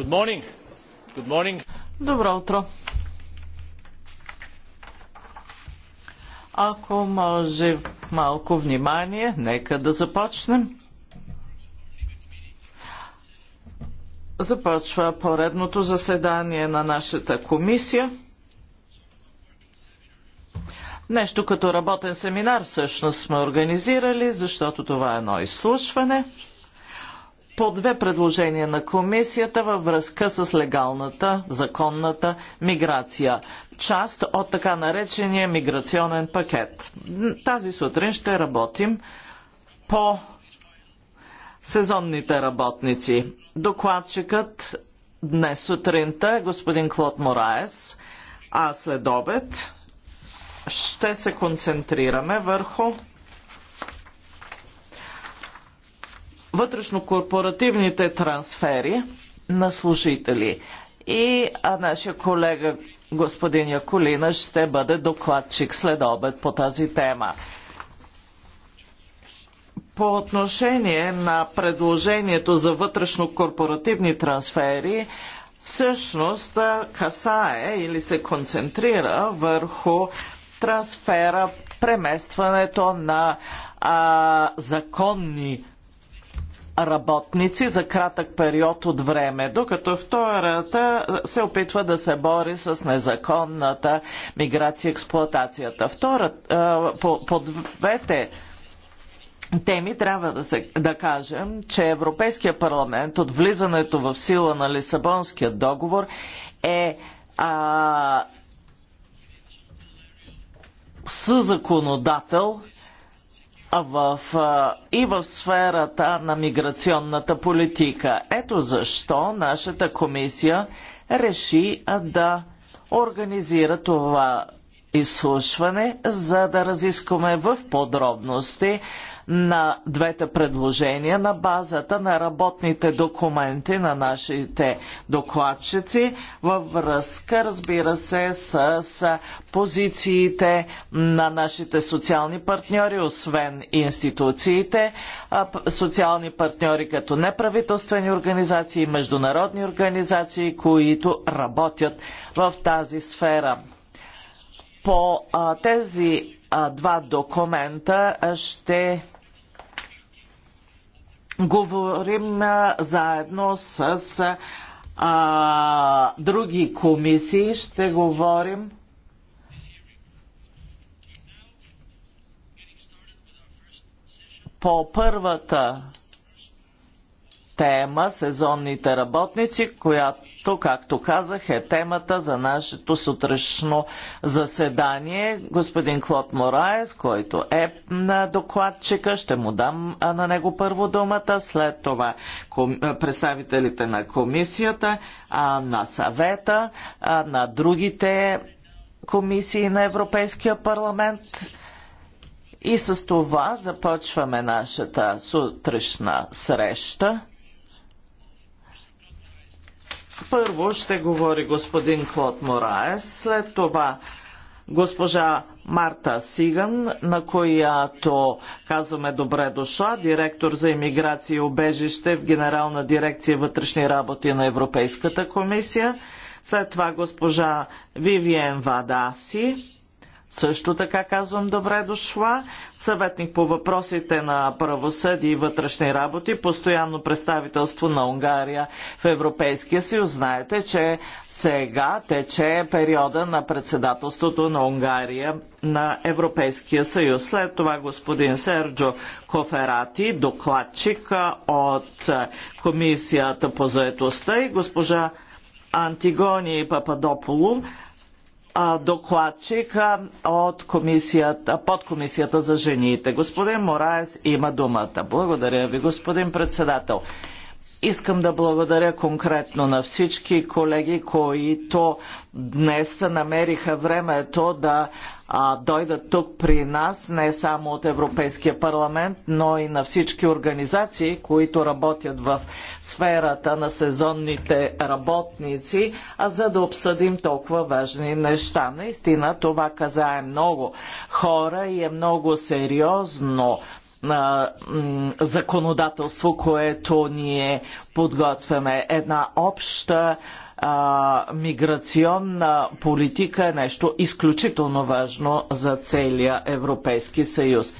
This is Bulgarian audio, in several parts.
Good morning. Good morning. Добро утро. Ако може малко внимание, нека да започнем. Започва поредното заседание на нашата комисия. Нещо като работен семинар всъщност сме организирали, защото това е едно изслушване – по две предложения на комисията във връзка с легалната, законната миграция. Част от така наречения миграционен пакет. Тази сутрин ще работим по сезонните работници. Докладчикът днес сутринта е господин Клод Мораес, а след обед ще се концентрираме върху вътрешнокорпоративните трансфери на служители. И а нашия колега господин Яколина ще бъде докладчик след обед по тази тема. По отношение на предложението за вътрешно-корпоративни трансфери, всъщност касае или се концентрира върху трансфера, преместването на а, законни работници за кратък период от време, докато втората се опитва да се бори с незаконната миграция и експлоатацията. Втората, по, по двете теми трябва да, се, да кажем, че Европейския парламент от влизането в сила на Лисабонския договор е а, съзаконодател в, и в сферата на миграционната политика. Ето защо нашата комисия реши да организира това изслушване, за да разискваме в подробности на двете предложения на базата на работните документи на нашите докладчици във връзка, разбира се, с, позициите на нашите социални партньори, освен институциите, социални партньори като неправителствени организации и международни организации, които работят в тази сфера. По а, тези а, два документа ще говорим а, заедно с а, други комисии. Ще говорим. по първата тема сезонните работници, която което, както казах, е темата за нашето сутрешно заседание. Господин Клод Мораес, който е на докладчика, ще му дам на него първо думата, след това представителите на комисията, на съвета, на другите комисии на Европейския парламент. И с това започваме нашата сутрешна среща. Първо ще говори господин Клод Мораес, след това госпожа Марта Сиган, на която казваме добре дошла, директор за иммиграция и обежище в Генерална дирекция вътрешни работи на Европейската комисия. След това госпожа Вивиен Вадаси, също така казвам добре дошла. Съветник по въпросите на правосъдие и вътрешни работи, постоянно представителство на Унгария в Европейския съюз. Знаете, че сега тече периода на председателството на Унгария на Европейския съюз. След това господин Серджо Коферати, докладчик от Комисията по заедостта и госпожа Антигони Пападополу, докладчика от комисията, подкомисията за жените. Господин Мораес има думата. Благодаря ви, господин председател. Искам да благодаря конкретно на всички колеги, които днес намериха времето да а, дойдат тук при нас, не само от Европейския парламент, но и на всички организации, които работят в сферата на сезонните работници, а за да обсъдим толкова важни неща. Наистина това казае много хора и е много сериозно на законодателство, което ние подготвяме. Една обща а, миграционна политика е нещо изключително важно за целия Европейски съюз.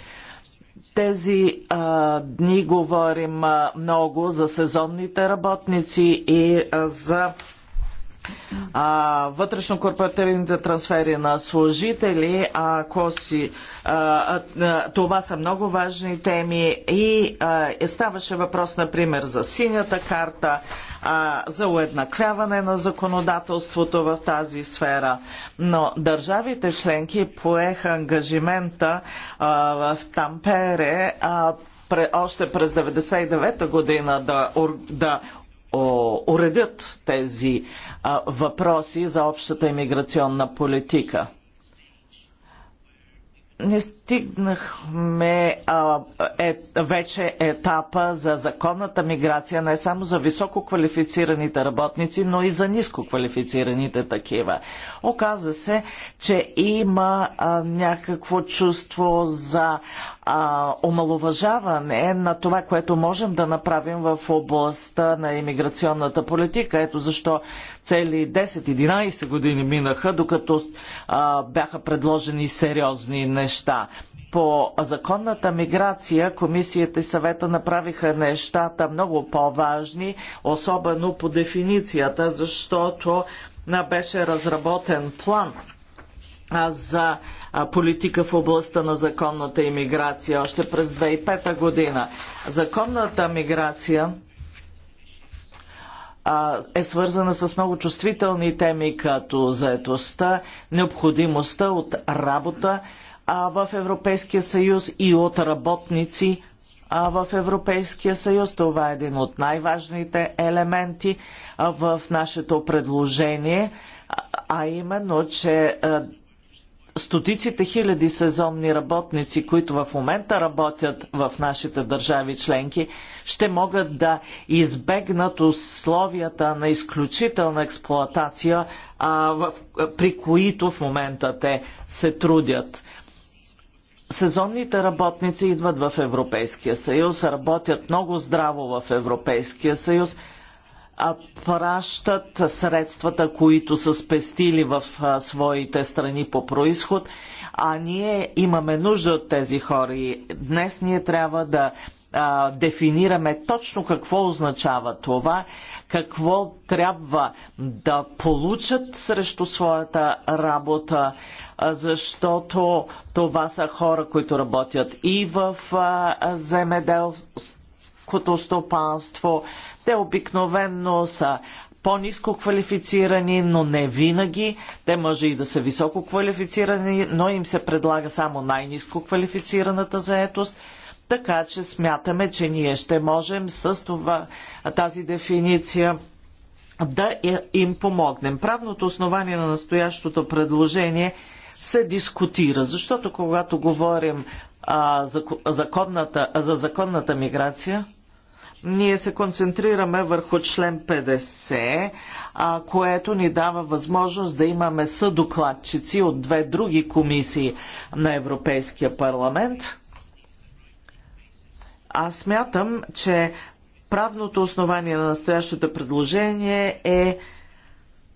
Тези а, дни говорим а, много за сезонните работници и а, за вътрешно-корпоративните трансфери на служители, ако а, а, това са много важни теми и а, е, ставаше въпрос, например, за синята карта, за уеднаквяване на законодателството в тази сфера. Но държавите членки поеха ангажимента в Тампере още през 1999 година да, да уредят тези а, въпроси за общата иммиграционна политика. Не постигнахме а, е, вече етапа за законната миграция не само за високо квалифицираните работници, но и за ниско квалифицираните такива. Оказа се, че има а, някакво чувство за а, омалуважаване на това, което можем да направим в областта на имиграционната политика. Ето защо цели 10-11 години минаха, докато а, бяха предложени сериозни неща по законната миграция комисията и съвета направиха нещата много по-важни, особено по дефиницията, защото беше разработен план за политика в областта на законната имиграция още през 2005 година. Законната миграция е свързана с много чувствителни теми, като заетостта, необходимостта от работа, в Европейския съюз и от работници в Европейския съюз. Това е един от най-важните елементи в нашето предложение, а именно, че стотиците хиляди сезонни работници, които в момента работят в нашите държави членки, ще могат да избегнат условията на изключителна експлоатация, а, в, при които в момента те се трудят. Сезонните работници идват в Европейския съюз, работят много здраво в Европейския съюз, а пращат средствата, които са спестили в своите страни по происход, а ние имаме нужда от тези хора и днес ние трябва да дефинираме точно какво означава това какво трябва да получат срещу своята работа, защото това са хора, които работят и в земеделското стопанство. Те обикновенно са по-низко квалифицирани, но не винаги. Те може и да са високо квалифицирани, но им се предлага само най-низко квалифицираната заетост – така че смятаме, че ние ще можем с това, тази дефиниция да им помогнем. Правното основание на настоящото предложение се дискутира, защото когато говорим а, за, законната, за законната миграция, ние се концентрираме върху член 50, а, което ни дава възможност да имаме съдокладчици от две други комисии на Европейския парламент. Аз смятам, че правното основание на настоящото предложение е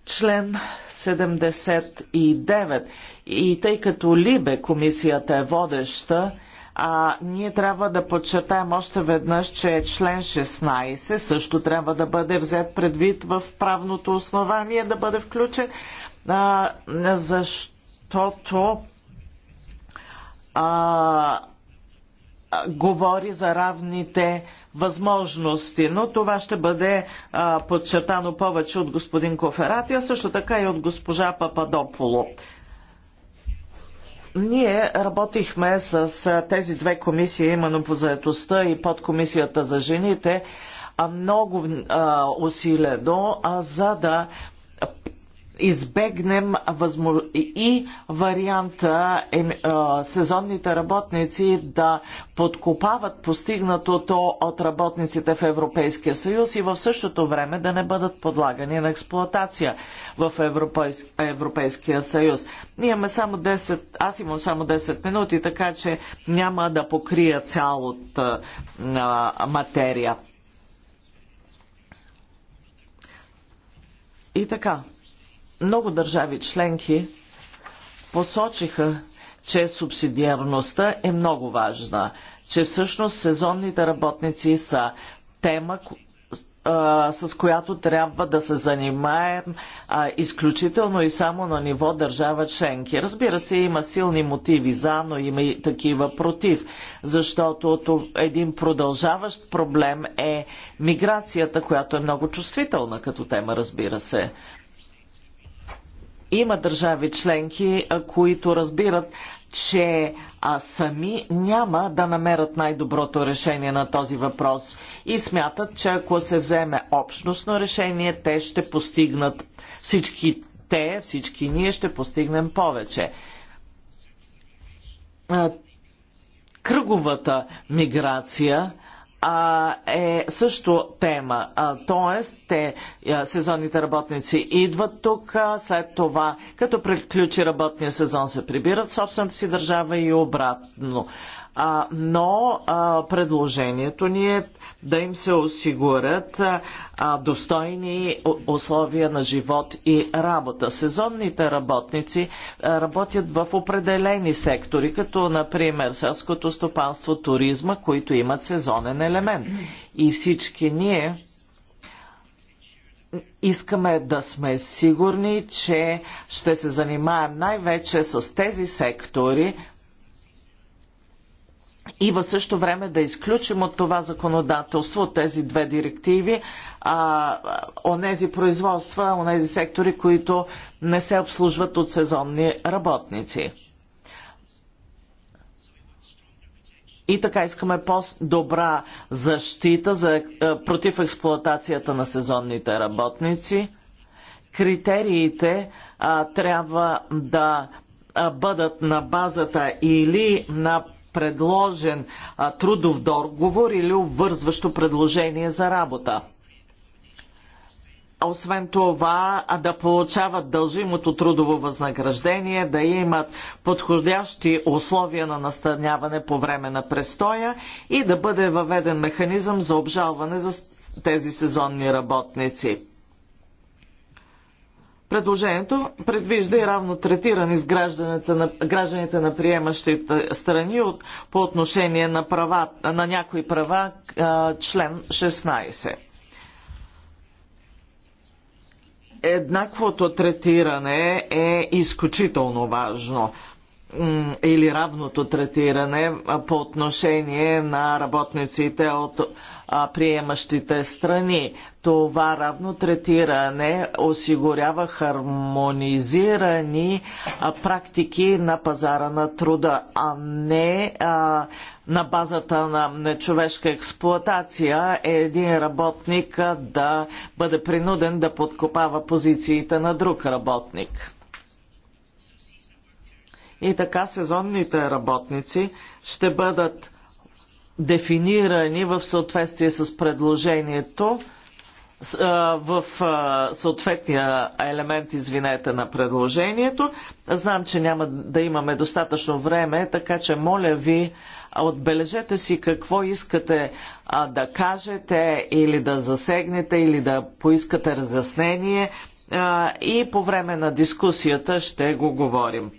член 79. И тъй като Либе комисията е водеща, а, ние трябва да подчертаем още веднъж, че е член 16 също трябва да бъде взет предвид в правното основание да бъде включен, а, защото а, говори за равните възможности, но това ще бъде а, подчертано повече от господин Коферати, а също така и от госпожа Пападополо. Ние работихме с тези две комисии, именно по заедостта и подкомисията за жените, много а, усилено, а за да избегнем и варианта е, е, сезонните работници да подкопават постигнатото от работниците в Европейския съюз и в същото време да не бъдат подлагани на експлоатация в Европейс... Европейския съюз. Ние имаме само 10... Аз имам само 10 минути, така че няма да покрия цялата е, материя. И така, много държави членки посочиха, че субсидиарността е много важна, че всъщност сезонните работници са тема, с която трябва да се занимаем а, изключително и само на ниво държава членки. Разбира се, има силни мотиви за, но има и такива против, защото един продължаващ проблем е миграцията, която е много чувствителна като тема, разбира се. Има държави членки, които разбират, че а, сами няма да намерят най-доброто решение на този въпрос и смятат, че ако се вземе общностно решение, те ще постигнат всички те, всички ние ще постигнем повече. Кръговата миграция – а, е също тема. тоест, те, сезонните работници идват тук, след това, като приключи работния сезон, се прибират в собствената си държава и обратно а, но а, предложението ни е да им се осигурят а, достойни условия на живот и работа. Сезонните работници а, работят в определени сектори, като например селското стопанство, туризма, които имат сезонен елемент. И всички ние искаме да сме сигурни, че ще се занимаем най-вече с тези сектори, и в същото време да изключим от това законодателство, от тези две директиви, а, онези производства, онези сектори, които не се обслужват от сезонни работници. И така искаме по-добра защита за, е, против експлоатацията на сезонните работници. Критериите а, трябва да бъдат на базата или на предложен а, трудов договор или обвързващо предложение за работа. Освен това, да получават дължимото трудово възнаграждение, да имат подходящи условия на настаняване по време на престоя и да бъде въведен механизъм за обжалване за тези сезонни работници. Предложението предвижда и равно третиране с гражданите на, гражданите на приемащите страни от, по отношение на, права, на някои права, член 16. Еднаквото третиране е изключително важно или равното третиране по отношение на работниците от приемащите страни. Това равно третиране осигурява хармонизирани практики на пазара на труда, а не на базата на нечовешка експлоатация е един работник да бъде принуден да подкопава позициите на друг работник и така сезонните работници ще бъдат дефинирани в съответствие с предложението в съответния елемент, извинете, на предложението. Знам, че няма да имаме достатъчно време, така че моля ви, отбележете си какво искате да кажете или да засегнете или да поискате разяснение и по време на дискусията ще го говорим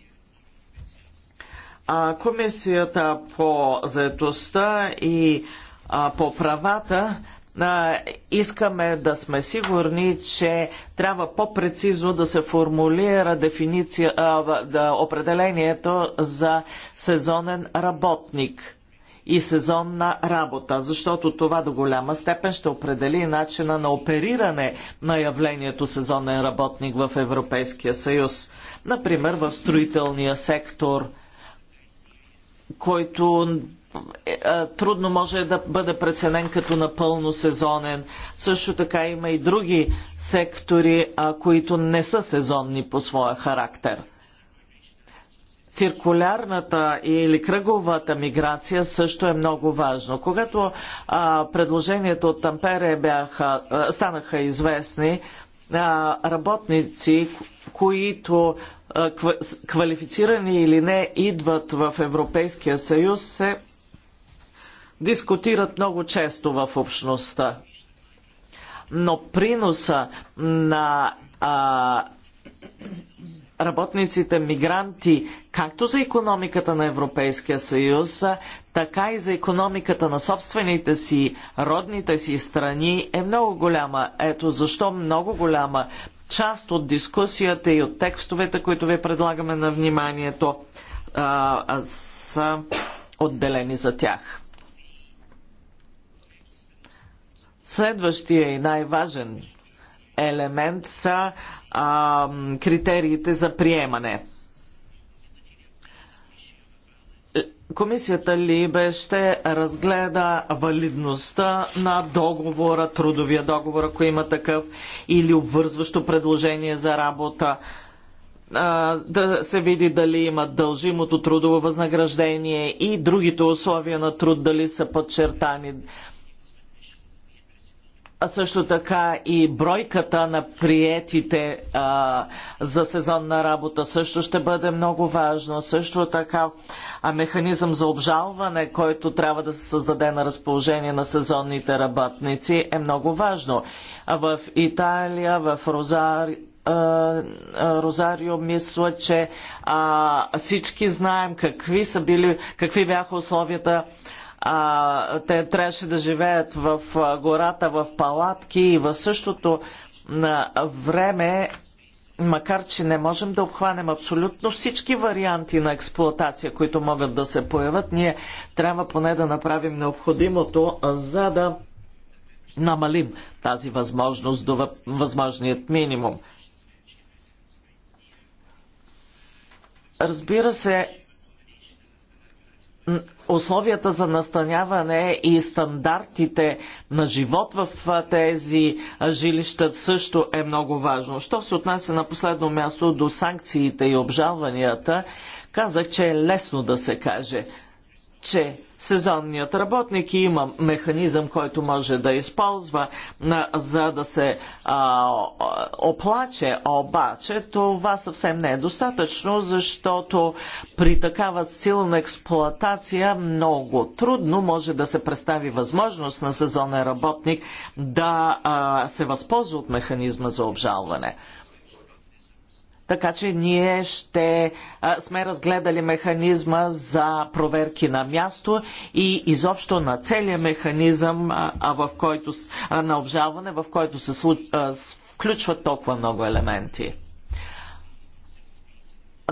а, Комисията по заедостта и а, по правата а, искаме да сме сигурни, че трябва по-прецизно да се формулира дефиниция, а, да, определението за сезонен работник и сезонна работа, защото това до голяма степен ще определи начина на опериране на явлението сезонен работник в Европейския съюз. Например, в строителния сектор – който е, трудно може да бъде преценен като напълно сезонен. Също така има и други сектори, които не са сезонни по своя характер. Циркулярната или кръговата миграция също е много важно. Когато а, предложението от Тампере бяха, а, станаха известни, работници, които квалифицирани или не идват в Европейския съюз, се дискутират много често в общността. Но приноса на а, работниците мигранти както за економиката на Европейския съюз, така и за економиката на собствените си, родните си страни е много голяма. Ето защо много голяма част от дискусията и от текстовете, които ви предлагаме на вниманието, а, са отделени за тях. Следващия и най-важен елемент са а, критериите за приемане. Комисията Либе ще разгледа валидността на договора, трудовия договор, ако има такъв, или обвързващо предложение за работа да се види дали има дължимото трудово възнаграждение и другите условия на труд дали са подчертани а също така и бройката на приетите а, за сезонна работа също ще бъде много важно. Също така а механизъм за обжалване, който трябва да се създаде на разположение на сезонните работници е много важно. А в Италия, в Розари, Розарио, мисля, че а, всички знаем какви са били, какви бяха условията а, те трябваше да живеят в гората, в палатки и в същото на време макар че не можем да обхванем абсолютно всички варианти на експлоатация, които могат да се появят, ние трябва поне да направим необходимото, за да намалим тази възможност до възможният минимум. Разбира се, условията за настаняване и стандартите на живот в тези жилища също е много важно. Що се отнася на последно място до санкциите и обжалванията, казах, че е лесно да се каже, че сезонният работник и има механизъм, който може да използва, за да се а, оплаче, обаче това съвсем не е достатъчно, защото при такава силна експлоатация много трудно може да се представи възможност на сезонен работник да а, се възползва от механизма за обжалване. Така че ние ще а, сме разгледали механизма за проверки на място и изобщо на целият механизъм а, а в който, а, на обжалване, в който се случва включват толкова много елементи.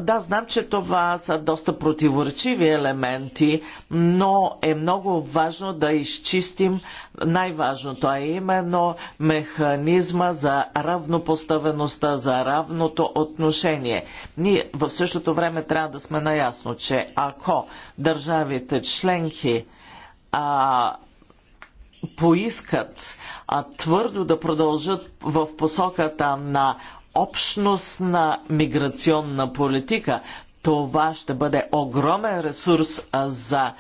Да, знам, че това са доста противоречиви елементи, но е много важно да изчистим най-важното, а именно механизма за равнопоставеността, за равното отношение. Ние в същото време трябва да сме наясно, че ако държавите членки а, поискат а, твърдо да продължат в посоката на общностна миграционна политика. Това ще бъде огромен ресурс за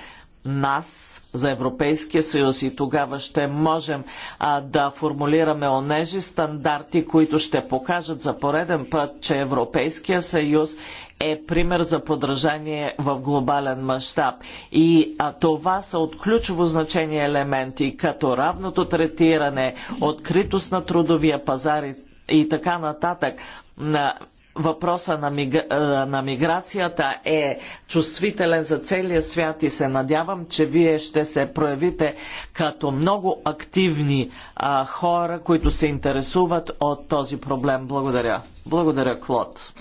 нас, за Европейския съюз и тогава ще можем а, да формулираме онежи стандарти, които ще покажат за пореден път, че Европейския съюз е пример за подражание в глобален мащаб. И а, това са от ключово значение елементи, като равното третиране, откритост на трудовия пазар и и така нататък. На въпроса на, миг е, на миграцията е чувствителен за целия свят и се надявам, че вие ще се проявите като много активни а, хора, които се интересуват от този проблем. Благодаря. Благодаря, Клод.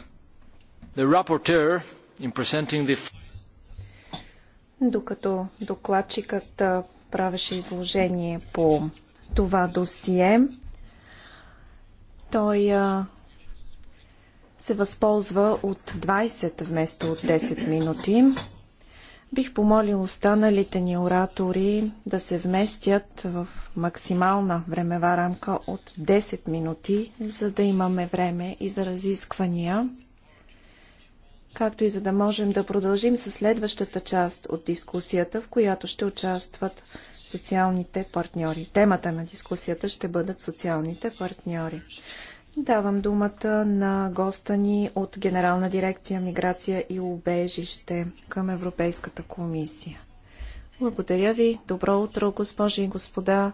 The... Докато докладчикът правеше изложение по това досие, той а, се възползва от 20 вместо от 10 минути. Бих помолил останалите ни оратори да се вместят в максимална времева рамка от 10 минути, за да имаме време и за разисквания както и за да можем да продължим с следващата част от дискусията, в която ще участват социалните партньори. Темата на дискусията ще бъдат социалните партньори. Давам думата на госта ни от Генерална дирекция Миграция и убежище към Европейската комисия. Благодаря ви. Добро утро, госпожи и господа.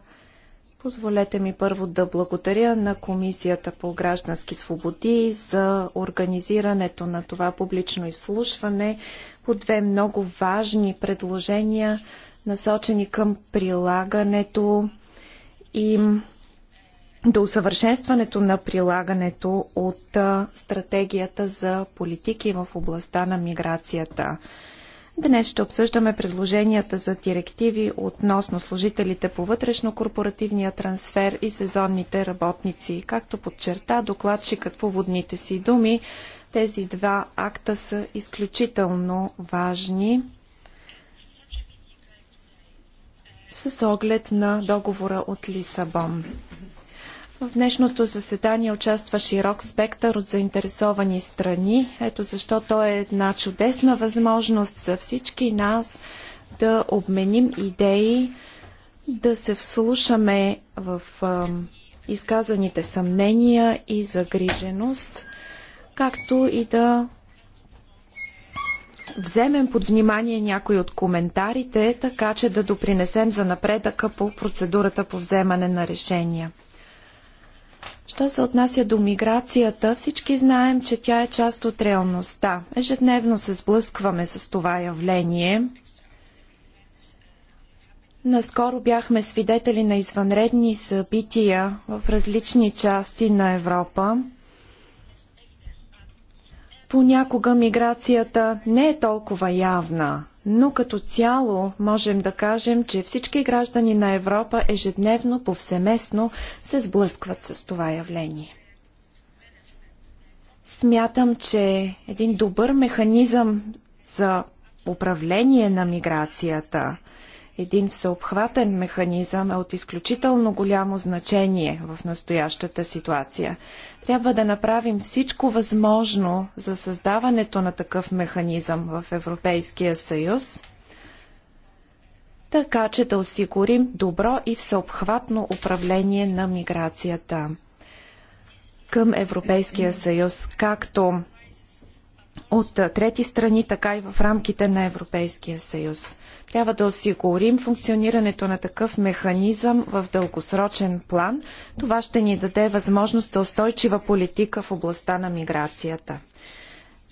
Позволете ми първо да благодаря на Комисията по граждански свободи за организирането на това публично изслушване по две много важни предложения, насочени към прилагането и до усъвършенстването на прилагането от стратегията за политики в областта на миграцията. Днес ще обсъждаме предложенията за директиви относно служителите по вътрешно-корпоративния трансфер и сезонните работници. Както подчерта докладчикът по водните си думи, тези два акта са изключително важни с оглед на договора от Лисабон. В днешното заседание участва широк спектър от заинтересовани страни. Ето защо то е една чудесна възможност за всички нас да обменим идеи, да се вслушаме в изказаните съмнения и загриженост, както и да вземем под внимание някои от коментарите, така че да допринесем за напредъка по процедурата по вземане на решения. Що се отнася до миграцията, всички знаем, че тя е част от реалността. Ежедневно се сблъскваме с това явление. Наскоро бяхме свидетели на извънредни събития в различни части на Европа. Понякога миграцията не е толкова явна, но като цяло можем да кажем, че всички граждани на Европа ежедневно, повсеместно се сблъскват с това явление. Смятам, че един добър механизъм за управление на миграцията – един всеобхватен механизъм е от изключително голямо значение в настоящата ситуация. Трябва да направим всичко възможно за създаването на такъв механизъм в Европейския съюз, така че да осигурим добро и всеобхватно управление на миграцията към Европейския съюз, както от трети страни, така и в рамките на Европейския съюз. Трябва да осигурим функционирането на такъв механизъм в дългосрочен план. Това ще ни даде възможност за устойчива политика в областта на миграцията.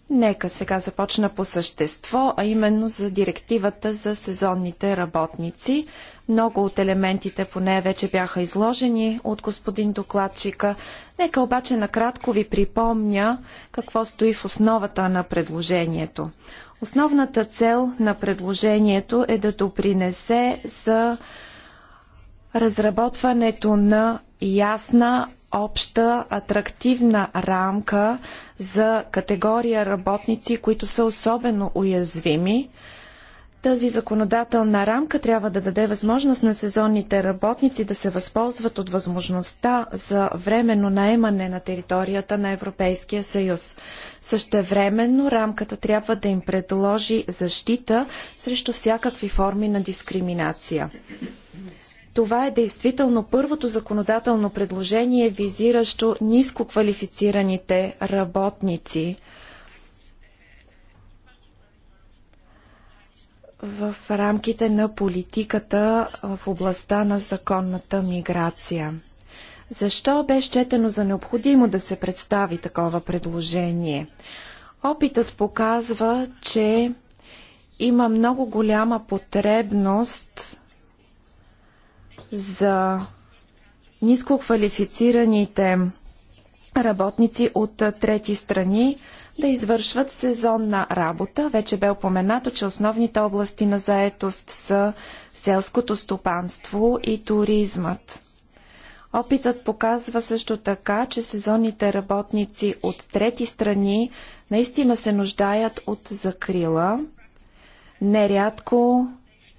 Нека сега започна по същество, а именно за директивата за сезонните работници. Много от елементите по нея вече бяха изложени от господин докладчика. Нека обаче накратко ви припомня какво стои в основата на предложението. Основната цел на предложението е да допринесе за разработването на ясна, обща, атрактивна рамка за категория работници, които са особено уязвими, тази законодателна рамка трябва да даде възможност на сезонните работници да се възползват от възможността за временно наемане на територията на Европейския съюз. Същевременно рамката трябва да им предложи защита срещу всякакви форми на дискриминация. Това е действително първото законодателно предложение, визиращо нискоквалифицираните работници – в рамките на политиката в областта на законната миграция. Защо бе щетено за необходимо да се представи такова предложение? Опитът показва, че има много голяма потребност за нискоквалифицираните работници от трети страни, да извършват сезонна работа. Вече бе упоменато, че основните области на заетост са селското стопанство и туризмът. Опитът показва също така, че сезонните работници от трети страни наистина се нуждаят от закрила. Нерядко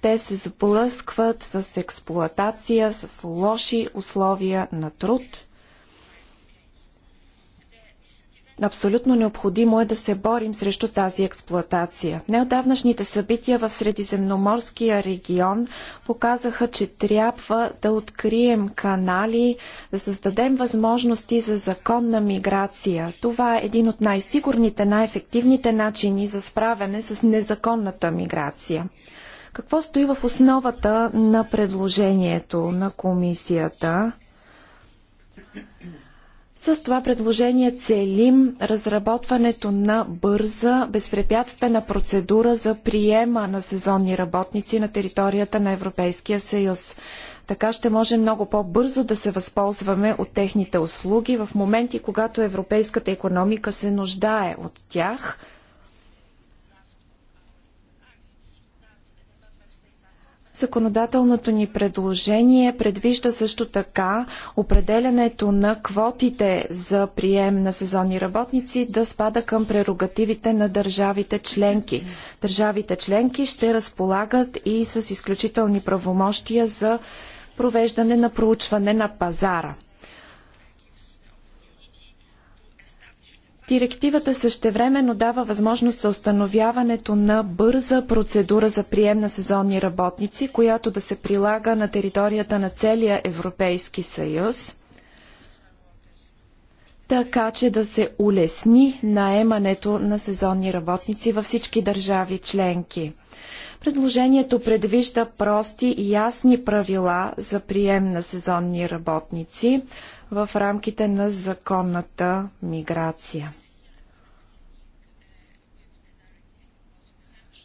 те се сблъскват с експлоатация, с лоши условия на труд. Абсолютно необходимо е да се борим срещу тази експлоатация. Неодавнашните събития в Средиземноморския регион показаха, че трябва да открием канали, да създадем възможности за законна миграция. Това е един от най-сигурните, най-ефективните начини за справяне с незаконната миграция. Какво стои в основата на предложението на комисията? С това предложение целим разработването на бърза, безпрепятствена процедура за приема на сезонни работници на територията на Европейския съюз. Така ще може много по-бързо да се възползваме от техните услуги в моменти, когато европейската економика се нуждае от тях – Законодателното ни предложение предвижда също така определянето на квотите за прием на сезонни работници да спада към прерогативите на държавите членки. Държавите членки ще разполагат и с изключителни правомощия за провеждане на проучване на пазара. Директивата същевременно дава възможност за установяването на бърза процедура за прием на сезонни работници, която да се прилага на територията на целия Европейски съюз, така че да се улесни наемането на сезонни работници във всички държави членки. Предложението предвижда прости и ясни правила за прием на сезонни работници, в рамките на законната миграция.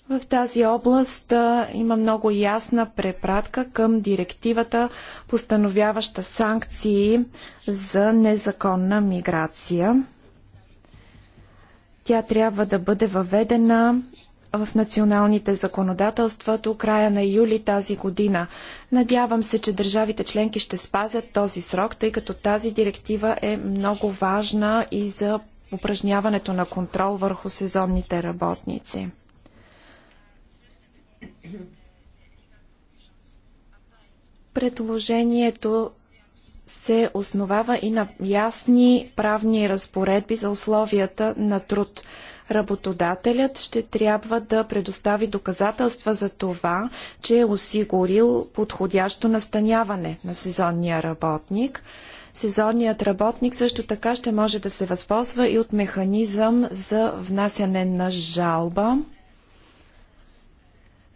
В тази област има много ясна препратка към директивата, постановяваща санкции за незаконна миграция. Тя трябва да бъде въведена в националните законодателства до края на юли тази година. Надявам се, че държавите членки ще спазят този срок, тъй като тази директива е много важна и за упражняването на контрол върху сезонните работници. Предложението се основава и на ясни правни разпоредби за условията на труд работодателят ще трябва да предостави доказателства за това, че е осигурил подходящо настаняване на сезонния работник. Сезонният работник също така ще може да се възползва и от механизъм за внасяне на жалба.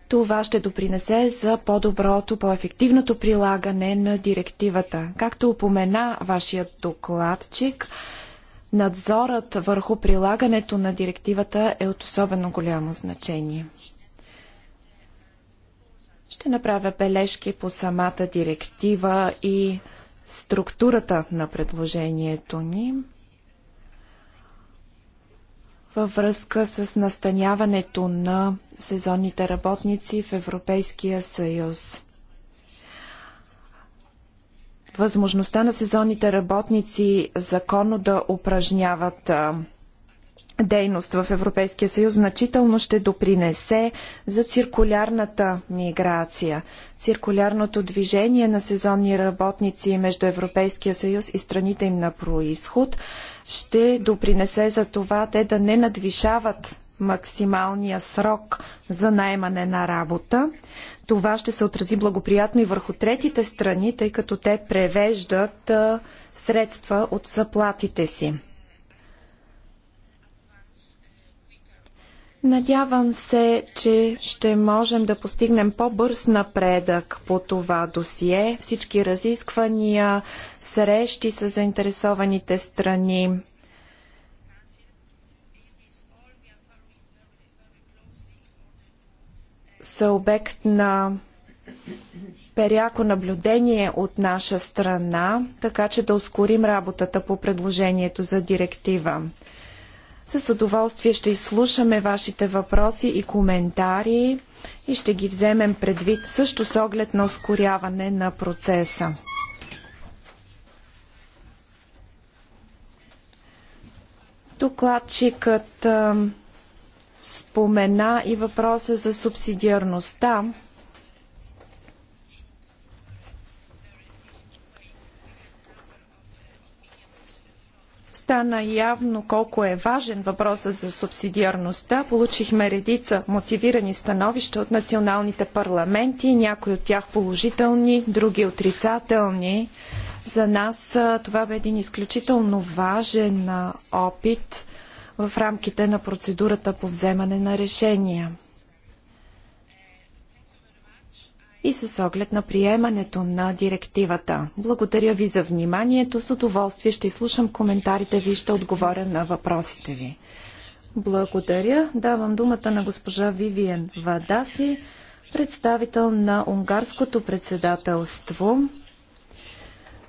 Това ще допринесе за по-доброто, по-ефективното прилагане на директивата. Както упомена вашият докладчик, надзорът върху прилагането на директивата е от особено голямо значение. Ще направя бележки по самата директива и структурата на предложението ни във връзка с настаняването на сезонните работници в Европейския съюз възможността на сезонните работници законно да упражняват дейност в Европейския съюз значително ще допринесе за циркулярната миграция, циркулярното движение на сезонни работници между Европейския съюз и страните им на происход ще допринесе за това те да не надвишават максималния срок за найемане на работа. Това ще се отрази благоприятно и върху третите страни, тъй като те превеждат средства от заплатите си. Надявам се, че ще можем да постигнем по-бърз напредък по това досие. Всички разисквания, срещи с заинтересованите страни, са обект на пряко наблюдение от наша страна, така че да ускорим работата по предложението за директива. С удоволствие ще изслушаме вашите въпроси и коментари и ще ги вземем предвид също с оглед на ускоряване на процеса. Докладчикът спомена и въпроса за субсидиарността. стана явно колко е важен въпросът за субсидиарността. Получихме редица мотивирани становища от националните парламенти, някои от тях положителни, други отрицателни. За нас това бе един изключително важен опит в рамките на процедурата по вземане на решения. И с оглед на приемането на директивата. Благодаря ви за вниманието. С удоволствие ще изслушам коментарите ви и ще отговоря на въпросите ви. Благодаря. Давам думата на госпожа Вивиен Вадаси, представител на унгарското председателство.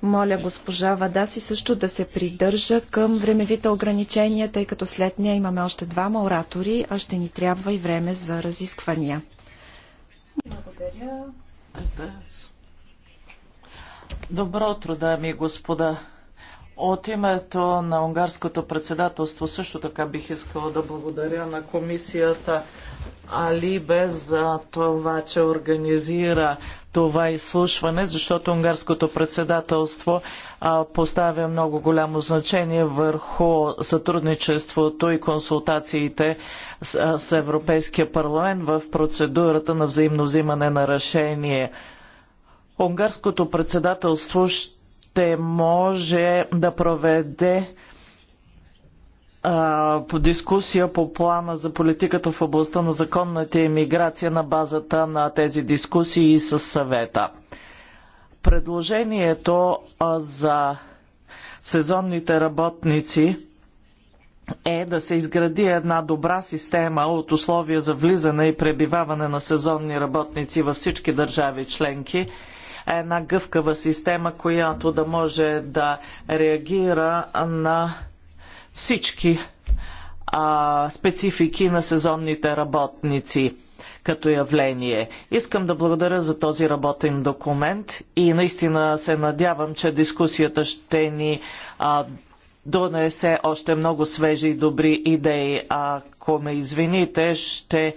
Моля госпожа Вадаси също да се придържа към времевите ограничения, тъй като след нея имаме още двама оратори, а ще ни трябва и време за разисквания. Благодаря. Добро утро, дами и господа. От името на унгарското председателство също така бих искала да благодаря на комисията Алибе за това, че организира това изслушване, защото унгарското председателство а, поставя много голямо значение върху сътрудничеството и консултациите с, с Европейския парламент в процедурата на взаимно взимане на решение. Унгарското председателство ще може да проведе по дискусия по плана за политиката в областта на законната иммиграция на базата на тези дискусии и със съвета. Предложението за сезонните работници е да се изгради една добра система от условия за влизане и пребиваване на сезонни работници във всички държави членки една гъвкава система, която да може да реагира на всички а, специфики на сезонните работници като явление. Искам да благодаря за този работен документ и наистина се надявам, че дискусията ще ни а, донесе още много свежи и добри идеи. Ако ме извините, ще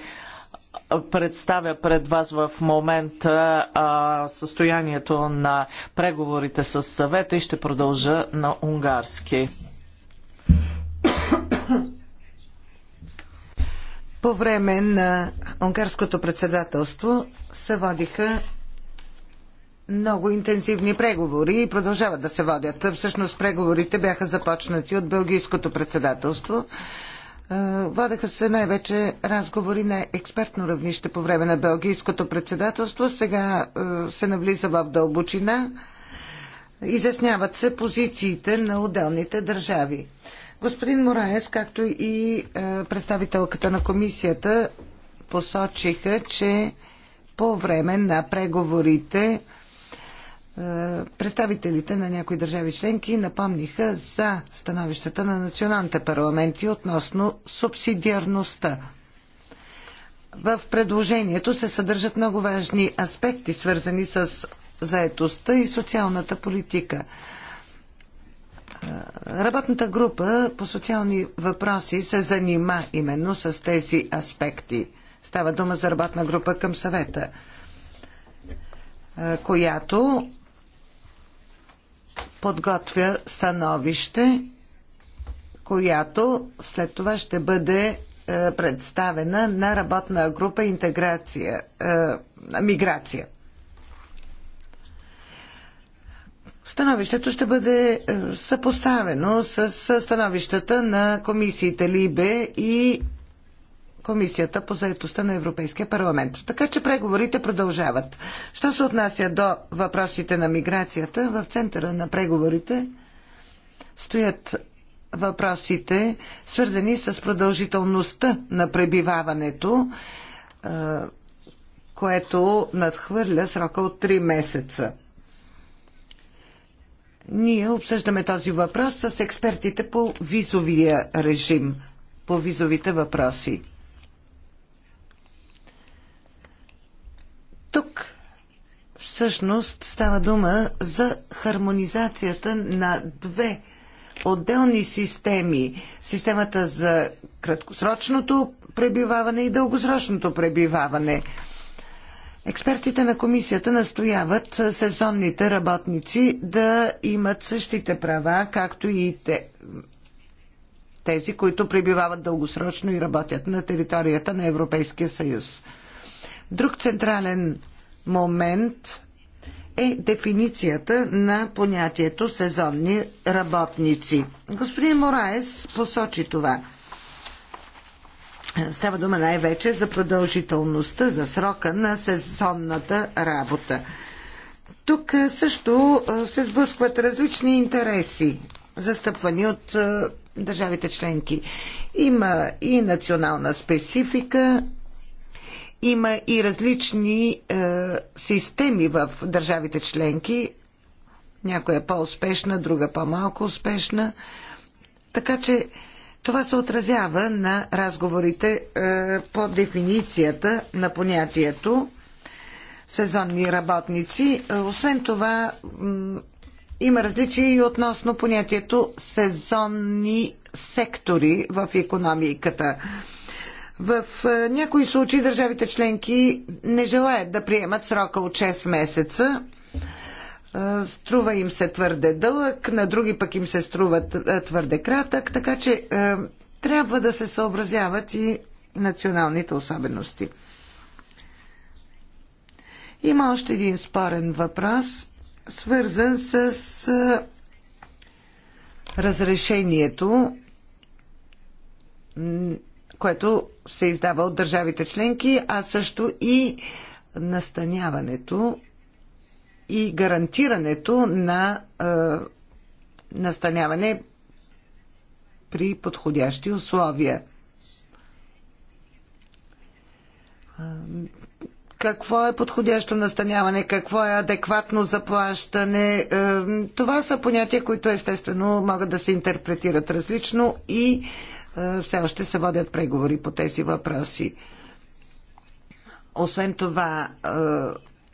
представя пред вас в момента а, състоянието на преговорите с съвета и ще продължа на унгарски. По време на унгарското председателство се водиха много интензивни преговори и продължават да се водят. Всъщност преговорите бяха започнати от Белгийското председателство. Е, водеха се най-вече разговори на експертно равнище по време на Белгийското председателство. Сега е, се навлиза в дълбочина Изясняват се позициите на отделните държави. Господин Мораес, както и е, представителката на комисията, посочиха, че по време на преговорите е, представителите на някои държави членки напомниха за становищата на националните парламенти относно субсидиарността. В предложението се съдържат много важни аспекти, свързани с заетостта и социалната политика. Работната група по социални въпроси се занима именно с тези аспекти. Става дума за работна група към съвета, която подготвя становище, която след това ще бъде представена на работна група интеграция, миграция. Становището ще бъде е, съпоставено с становищата на комисиите Либе и Комисията по заедостта на Европейския парламент. Така че преговорите продължават. Що се отнася до въпросите на миграцията, в центъра на преговорите стоят въпросите, свързани с продължителността на пребиваването, е, което надхвърля срока от 3 месеца. Ние обсъждаме този въпрос с експертите по визовия режим, по визовите въпроси. Тук всъщност става дума за хармонизацията на две отделни системи. Системата за краткосрочното пребиваване и дългосрочното пребиваване – Експертите на комисията настояват сезонните работници да имат същите права, както и те, тези, които пребивават дългосрочно и работят на територията на Европейския съюз. Друг централен момент е дефиницията на понятието сезонни работници. Господин Мораес посочи това – Става дума най-вече за продължителността, за срока на сезонната работа. Тук също се сблъскват различни интереси, застъпвани от държавите членки. Има и национална специфика, има и различни е, системи в държавите членки. Някоя е по-успешна, друга по-малко успешна. Така че това се отразява на разговорите е, по дефиницията на понятието сезонни работници. Е, освен това, има различия и относно понятието сезонни сектори в економиката. В е, някои случаи държавите членки не желаят да приемат срока от 6 месеца струва им се твърде дълъг, на други пък им се струва твърде кратък, така че трябва да се съобразяват и националните особености. Има още един спорен въпрос, свързан с разрешението, което се издава от държавите членки, а също и настаняването и гарантирането на настаняване при подходящи условия. Какво е подходящо настаняване, какво е адекватно заплащане? Това са понятия, които естествено могат да се интерпретират различно и все още се водят преговори по тези въпроси. Освен това,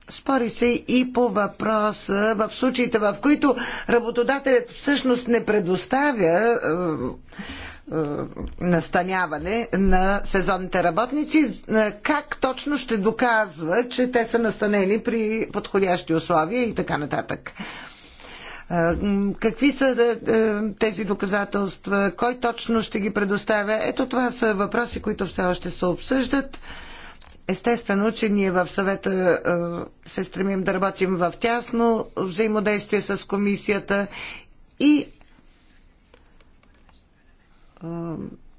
Спори се и по въпроса в случаите, в които работодателят всъщност не предоставя е, е, настаняване на сезонните работници, е, как точно ще доказва, че те са настанени при подходящи условия и така нататък. Какви са тези доказателства? Кой точно ще ги предоставя? Ето това са въпроси, които все още се обсъждат. Естествено, че ние в съвета е, се стремим да работим в тясно взаимодействие с комисията и е,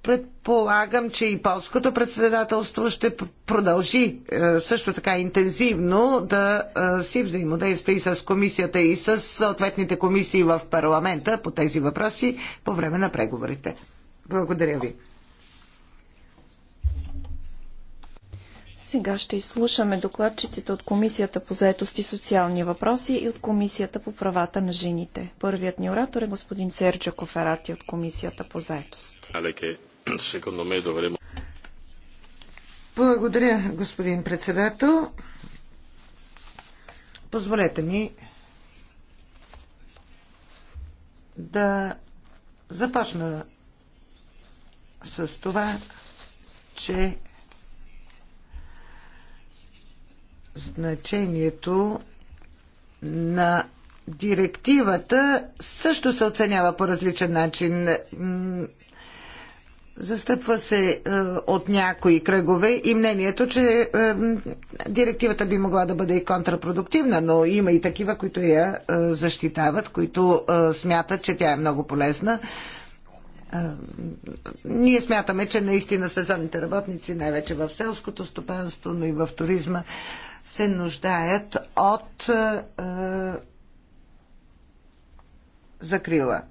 предполагам, че и полското председателство ще продължи е, също така интензивно да си взаимодейства и с комисията и с съответните комисии в парламента по тези въпроси по време на преговорите. Благодаря ви. Сега ще изслушаме докладчиците от Комисията по заетост и социални въпроси и от Комисията по правата на жените. Първият ни оратор е господин Серджо Коферати от Комисията по заетост. Благодаря, господин председател. Позволете ми да започна с това, че значението на директивата също се оценява по различен начин. Застъпва се е, от някои кръгове и мнението, че е, директивата би могла да бъде и контрапродуктивна, но има и такива, които я е, защитават, които смятат, че тя е много полезна. Ние смятаме, че наистина сезонните работници, най-вече в селското стопанство, но и в туризма, се нуждаят от е, е, закрила.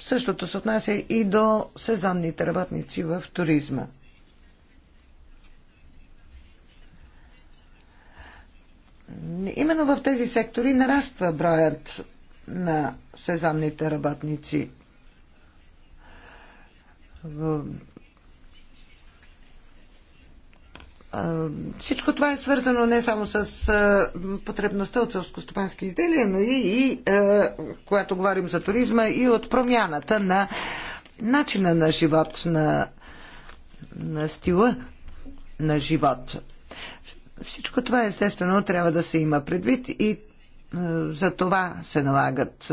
Същото се отнася и до сезонните работници в туризма. Именно в тези сектори нараства броят на сезонните работници. Всичко това е свързано не само с потребността от селскостопански изделия, но и, и когато говорим за туризма, и от промяната на начина на живот, на, на стила на живот. Всичко това естествено трябва да се има предвид и за това се налагат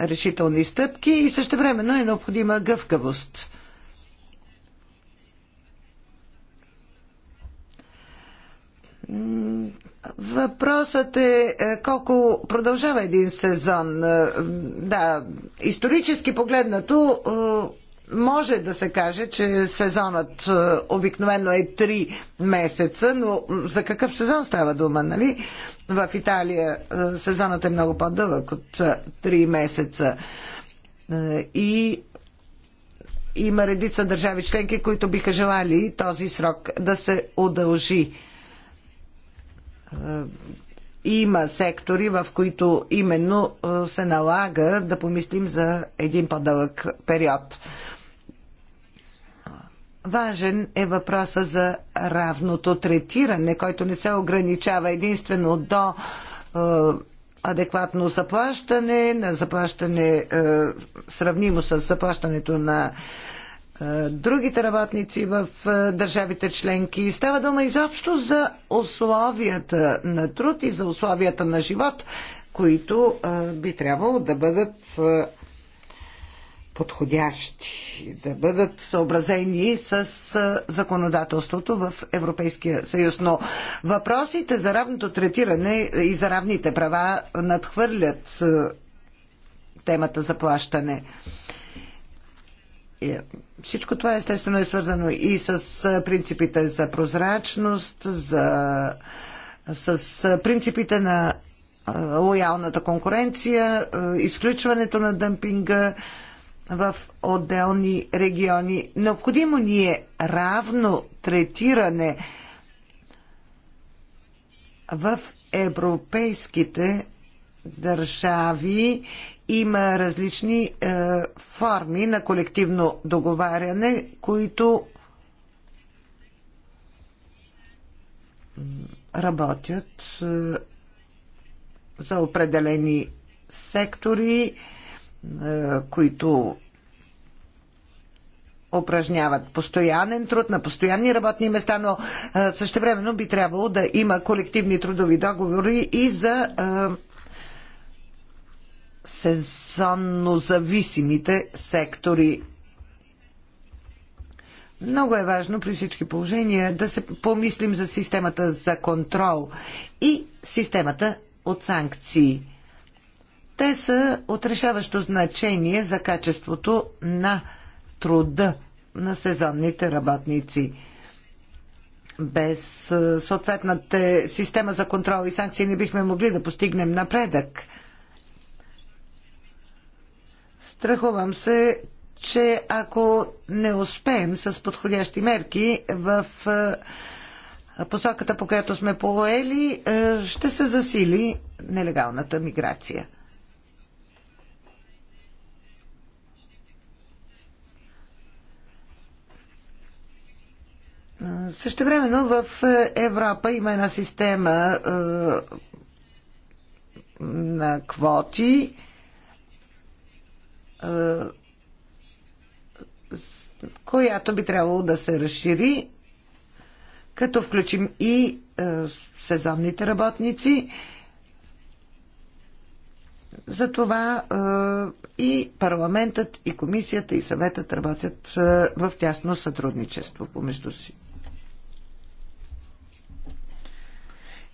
решителни стъпки и също времено е необходима гъвкавост Въпросът е, е колко продължава един сезон. Е, да, исторически погледнато е, може да се каже, че сезонът обикновено е 3 месеца, но за какъв сезон става дума, нали? В Италия сезонът е много по-дълъг от 3 месеца. И има редица държави членки, които биха желали този срок да се удължи е, има сектори, в които именно е, се налага да помислим за един по-дълъг период. Важен е въпроса за равното третиране, който не се ограничава единствено до е, адекватно заплащане, на заплащане сравнимо с заплащането на другите работници в държавите членки. Става дума изобщо за условията на труд и за условията на живот, които би трябвало да бъдат подходящи, да бъдат съобразени с законодателството в Европейския съюз. Но въпросите за равното третиране и за равните права надхвърлят темата за плащане е, всичко това естествено е свързано и с принципите за прозрачност, за, с принципите на лоялната конкуренция, изключването на дъмпинга в отделни региони. Необходимо ни е равно третиране в европейските държави има различни е, форми на колективно договаряне, които работят е, за определени сектори, е, които упражняват постоянен труд на постоянни работни места, но е, същевременно би трябвало да има колективни трудови договори и за е, сезонно зависимите сектори. Много е важно при всички положения да се помислим за системата за контрол и системата от санкции. Те са отрешаващо значение за качеството на труда на сезонните работници. Без съответната система за контрол и санкции не бихме могли да постигнем напредък – Страхувам се, че ако не успеем с подходящи мерки в е, посоката, по която сме поели, е, ще се засили нелегалната миграция. времено в Европа има една система е, на квоти, която би трябвало да се разшири, като включим и сезонните работници. Затова и парламентът, и комисията, и съветът работят в тясно сътрудничество помежду си.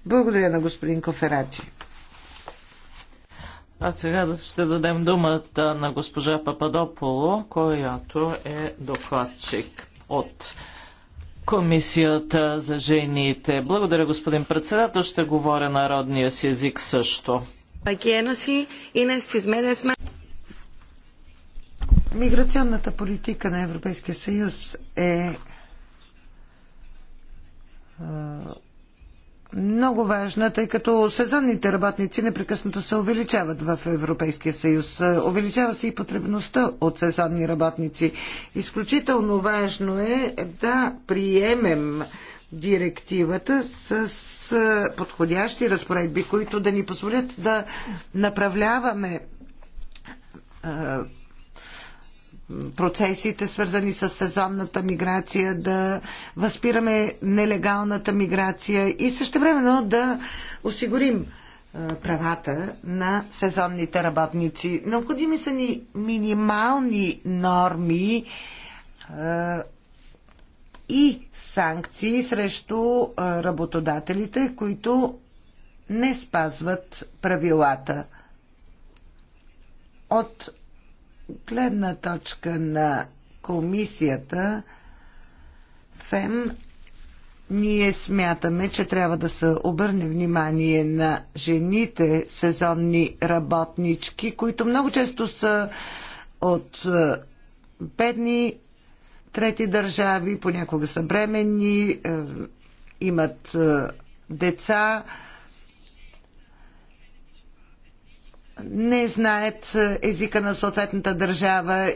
Благодаря на господин Коферати. А сега ще дадем думата на госпожа Пападополо, която е докладчик от Комисията за жените. Благодаря, господин председател. Ще говоря народния си език също. Миграционната политика на Европейския съюз е много важна, тъй като сезонните работници непрекъснато се увеличават в Европейския съюз. Увеличава се и потребността от сезонни работници. Изключително важно е да приемем директивата с подходящи разпоредби, които да ни позволят да направляваме процесите, свързани с сезонната миграция, да възпираме нелегалната миграция и също времено да осигурим правата на сезонните работници. Необходими са ни минимални норми и санкции срещу работодателите, които не спазват правилата. От гледна точка на комисията ФЕМ, ние смятаме, че трябва да се обърне внимание на жените сезонни работнички, които много често са от е, бедни трети държави, понякога са бременни, е, имат е, деца не знаят е, езика на съответната държава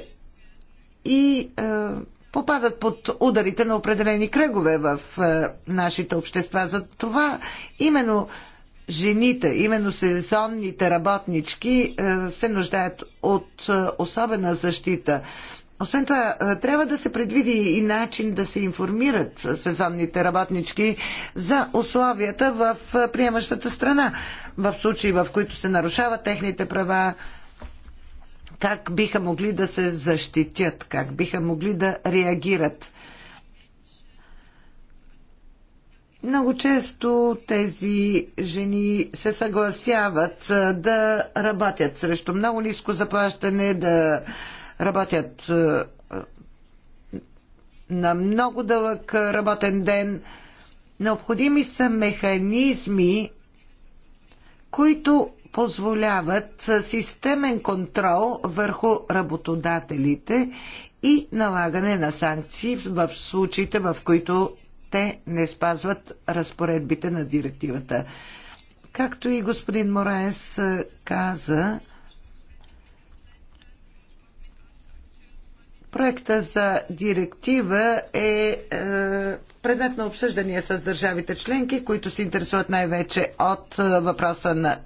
и е, попадат под ударите на определени кръгове в е, нашите общества. За това именно жените, именно сезонните работнички е, се нуждаят от е, особена защита. Освен това, е, трябва да се предвиди и начин да се информират сезонните работнички за условията в е, приемащата страна, в случаи в които се нарушават техните права, как биха могли да се защитят, как биха могли да реагират. Много често тези жени се съгласяват е, да работят срещу много ниско заплащане, да работят е, на много дълъг е, работен ден. Необходими са механизми, които позволяват е, системен контрол върху работодателите и налагане на санкции в случаите, в които те не спазват разпоредбите на директивата. Както и господин Мораес каза, Проекта за директива е, е предмет на обсъждания с държавите членки, които се интересуват най-вече от е, въпроса на,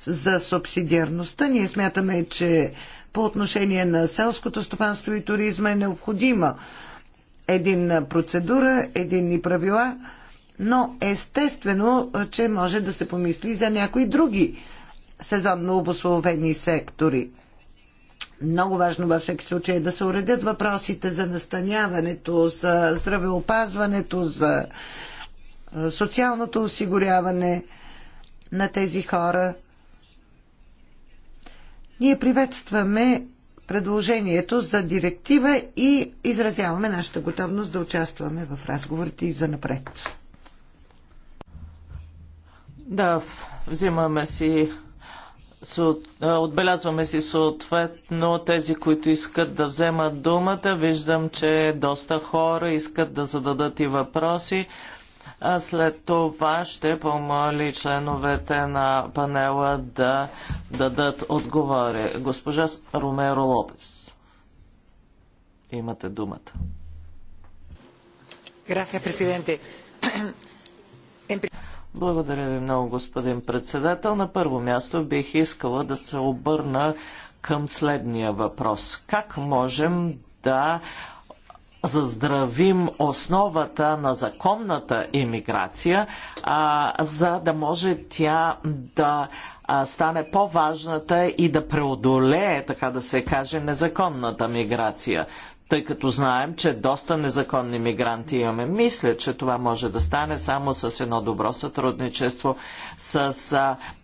за субсидиарността. Ние смятаме, че по отношение на селското стопанство и туризма е необходима един процедура, единни правила, но естествено, е, че може да се помисли за някои други сезонно обословени сектори. Много важно във всеки случай е да се уредят въпросите за настаняването, за здравеопазването, за социалното осигуряване на тези хора. Ние приветстваме предложението за директива и изразяваме нашата готовност да участваме в разговорите и за напред. Да, взимаме си Отбелязваме си съответно тези, които искат да вземат думата. Виждам, че доста хора искат да зададат и въпроси. А след това ще помоли членовете на панела да дадат отговори. Госпожа Ромеро Лопес, имате думата. Gracias, presidente. Благодаря ви много, господин председател. На първо място бих искала да се обърна към следния въпрос. Как можем да заздравим основата на законната иммиграция, а, за да може тя да а, стане по-важната и да преодолее, така да се каже, незаконната миграция тъй като знаем, че доста незаконни мигранти имаме. Мисля, че това може да стане само с едно добро сътрудничество с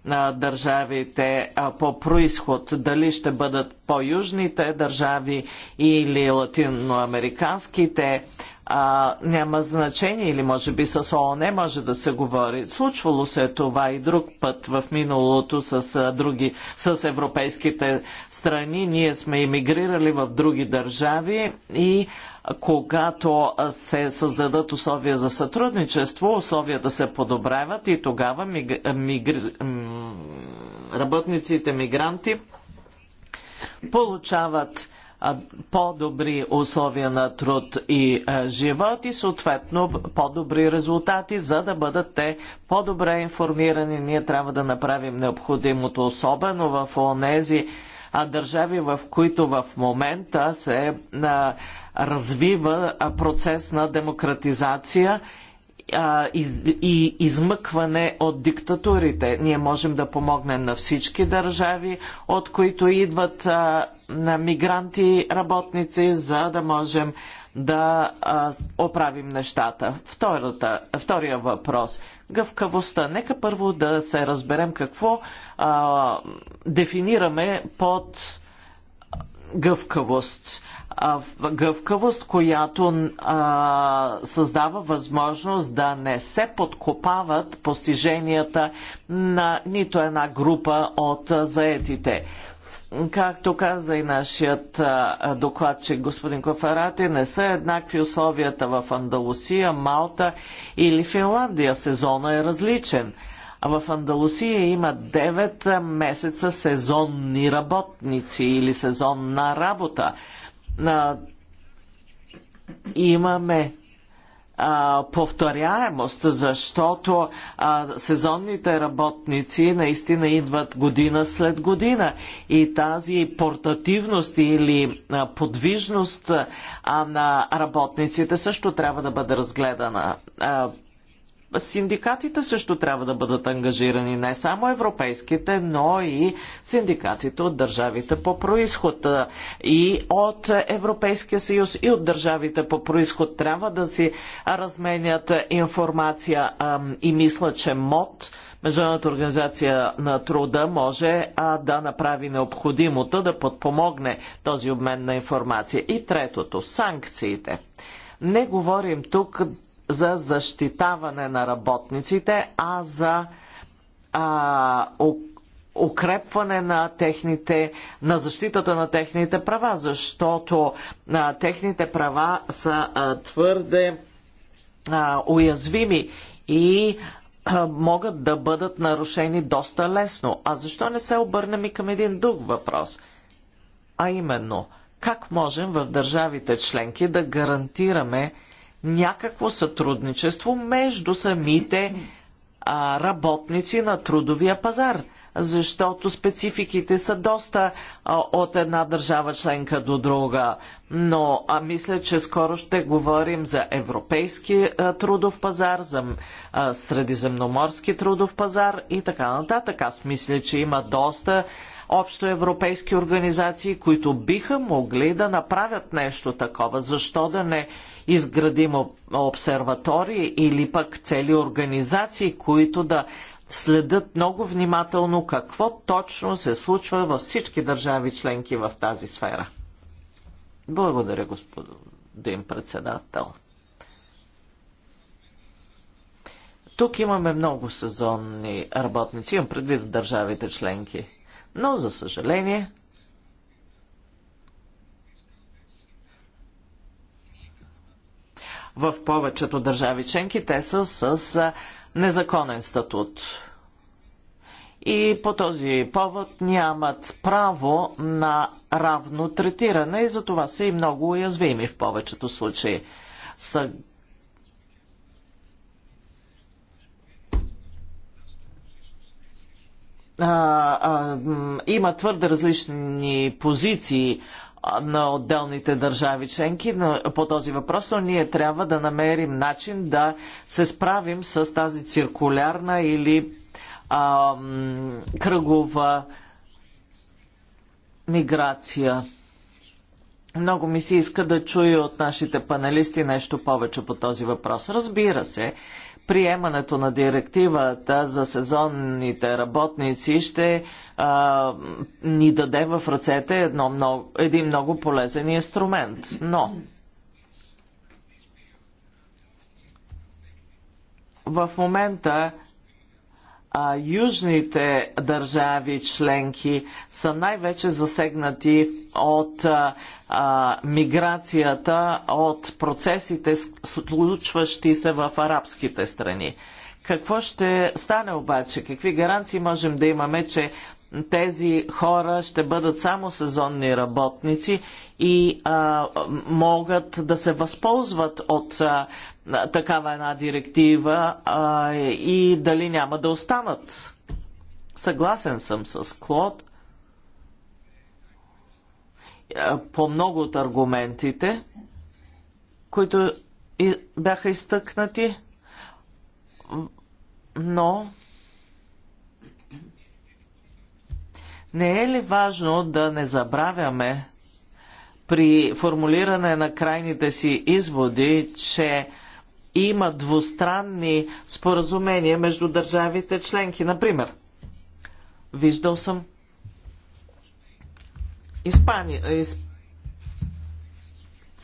а, държавите а, по происход. Дали ще бъдат по-южните държави или латиноамериканските а, няма значение или може би с ООН може да се говори. Случвало се е това и друг път в миналото с, а, други, с европейските страни. Ние сме иммигрирали в други държави и когато се създадат условия за сътрудничество, условията се подобряват и тогава миг... Мигр... работниците мигранти получават по-добри условия на труд и живот и съответно по-добри резултати, за да бъдат те по-добре информирани. Ние трябва да направим необходимото, особено в онези държави, в които в момента се развива процес на демократизация а, из, и измъкване от диктатурите. Ние можем да помогнем на всички държави, от които идват а, на мигранти работници, за да можем да а, оправим нещата. Втората, втория въпрос гъвкавостта. Нека първо да се разберем какво а, дефинираме под гъвкавост гъвкавост, която а, създава възможност да не се подкопават постиженията на нито една група от заетите. Както каза и нашият докладчик господин Коферати, не са еднакви условията в Андалусия, Малта или Финландия. Сезона е различен. В Андалусия има 9 месеца сезонни работници или сезонна работа а, имаме а, повторяемост, защото а, сезонните работници наистина идват година след година и тази портативност или а, подвижност а, на работниците също трябва да бъде разгледана. А, Синдикатите също трябва да бъдат ангажирани, не само европейските, но и синдикатите от държавите по происход. И от Европейския съюз, и от държавите по происход трябва да си разменят информация и мисля, че МОД, Международната организация на труда може да направи необходимото да подпомогне този обмен на информация. И третото санкциите. Не говорим тук за защитаване на работниците, а за а, укрепване на техните, на защитата на техните права, защото а, техните права са а, твърде а, уязвими и а, могат да бъдат нарушени доста лесно. А защо не се обърнем и към един друг въпрос? А именно, как можем в държавите членки да гарантираме някакво сътрудничество между самите а, работници на трудовия пазар, защото спецификите са доста а, от една държава членка до друга. Но а мисля, че скоро ще говорим за европейски а, трудов пазар, за а, средиземноморски трудов пазар и така нататък. Аз мисля, че има доста общоевропейски организации, които биха могли да направят нещо такова. Защо да не изградим обсерватории или пък цели организации, които да следят много внимателно какво точно се случва във всички държави членки в тази сфера. Благодаря, господин председател. Тук имаме много сезонни работници, имам предвид държавите членки. Но, за съжаление, в повечето държави членки те са с незаконен статут. И по този повод нямат право на равно третиране и затова са и много уязвими в повечето случаи. Съгласен а, а, има твърде различни позиции на отделните държави членки по този въпрос, но ние трябва да намерим начин да се справим с тази циркулярна или а, кръгова миграция. Много ми се иска да чуя от нашите панелисти нещо повече по този въпрос. Разбира се, приемането на директивата за сезонните работници ще а, ни даде в ръцете едно много, един много полезен инструмент. Но в момента а, южните държави членки са най-вече засегнати от а, а, миграцията, от процесите, случващи се в арабските страни. Какво ще стане обаче? Какви гаранции можем да имаме, че тези хора ще бъдат само сезонни работници и а, могат да се възползват от а, такава една директива а, и дали няма да останат. Съгласен съм с Клод по много от аргументите, които и бяха изтъкнати, но не е ли важно да не забравяме при формулиране на крайните си изводи, че има двустранни споразумения между държавите членки. Например, виждал съм Испания,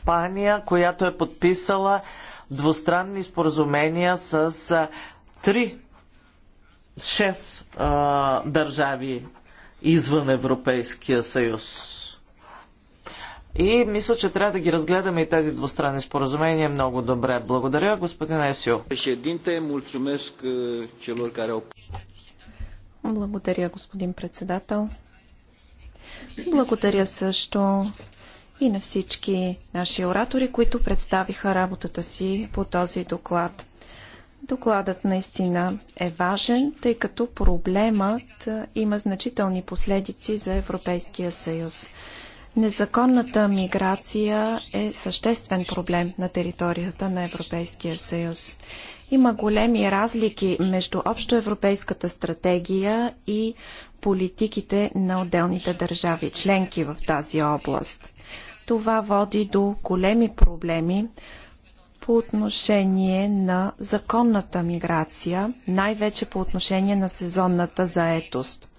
Испания която е подписала двустранни споразумения с три, шест държави извън Европейския съюз. И мисля, че трябва да ги разгледаме и тези двустранни споразумения много добре. Благодаря, господин Есио. Е, Благодаря, господин председател. Благодаря също и на всички наши оратори, които представиха работата си по този доклад. Докладът наистина е важен, тъй като проблемът има значителни последици за Европейския съюз. Незаконната миграция е съществен проблем на територията на Европейския съюз. Има големи разлики между общоевропейската стратегия и политиките на отделните държави, членки в тази област. Това води до големи проблеми по отношение на законната миграция, най-вече по отношение на сезонната заетост.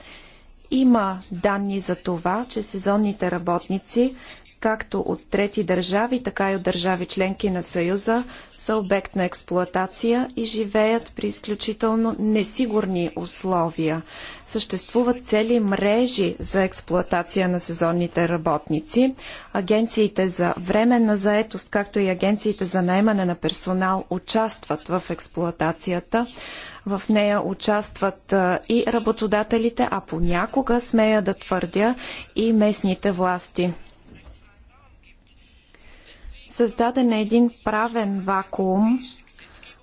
Има данни за това, че сезонните работници, както от трети държави, така и от държави членки на Съюза, са обект на експлоатация и живеят при изключително несигурни условия. Съществуват цели мрежи за експлоатация на сезонните работници. Агенциите за временна заетост, както и агенциите за наемане на персонал участват в експлоатацията. В нея участват и работодателите, а понякога смея да твърдя и местните власти. Създаден е един правен вакуум,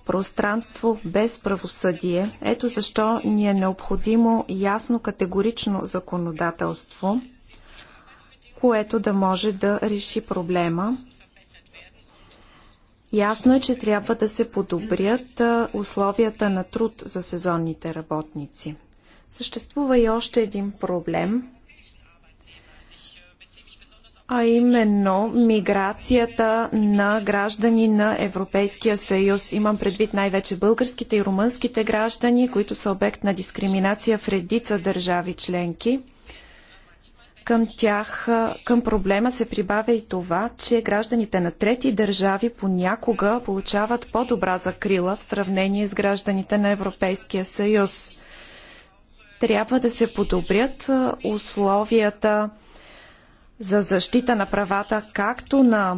пространство без правосъдие. Ето защо ни е необходимо ясно категорично законодателство, което да може да реши проблема Ясно е, че трябва да се подобрят условията на труд за сезонните работници. Съществува и още един проблем, а именно миграцията на граждани на Европейския съюз. Имам предвид най-вече българските и румънските граждани, които са обект на дискриминация в редица държави членки – към тях, към проблема се прибавя и това, че гражданите на трети държави понякога получават по-добра закрила в сравнение с гражданите на Европейския съюз. Трябва да се подобрят условията за защита на правата както на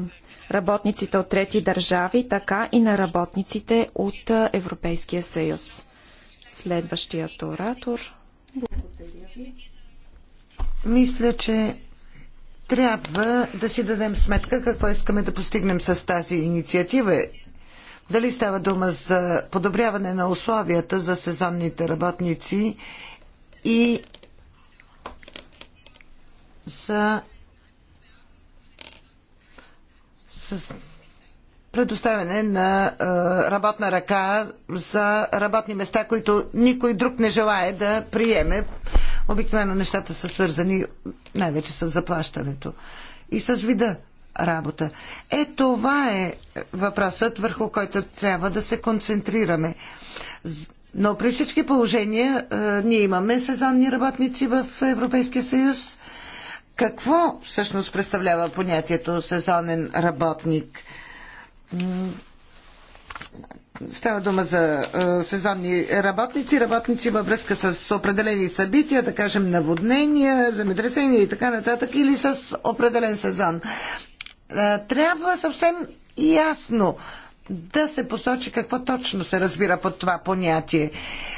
работниците от трети държави, така и на работниците от Европейския съюз. Следващият оратор. Благодаря ви. Мисля, че трябва да си дадем сметка какво искаме да постигнем с тази инициатива. Дали става дума за подобряване на условията за сезонните работници и за с предоставяне на работна ръка за работни места, които никой друг не желая да приеме Обикновено нещата са свързани най-вече с заплащането и с вида работа. Е, това е въпросът, върху който трябва да се концентрираме. Но при всички положения е, ние имаме сезонни работници в Европейския съюз. Какво всъщност представлява понятието сезонен работник? Става дума за е, сезонни работници, работници във връзка с определени събития, да кажем наводнения, земетресения и така нататък, или с определен сезон. Е, трябва съвсем ясно да се посочи какво точно се разбира под това понятие.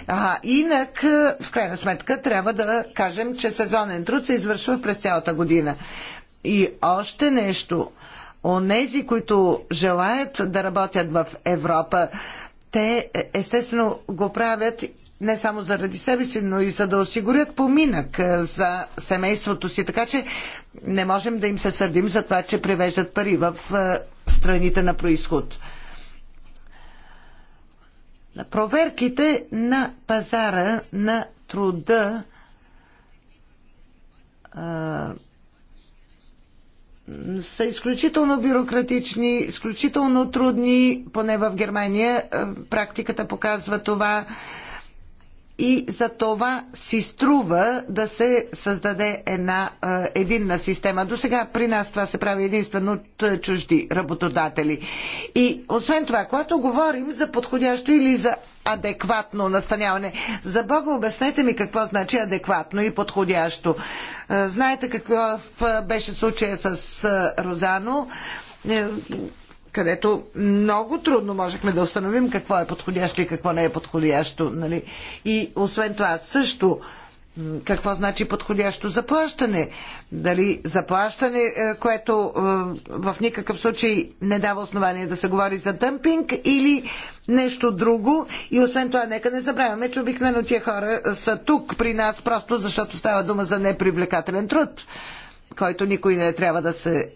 А, инак, е, в крайна сметка, трябва да кажем, че сезонен труд се извършва през цялата година. И още нещо онези, които желаят да работят в Европа, те естествено го правят не само заради себе си, но и за да осигурят поминък е, за семейството си. Така че не можем да им се сърдим за това, че превеждат пари в е, страните на происход. Проверките на пазара на труда е, са изключително бюрократични, изключително трудни, поне в Германия практиката показва това и за това си струва да се създаде една а, единна система. До сега при нас това се прави единствено от чужди работодатели. И освен това, когато говорим за подходящо или за адекватно настаняване, за Бога обяснете ми какво значи адекватно и подходящо. А, знаете какво беше случая с а, Розано? Е, където много трудно можехме да установим какво е подходящо и какво не е подходящо. Нали? И освен това също какво значи подходящо заплащане. Дали заплащане, е, което е, в никакъв случай не дава основание да се говори за дъмпинг или нещо друго. И освен това, нека не забравяме, че обикновено тия хора е, са тук при нас просто защото става дума за непривлекателен труд, който никой не трябва да се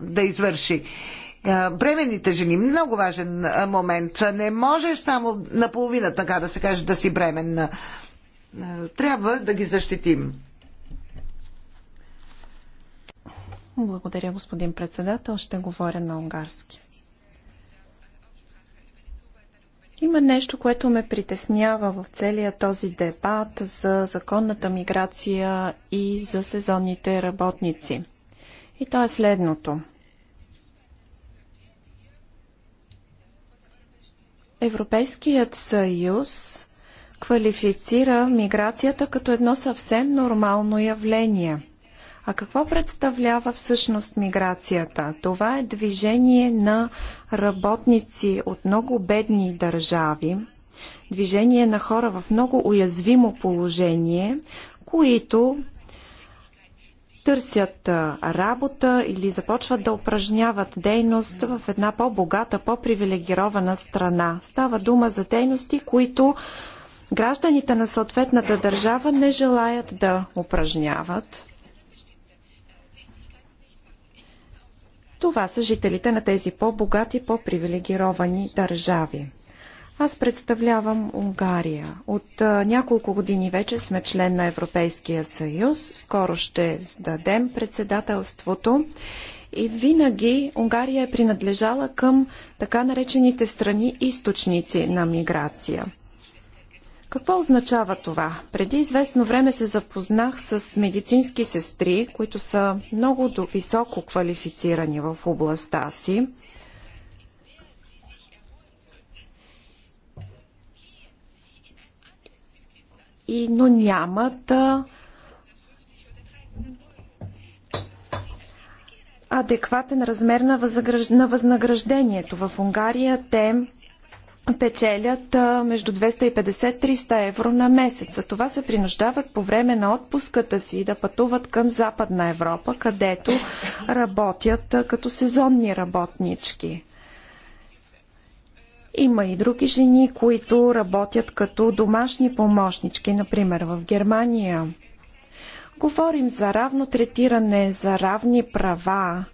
да извърши. Е, бременните жени, много важен е, момент. Не можеш само наполовина, така да се каже, да си бременна. Е, трябва да ги защитим. Благодаря, господин председател. Ще говоря на унгарски. Има нещо, което ме притеснява в целия този дебат за законната миграция и за сезонните работници – и то е следното. Европейският съюз квалифицира миграцията като едно съвсем нормално явление. А какво представлява всъщност миграцията? Това е движение на работници от много бедни държави, движение на хора в много уязвимо положение, които търсят работа или започват да упражняват дейност в една по-богата, по-привилегирована страна. Става дума за дейности, които гражданите на съответната държава не желаят да упражняват. Това са жителите на тези по-богати, по-привилегировани държави. Аз представлявам Унгария. От а, няколко години вече сме член на Европейския съюз. Скоро ще сдадем председателството. И винаги Унгария е принадлежала към така наречените страни източници на миграция. Какво означава това? Преди известно време се запознах с медицински сестри, които са много високо квалифицирани в областта си. и, но нямат адекватен размер на, възграж... на възнаграждението. В Унгария те печелят между 250-300 евро на месец. За това се принуждават по време на отпуската си да пътуват към Западна Европа, където работят като сезонни работнички. Има и други жени, които работят като домашни помощнички, например в Германия. Говорим за равно третиране, за равни права.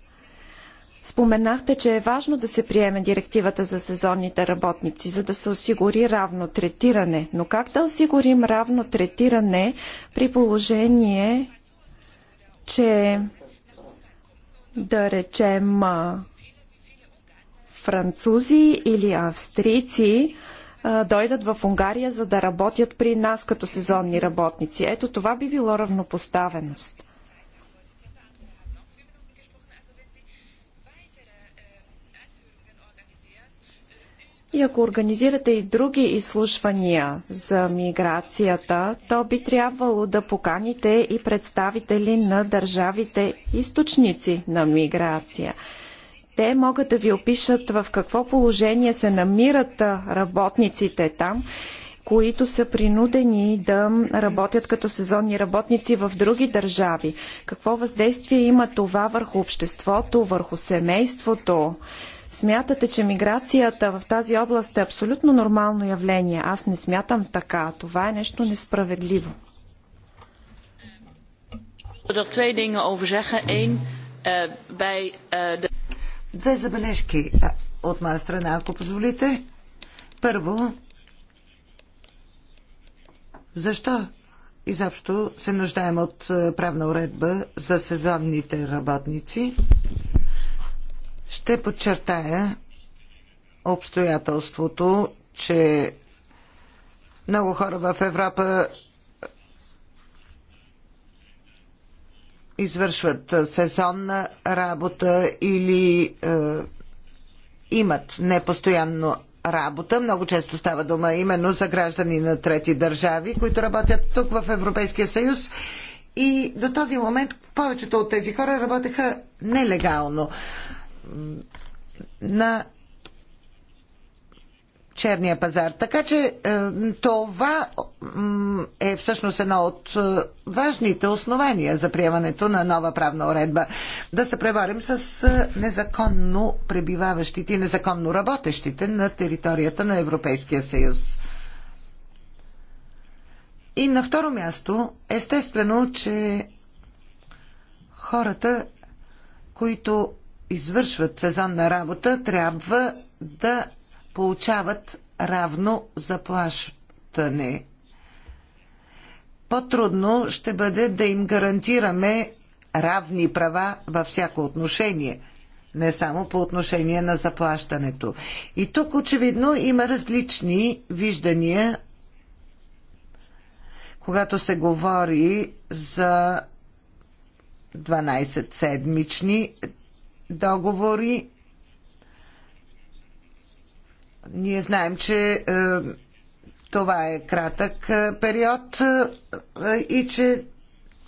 Споменахте, че е важно да се приеме директивата за сезонните работници, за да се осигури равно третиране. Но как да осигурим равно третиране при положение, че да речем французи или австрийци дойдат в Унгария, за да работят при нас като сезонни работници. Ето това би било равнопоставеност. И ако организирате и други изслушвания за миграцията, то би трябвало да поканите и представители на държавите източници на миграция. Те могат да ви опишат в какво положение се намират работниците там които са принудени да работят като сезонни работници в други държави. Какво въздействие има това върху обществото, върху семейството? Смятате, че миграцията в тази област е абсолютно нормално явление. Аз не смятам така. Това е нещо несправедливо. Er twee dingen over zeggen. Eén, uh, bij uh, de. Две забележки от моя страна, ако позволите. Първо, защо изобщо се нуждаем от правна уредба за сезонните работници? Ще подчертая обстоятелството, че много хора в Европа извършват сезонна работа или е, имат непостоянно работа. Много често става дума именно за граждани на трети държави, които работят тук в Европейския съюз. И до този момент повечето от тези хора работеха нелегално. На черния пазар. Така че е, това е всъщност едно от е, важните основания за приемането на нова правна уредба. Да се преварим с е, незаконно пребиваващите и незаконно работещите на територията на Европейския съюз. И на второ място, естествено, че хората, които извършват сезонна работа, трябва да получават равно заплащане. По-трудно ще бъде да им гарантираме равни права във всяко отношение, не само по отношение на заплащането. И тук очевидно има различни виждания, когато се говори за 12 седмични договори ние знаем, че е, това е кратък е, период е, и че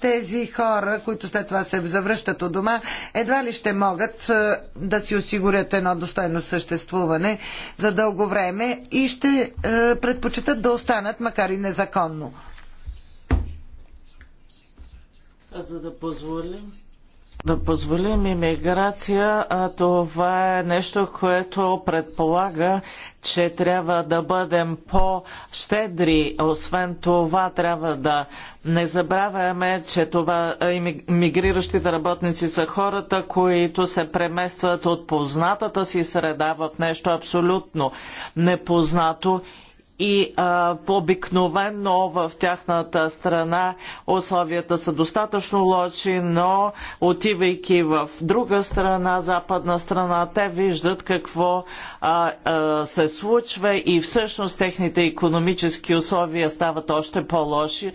тези хора, които след това се завръщат от дома, едва ли ще могат да си осигурят едно достойно съществуване за дълго време и ще предпочитат да останат, макар и незаконно. А за да позволим да позволим иммиграция, а това е нещо, което предполага, че трябва да бъдем по-щедри. Освен това, трябва да не забравяме, че това мигриращите работници са хората, които се преместват от познатата си среда в нещо абсолютно непознато и а, по-обикновено в тяхната страна условията са достатъчно лоши, но отивайки в друга страна, западна страна, те виждат какво а, а, се случва и всъщност техните економически условия стават още по-лоши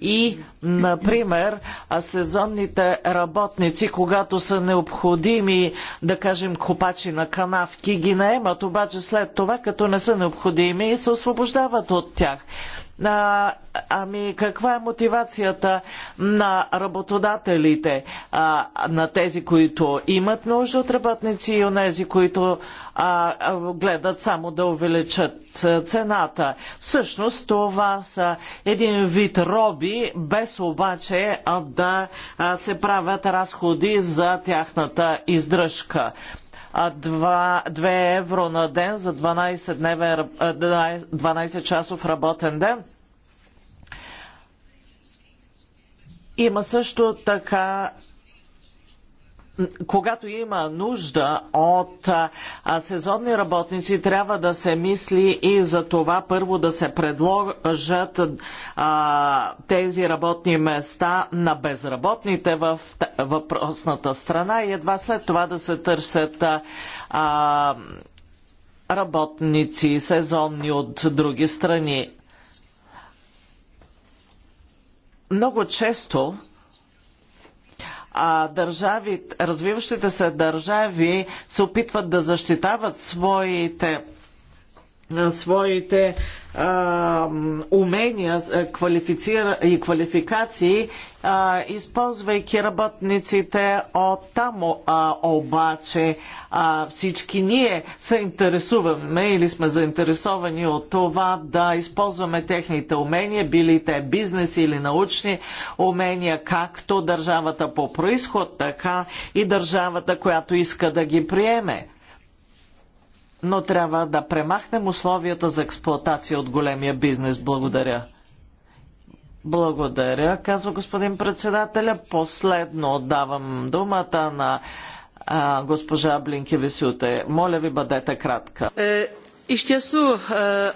и, например, сезонните работници, когато са необходими, да кажем, копачи на канавки, ги наемат обаче след това, като не са необходими се освобождават от тях. А, ами, каква е мотивацията на работодателите, а, на тези, които имат нужда от работници и тези, които а, гледат само да увеличат цената? Всъщност, това са един вид роби, без обаче да се правят разходи за тяхната издръжка. 2, евро на ден за 12-часов работен ден. Има също така когато има нужда от сезонни работници, трябва да се мисли и за това първо да се предложат а, тези работни места на безработните в въпросната страна и едва след това да се търсят а, работници сезонни от други страни. Много често а, държави, развиващите се държави се опитват да защитават своите своите а, умения и квалификации, а, използвайки работниците от там, а, обаче а, всички ние се интересуваме или сме заинтересовани от това да използваме техните умения, били те бизнес или научни умения, както държавата по происход, така и държавата, която иска да ги приеме но трябва да премахнем условията за експлоатация от големия бизнес. Благодаря. Благодаря, казва господин председателя. Последно давам думата на а, госпожа Висюте. Моля ви, бъдете кратка. Е, е,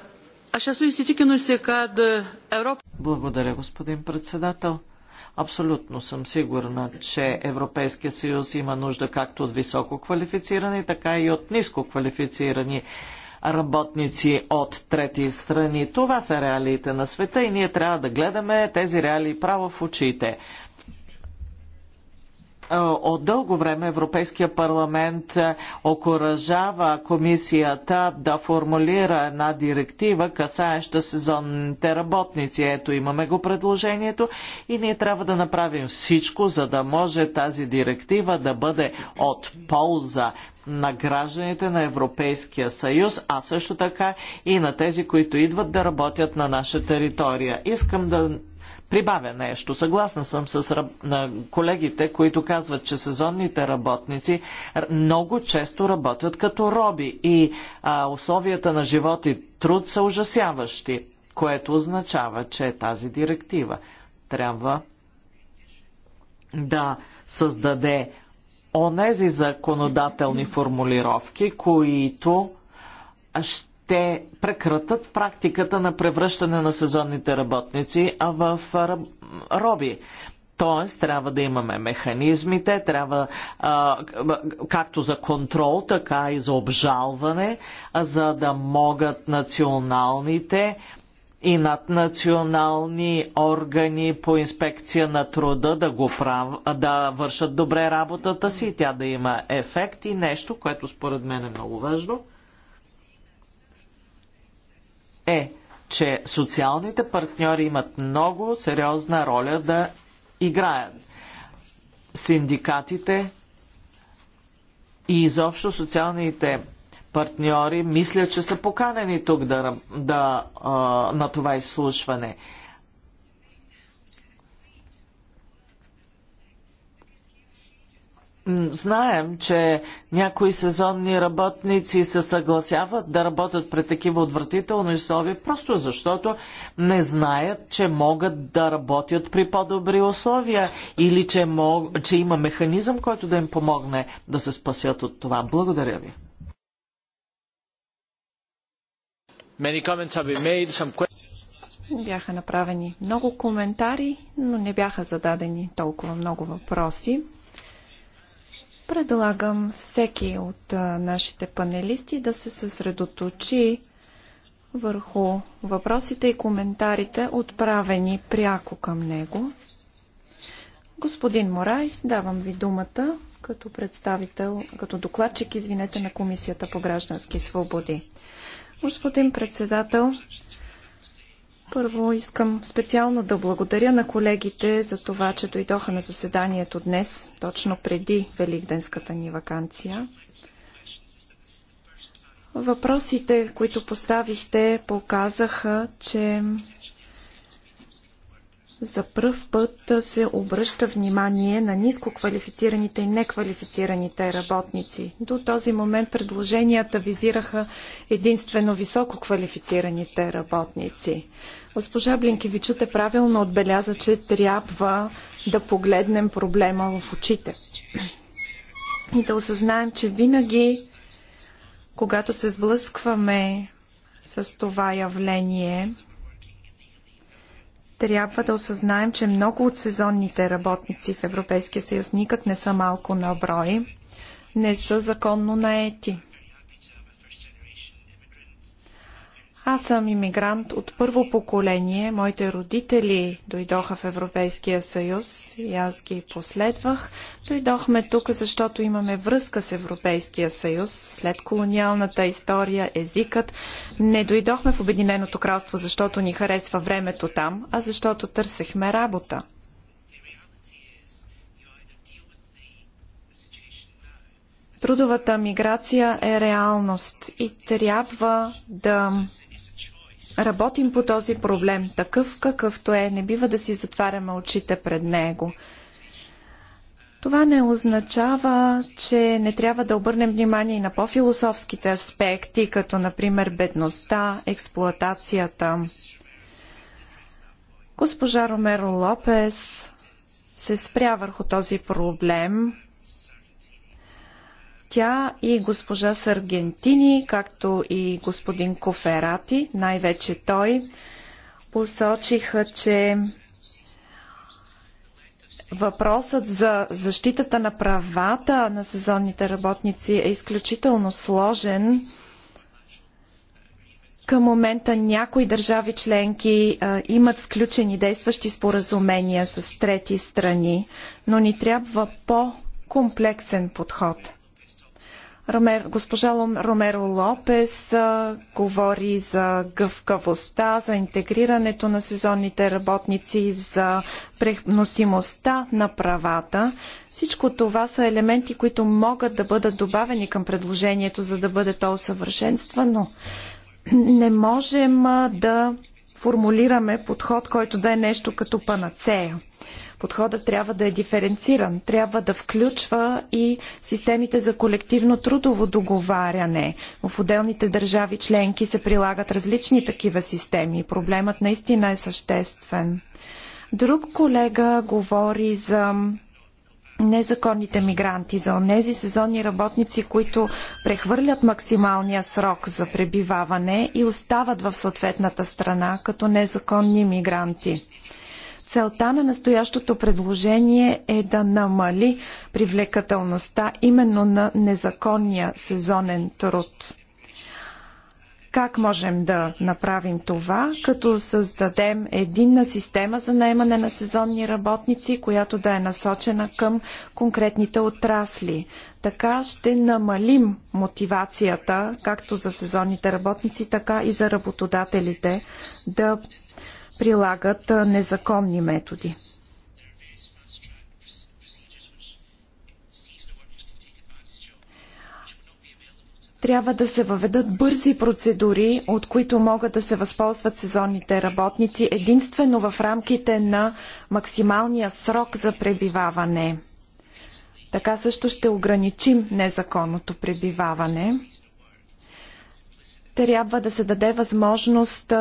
Благодаря, господин председател. Абсолютно съм сигурна, че Европейския съюз има нужда както от високо квалифицирани, така и от ниско квалифицирани работници от трети страни. Това са реалиите на света и ние трябва да гледаме тези реалии право в очите. Е, от дълго време Европейския парламент е, окоръжава комисията да формулира една директива, касаеща сезонните работници. Ето имаме го предложението и ние трябва да направим всичко, за да може тази директива да бъде от полза на гражданите на Европейския съюз, а също така и на тези, които идват да работят на наша територия. Искам да прибавя нещо. Съгласна съм с колегите, които казват, че сезонните работници много често работят като роби и а, условията на живот и труд са ужасяващи, което означава, че тази директива трябва да създаде онези законодателни формулировки, които ще те прекратат практиката на превръщане на сезонните работници в роби. Тоест, трябва да имаме механизмите, трябва както за контрол, така и за обжалване, за да могат националните и наднационални органи по инспекция на труда да, го прав... да вършат добре работата си, тя да има ефект и нещо, което според мен е много важно – е, че социалните партньори имат много сериозна роля да играят. Синдикатите и изобщо социалните партньори мисля, че са поканени тук да, да, на това изслушване. Знаем, че някои сезонни работници се съгласяват да работят при такива отвратителни условия, просто защото не знаят, че могат да работят при по-добри условия или че, мог... че има механизъм, който да им помогне да се спасят от това. Благодаря ви. Бяха направени много коментари, но не бяха зададени толкова много въпроси. Предлагам всеки от нашите панелисти да се съсредоточи върху въпросите и коментарите, отправени пряко към него. Господин Морайс, давам ви думата като представител, като докладчик, извинете, на Комисията по граждански свободи. Господин председател, първо искам специално да благодаря на колегите за това, че дойдоха на заседанието днес, точно преди Великденската ни вакансия. Въпросите, които поставихте, показаха, че за пръв път се обръща внимание на ниско квалифицираните и неквалифицираните работници. До този момент предложенията визираха единствено високо квалифицираните работници. Госпожа Блинкевичът е правилно отбеляза, че трябва да погледнем проблема в очите и да осъзнаем, че винаги, когато се сблъскваме с това явление, трябва да осъзнаем, че много от сезонните работници в Европейския съюз никак не са малко на брой, не са законно наети. Аз съм иммигрант от първо поколение. Моите родители дойдоха в Европейския съюз и аз ги последвах. Дойдохме тук, защото имаме връзка с Европейския съюз след колониалната история, езикът. Не дойдохме в Обединеното кралство, защото ни харесва времето там, а защото търсехме работа. Трудовата миграция е реалност и трябва да Работим по този проблем такъв какъвто е. Не бива да си затваряме очите пред него. Това не означава, че не трябва да обърнем внимание и на по-философските аспекти, като например бедността, експлоатацията. Госпожа Ромеро Лопес се спря върху този проблем тя и госпожа Саргентини, както и господин Коферати, най-вече той, посочиха, че въпросът за защитата на правата на сезонните работници е изключително сложен. Към момента някои държави членки а, имат сключени действащи споразумения с трети страни, но ни трябва по-комплексен подход. Ромер, госпожа Ромеро Лопес а, говори за гъвкавостта, за интегрирането на сезонните работници, за преносимостта на правата. Всичко това са елементи, които могат да бъдат добавени към предложението, за да бъде то усъвършенствано. Не можем а, да формулираме подход, който да е нещо като панацея. Подходът трябва да е диференциран. Трябва да включва и системите за колективно трудово договаряне. В отделните държави членки се прилагат различни такива системи. Проблемът наистина е съществен. Друг колега говори за незаконните мигранти, за онези сезонни работници, които прехвърлят максималния срок за пребиваване и остават в съответната страна като незаконни мигранти. Целта на настоящото предложение е да намали привлекателността именно на незаконния сезонен труд. Как можем да направим това? Като създадем единна система за наемане на сезонни работници, която да е насочена към конкретните отрасли. Така ще намалим мотивацията, както за сезонните работници, така и за работодателите, да прилагат незаконни методи. трябва да се въведат бързи процедури, от които могат да се възползват сезонните работници единствено в рамките на максималния срок за пребиваване. Така също ще ограничим незаконното пребиваване. Трябва да се даде възможност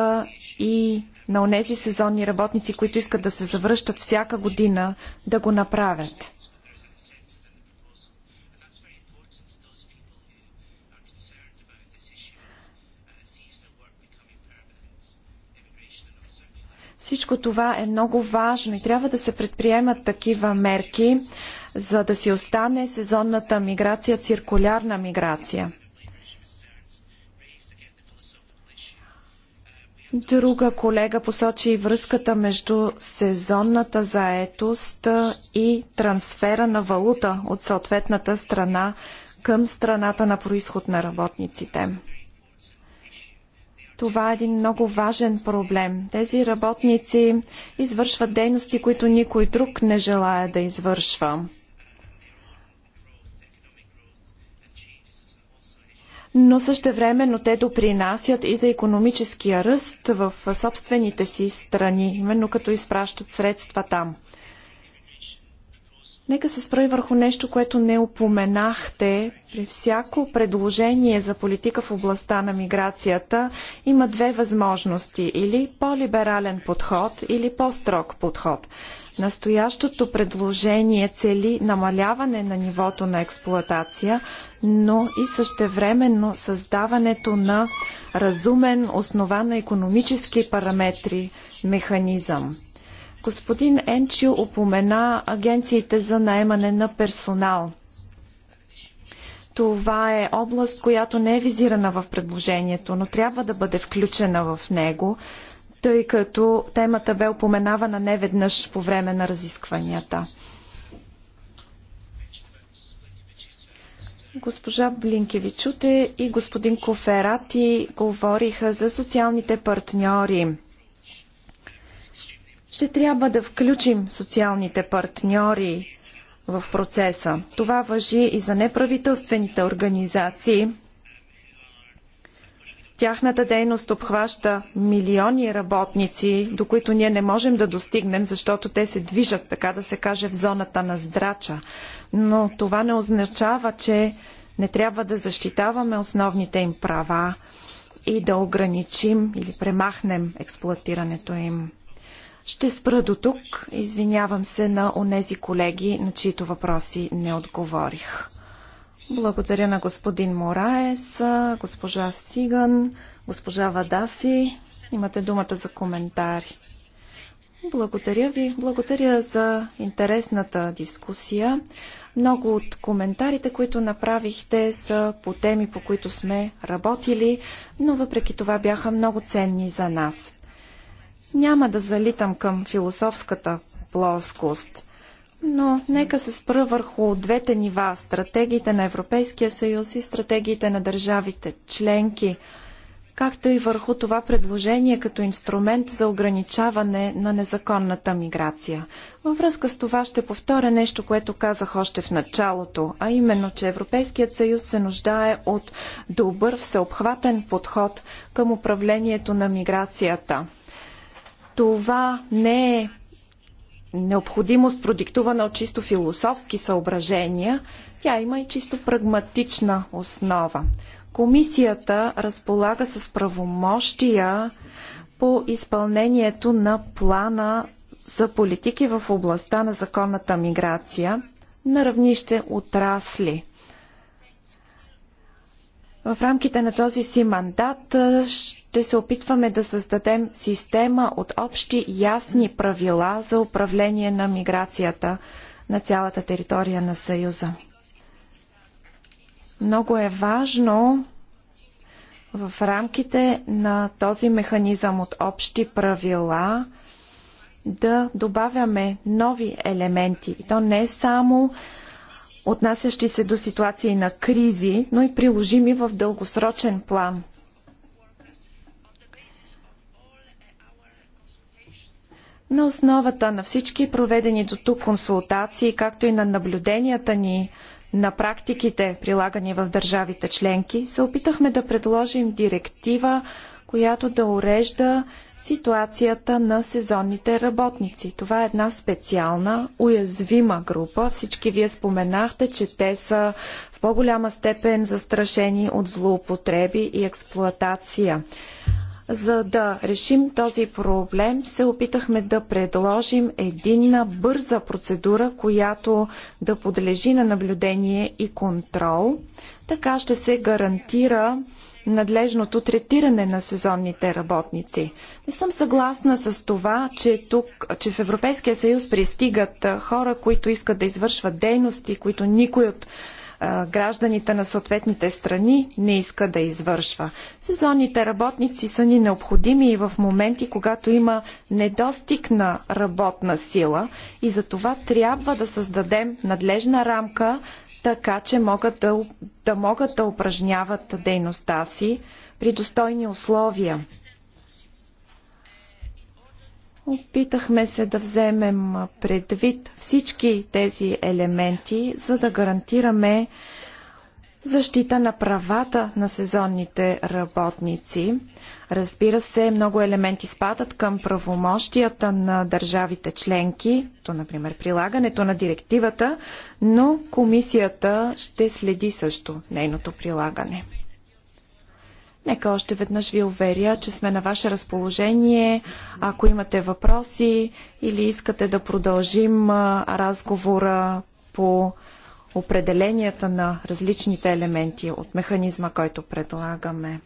и на онези сезонни работници, които искат да се завръщат всяка година, да го направят. Всичко това е много важно и трябва да се предприемат такива мерки, за да си остане сезонната миграция циркулярна миграция. Друга колега посочи връзката между сезонната заетост и трансфера на валута от съответната страна към страната на происход на работниците. Това е един много важен проблем. Тези работници извършват дейности, които никой друг не желая да извършва. но същевременно те допринасят и за економическия ръст в собствените си страни, именно като изпращат средства там. Нека се спра върху нещо, което не упоменахте. При всяко предложение за политика в областта на миграцията има две възможности. Или по-либерален подход, или по-строг подход. Настоящото предложение цели намаляване на нивото на експлоатация, но и същевременно създаването на разумен, основан на економически параметри механизъм. Господин Енчил упомена агенциите за наемане на персонал. Това е област, която не е визирана в предложението, но трябва да бъде включена в него, тъй като темата бе упоменавана неведнъж по време на разискванията. Госпожа Блинкевичуте и господин Коферати говориха за социалните партньори. Ще трябва да включим социалните партньори в процеса. Това въжи и за неправителствените организации, Тяхната дейност обхваща милиони работници, до които ние не можем да достигнем, защото те се движат, така да се каже, в зоната на здрача. Но това не означава, че не трябва да защитаваме основните им права и да ограничим или премахнем експлоатирането им. Ще спра до тук. Извинявам се на онези колеги, на чието въпроси не отговорих. Благодаря на господин Мораес, госпожа Сиган, госпожа Вадаси. Имате думата за коментари. Благодаря ви. Благодаря за интересната дискусия. Много от коментарите, които направихте, са по теми, по които сме работили, но въпреки това бяха много ценни за нас. Няма да залитам към философската плоскост – но нека се спра върху двете нива стратегиите на Европейския съюз и стратегиите на държавите членки, както и върху това предложение като инструмент за ограничаване на незаконната миграция. Във връзка с това ще повторя нещо, което казах още в началото, а именно, че Европейският съюз се нуждае от добър всеобхватен подход към управлението на миграцията. Това не е необходимост, продиктувана от чисто философски съображения, тя има и чисто прагматична основа. Комисията разполага с правомощия по изпълнението на плана за политики в областта на законната миграция на равнище отрасли. В рамките на този си мандат ще се опитваме да създадем система от общи ясни правила за управление на миграцията на цялата територия на Съюза. Много е важно в рамките на този механизъм от общи правила да добавяме нови елементи. И то не е само отнасящи се до ситуации на кризи, но и приложими в дългосрочен план. На основата на всички проведени до тук консултации, както и на наблюденията ни на практиките, прилагани в държавите членки, се опитахме да предложим директива, която да урежда ситуацията на сезонните работници. Това е една специална, уязвима група. Всички вие споменахте, че те са в по-голяма степен застрашени от злоупотреби и експлоатация. За да решим този проблем, се опитахме да предложим единна бърза процедура, която да подлежи на наблюдение и контрол. Така ще се гарантира надлежното третиране на сезонните работници. Не съм съгласна с това, че тук, че в Европейския съюз пристигат хора, които искат да извършват дейности, които никой от гражданите на съответните страни не иска да извършва. Сезонните работници са ни необходими и в моменти, когато има недостиг на работна сила и за това трябва да създадем надлежна рамка така че могат да, да могат да упражняват дейността си при достойни условия. Опитахме се да вземем предвид всички тези елементи, за да гарантираме защита на правата на сезонните работници. Разбира се, много елементи спадат към правомощията на държавите членки, то, например, прилагането на директивата, но комисията ще следи също нейното прилагане. Нека още веднъж ви уверя, че сме на ваше разположение. Ако имате въпроси или искате да продължим разговора по определенията на различните елементи от механизма, който предлагаме.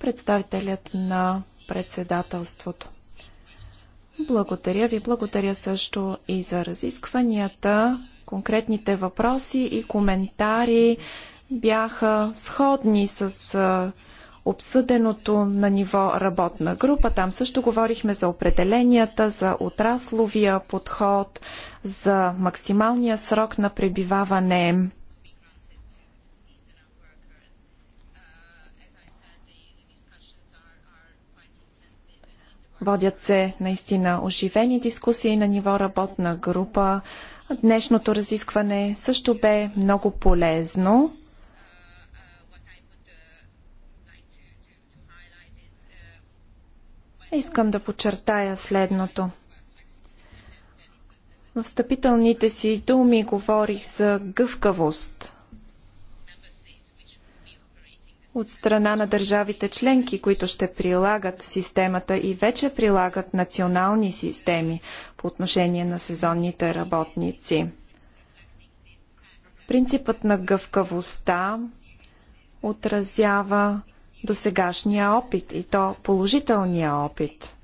Представителят на председателството. Благодаря ви. Благодаря също и за разискванията. Конкретните въпроси и коментари бяха сходни с обсъденото на ниво работна група. Там също говорихме за определенията, за отрасловия подход, за максималния срок на пребиваване. Водят се наистина оживени дискусии на ниво работна група. Днешното разискване също бе много полезно. Искам да подчертая следното. В встъпителните си думи говорих за гъвкавост от страна на държавите членки, които ще прилагат системата и вече прилагат национални системи по отношение на сезонните работници. Принципът на гъвкавостта отразява до сегашния опит и то положителния опит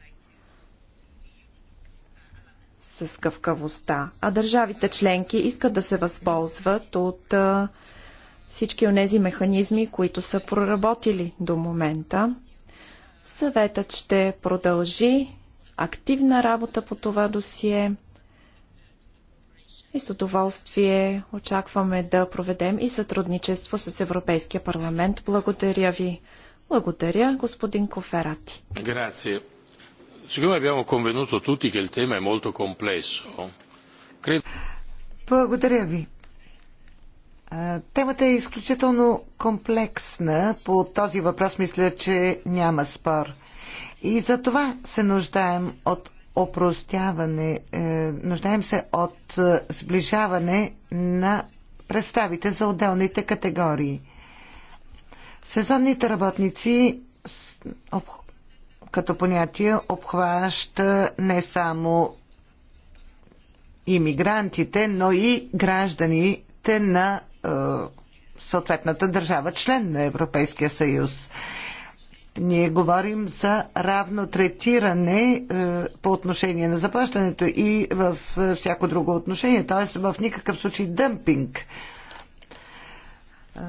с гъвкавостта. А държавите членки искат да се възползват от а, всички онези механизми, които са проработили до момента. Съветът ще продължи активна работа по това досие и с удоволствие очакваме да проведем и сътрудничество с Европейския парламент. Благодаря ви. Благодаря, господин Коферати. Грация. Siccome abbiamo convenuto tutti che il tema è molto complesso, credo... Благодаря ви. Темата е изключително комплексна. По този въпрос мисля, че няма спор. И за това се нуждаем от опростяване, е, нуждаем се от е, сближаване на представите за отделните категории. Сезонните работници като понятие обхваща не само иммигрантите, но и гражданите на е, съответната държава, член на Европейския съюз. Ние говорим за равно третиране е, по отношение на заплащането и в е, всяко друго отношение, т.е. в никакъв случай дъмпинг. Е,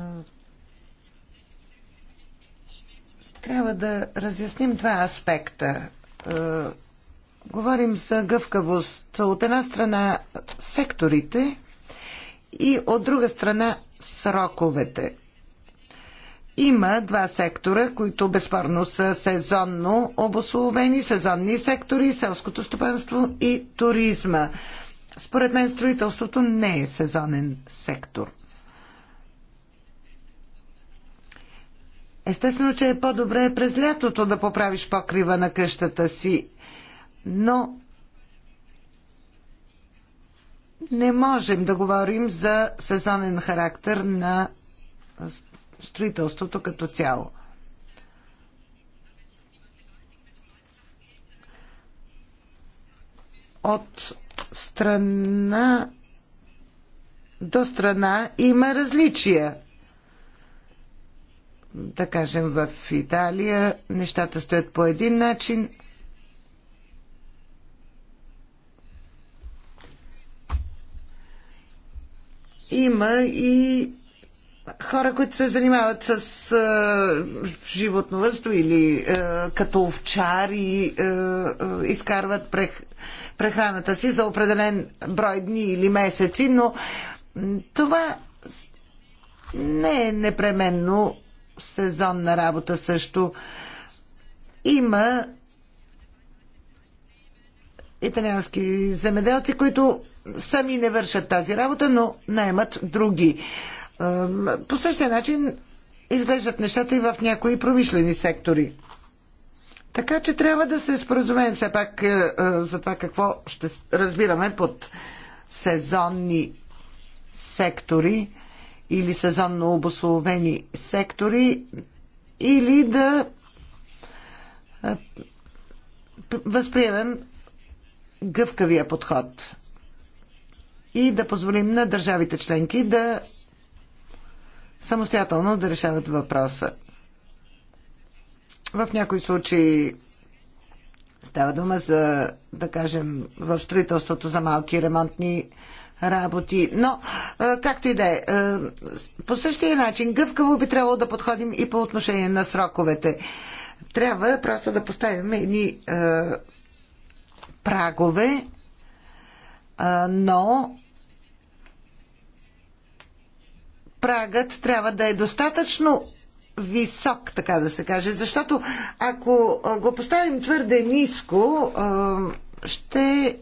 трябва да разясним два аспекта. Е, говорим за гъвкавост. От една страна секторите и от друга страна сроковете. Има два сектора, които безспорно са сезонно обословени, сезонни сектори, селското стопанство и туризма. Според мен строителството не е сезонен сектор. Естествено, че е по-добре през лятото да поправиш покрива на къщата си, но не можем да говорим за сезонен характер на строителството като цяло. От страна до страна има различия да кажем, в Италия нещата стоят по един начин. Има и хора, които се занимават с а, животновътство или а, като овчари изкарват прех, прехраната си за определен брой дни или месеци, но това не е непременно сезонна работа също. Има италиански земеделци, които сами не вършат тази работа, но наймат други. По същия начин изглеждат нещата и в някои промишлени сектори. Така че трябва да се споразумеем все пак е, е, за това какво ще разбираме под сезонни сектори или сезонно обословени сектори, или да възприемем гъвкавия подход и да позволим на държавите членки да самостоятелно да решават въпроса. В някои случаи става дума за, да кажем, в строителството за малки ремонтни работи. Но, както и да е, по същия начин гъвкаво би трябвало да подходим и по отношение на сроковете. Трябва просто да поставим едни прагове, но прагът трябва да е достатъчно висок, така да се каже, защото ако го поставим твърде ниско, ще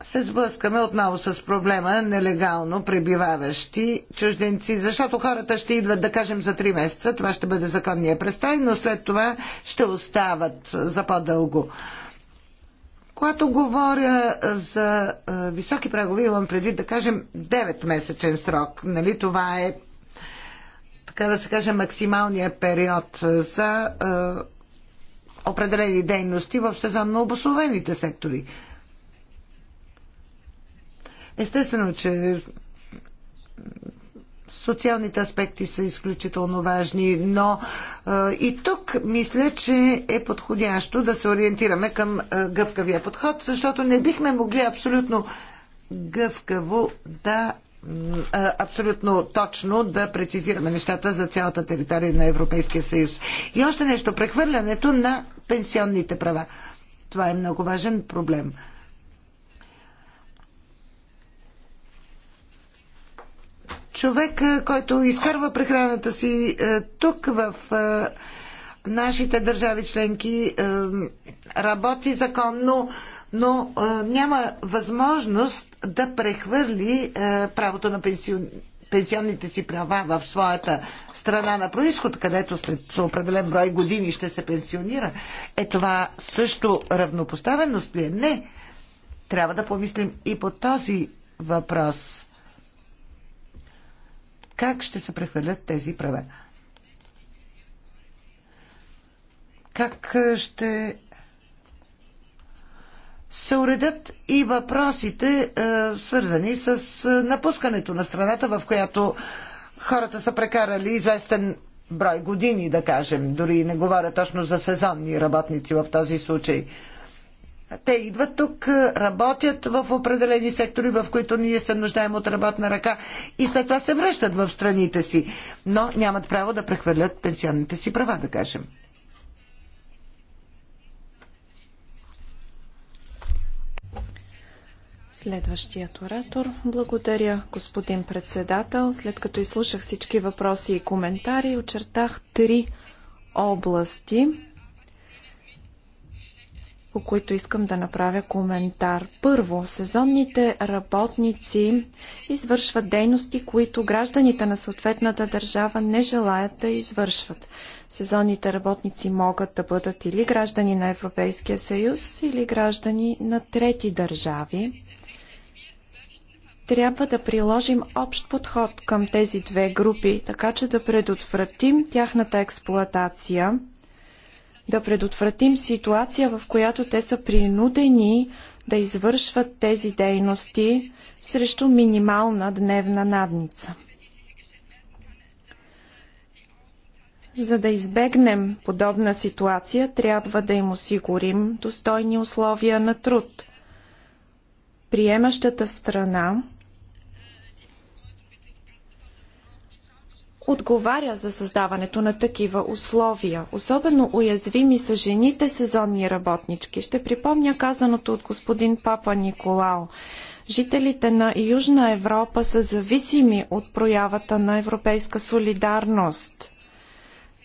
се сблъскаме отново с проблема нелегално пребиваващи чужденци, защото хората ще идват, да кажем, за три месеца, това ще бъде законния престой, но след това ще остават за по-дълго. Когато говоря за високи прагови, имам предвид да кажем 9-месечен срок. Нали? Това е, така да се каже, максималният период за определени дейности в сезонно обословените сектори. Естествено, че социалните аспекти са изключително важни, но и тук мисля, че е подходящо да се ориентираме към гъвкавия подход, защото не бихме могли абсолютно гъвкаво да абсолютно точно да прецизираме нещата за цялата територия на Европейския съюз. И още нещо, прехвърлянето на пенсионните права. Това е много важен проблем. човек, който изкарва прехраната си тук в нашите държави членки, работи законно, но няма възможност да прехвърли правото на пенсион пенсионните си права в своята страна на происход, където след определен брой години ще се пенсионира. Е това също равнопоставеност ли е? Не. Трябва да помислим и по този въпрос как ще се прехвърлят тези права. Как ще се уредят и въпросите, свързани с напускането на страната, в която хората са прекарали известен брой години, да кажем. Дори не говоря точно за сезонни работници в този случай. Те идват тук, работят в определени сектори, в които ние се нуждаем от работна ръка и след това се връщат в страните си, но нямат право да прехвърлят пенсионните си права, да кажем. Следващият оратор. Благодаря, господин председател. След като изслушах всички въпроси и коментари, очертах три области по които искам да направя коментар. Първо, сезонните работници извършват дейности, които гражданите на съответната държава не желаят да извършват. Сезонните работници могат да бъдат или граждани на Европейския съюз, или граждани на трети държави. Трябва да приложим общ подход към тези две групи, така че да предотвратим тяхната експлоатация – да предотвратим ситуация, в която те са принудени да извършват тези дейности срещу минимална дневна надница. За да избегнем подобна ситуация, трябва да им осигурим достойни условия на труд. Приемащата страна отговаря за създаването на такива условия. Особено уязвими са жените сезонни работнички. Ще припомня казаното от господин Папа Николао. Жителите на Южна Европа са зависими от проявата на европейска солидарност.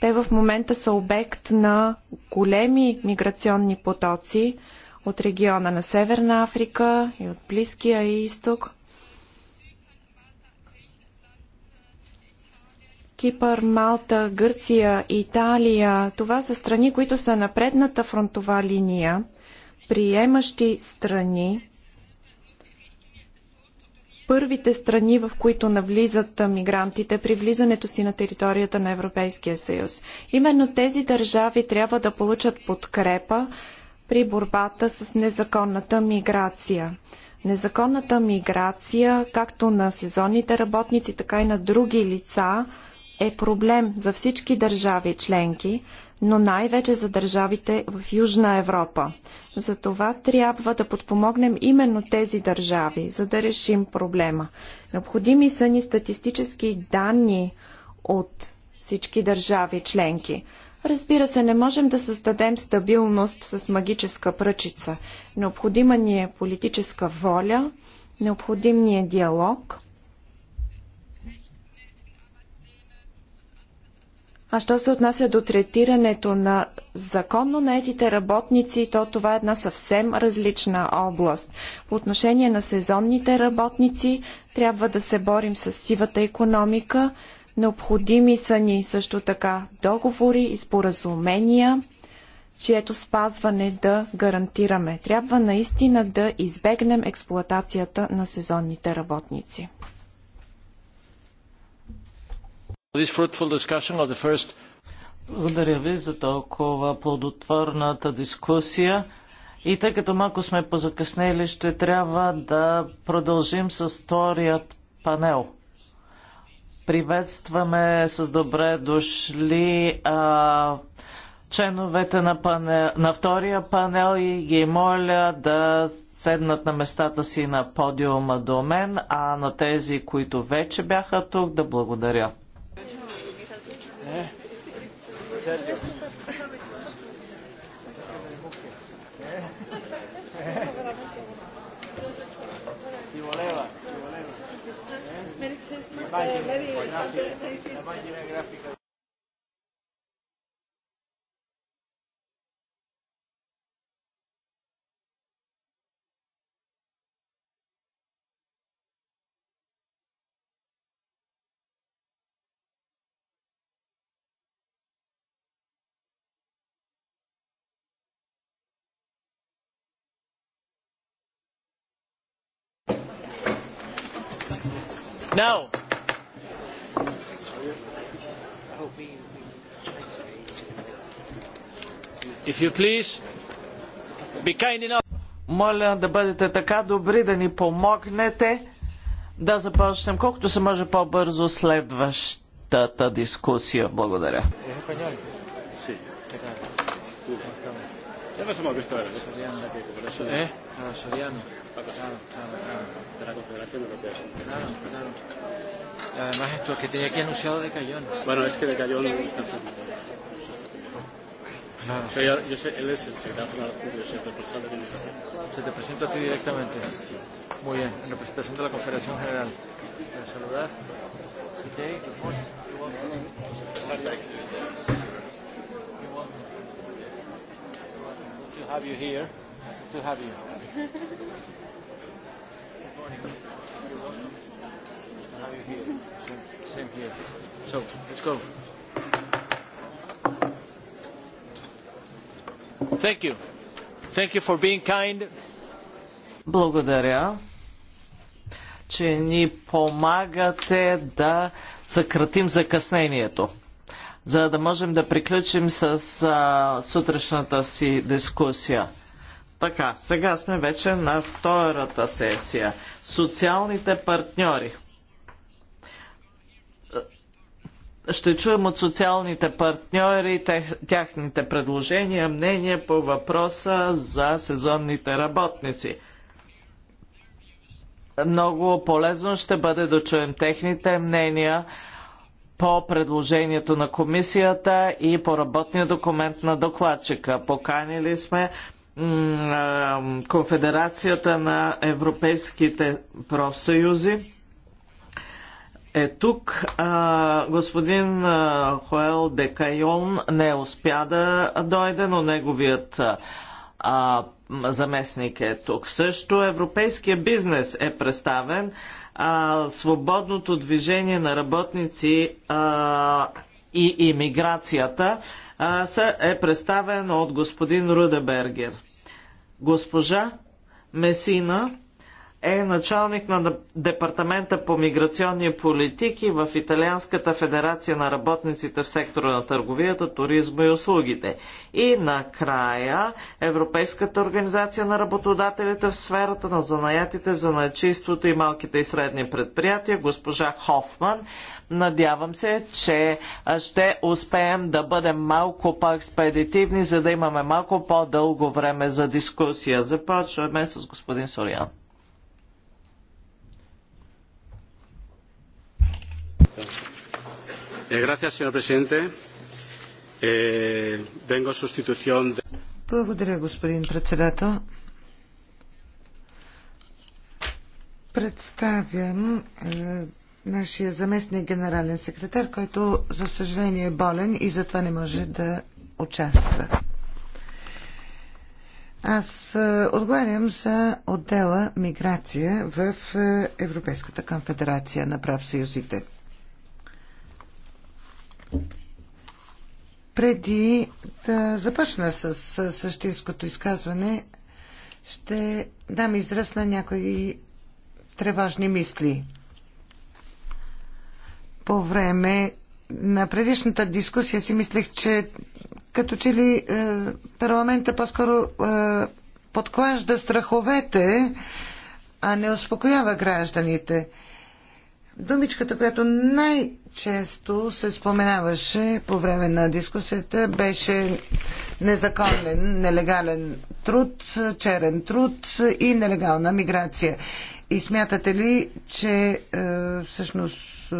Те в момента са обект на големи миграционни потоци от региона на Северна Африка и от Близкия изток. Кипър, Малта, Гърция, Италия. Това са страни, които са на предната фронтова линия, приемащи страни, първите страни, в които навлизат мигрантите при влизането си на територията на Европейския съюз. Именно тези държави трябва да получат подкрепа при борбата с незаконната миграция. Незаконната миграция, както на сезонните работници, така и на други лица, е проблем за всички държави членки, но най-вече за държавите в Южна Европа. Затова трябва да подпомогнем именно тези държави, за да решим проблема. Необходими са ни статистически данни от всички държави членки. Разбира се, не можем да създадем стабилност с магическа пръчица. Необходима ни е политическа воля, необходим ни е диалог – А що се отнася до третирането на законно наетите работници, то това е една съвсем различна област. По отношение на сезонните работници, трябва да се борим с сивата економика. Необходими са ни също така договори и споразумения, чието спазване да гарантираме. Трябва наистина да избегнем експлоатацията на сезонните работници. Благодаря ви за толкова плодотворната дискусия. И тъй като малко сме позакъснели, ще трябва да продължим с вторият панел. Приветстваме с добре дошли а, членовете на, панел, на втория панел и ги моля да седнат на местата си на подиума до мен, а на тези, които вече бяха тук, да благодаря. Ne? Serio. Ci voleva, ci voleva. Eh? Merry Christmas, eh, Merry... La pagina grafica. No. if you please, be kind enough. Моля да бъдете така добри да ни помогнете да започнем колкото се може по-бързо следващата дискусия. Благодаря. Ya ¿Eh? Confederación Europea Claro, claro. Además, esto que tenía aquí anunciado de Cayón. Bueno, es que de Cayón está firmado. Claro. Soy, yo soy, él es el secretario general yo soy el responsable de migraciones. Se te presenta a ti directamente. Muy bien, en representación de la Confederación General. Para saludar. Okay, good morning. Good to have you here. Good to have you. So, let's go. Thank you. Thank you for being kind. Благодаря, че ни помагате да съкратим закъснението, за да можем да приключим с а, сутрешната си дискусия. Така, сега сме вече на втората сесия. Социалните партньори. Ще чуем от социалните партньори тяхните предложения, мнения по въпроса за сезонните работници. Много полезно ще бъде да чуем техните мнения по предложението на комисията и по работния документ на докладчика. Поканили сме Конфедерацията на европейските профсъюзи. Е тук а, господин а, Хоел Декайон не успя да дойде, но неговият а, заместник е тук. Също европейския бизнес е представен. А, свободното движение на работници а, и имиграцията е представен от господин Рудебергер. Госпожа Месина е началник на Департамента по миграционни политики в Италианската федерация на работниците в сектора на търговията, туризма и услугите. И накрая Европейската организация на работодателите в сферата на занаятите за начиството и малките и средни предприятия, госпожа Хофман. Надявам се, че ще успеем да бъдем малко по-експедитивни, за да имаме малко по-дълго време за дискусия. Започваме с господин Сориан. Eh, señor presidente. Eh, vengo sustitución de... Благодаря, господин председател. Представям е, нашия заместник генерален секретар, който за съжаление е болен и затова не може да участва. Аз е, отговарям за отдела миграция в е, Европейската конфедерация на съюзите. Преди да започна с същинското изказване, ще дам израз на някои тревожни мисли. По време на предишната дискусия си мислех, че като че ли е, парламента по-скоро е, подклажда страховете, а не успокоява гражданите. Е, Думичката, която най-често се споменаваше по време на дискусията, беше незаконен, нелегален труд, черен труд и нелегална миграция. И смятате ли, че е, всъщност е,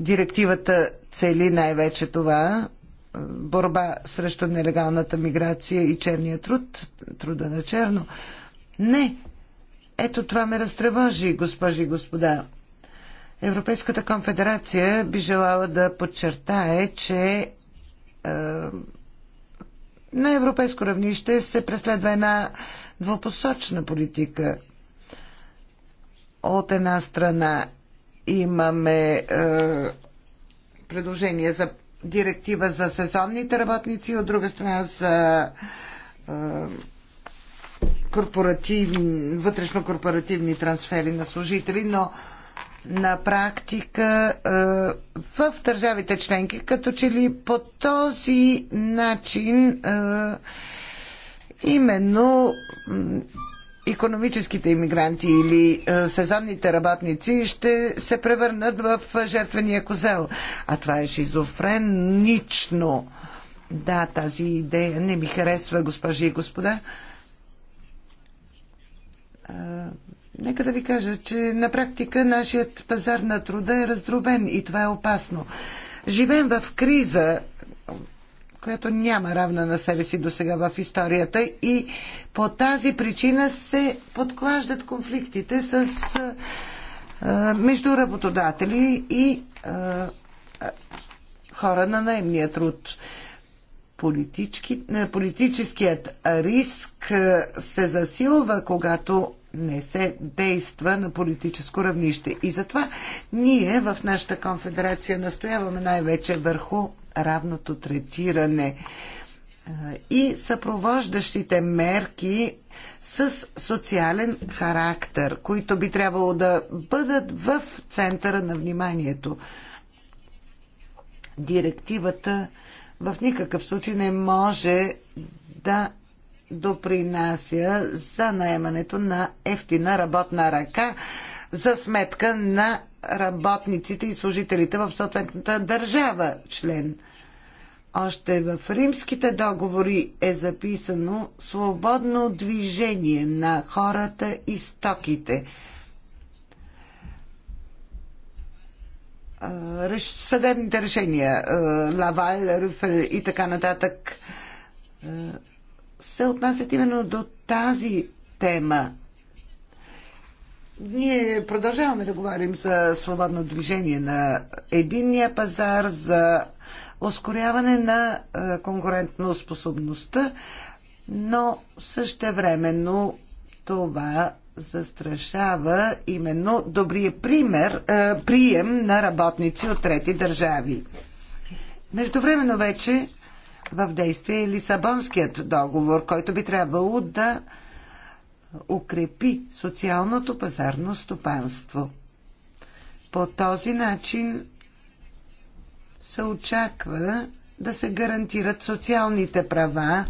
директивата цели най-вече това е, борба срещу нелегалната миграция и черния труд, труда на черно? Не, ето това ме разтревожи, госпожи и господа. Европейската конфедерация би желала да подчертае, че е, на европейско равнище се преследва една двупосочна политика. От една страна имаме е, предложение за директива за сезонните работници, от друга страна за е, корпоративни, вътрешно-корпоративни трансфери на служители, но на практика е, в държавите членки, като че ли по този начин е, именно економическите иммигранти или е, сезонните работници ще се превърнат в жертвения козел. А това е шизофренично. Да, тази идея не ми харесва, госпожи и господа. Нека да ви кажа, че на практика нашият пазар на труда е раздробен и това е опасно. Живеем в криза, която няма равна на себе си до сега в историята и по тази причина се подклаждат конфликтите с, а, между работодатели и а, хора на наемния труд. Политическият риск се засилва, когато не се действа на политическо равнище. И затова ние в нашата конфедерация настояваме най-вече върху равното третиране и съпровождащите мерки с социален характер, които би трябвало да бъдат в центъра на вниманието. Директивата в никакъв случай не може да допринася за наемането на ефтина работна ръка за сметка на работниците и служителите в съответната държава член. Още в римските договори е записано свободно движение на хората и стоките. Съдебните решения, Лавал, Рюфел и така нататък, се отнасят именно до тази тема. Ние продължаваме да говорим за свободно движение на единния пазар, за ускоряване на конкурентно способността, но същевременно това застрашава именно добрия пример, прием на работници от трети държави. Междувременно вече в действие е Лисабонският договор, който би трябвало да укрепи социалното пазарно стопанство. По този начин се очаква да се гарантират социалните права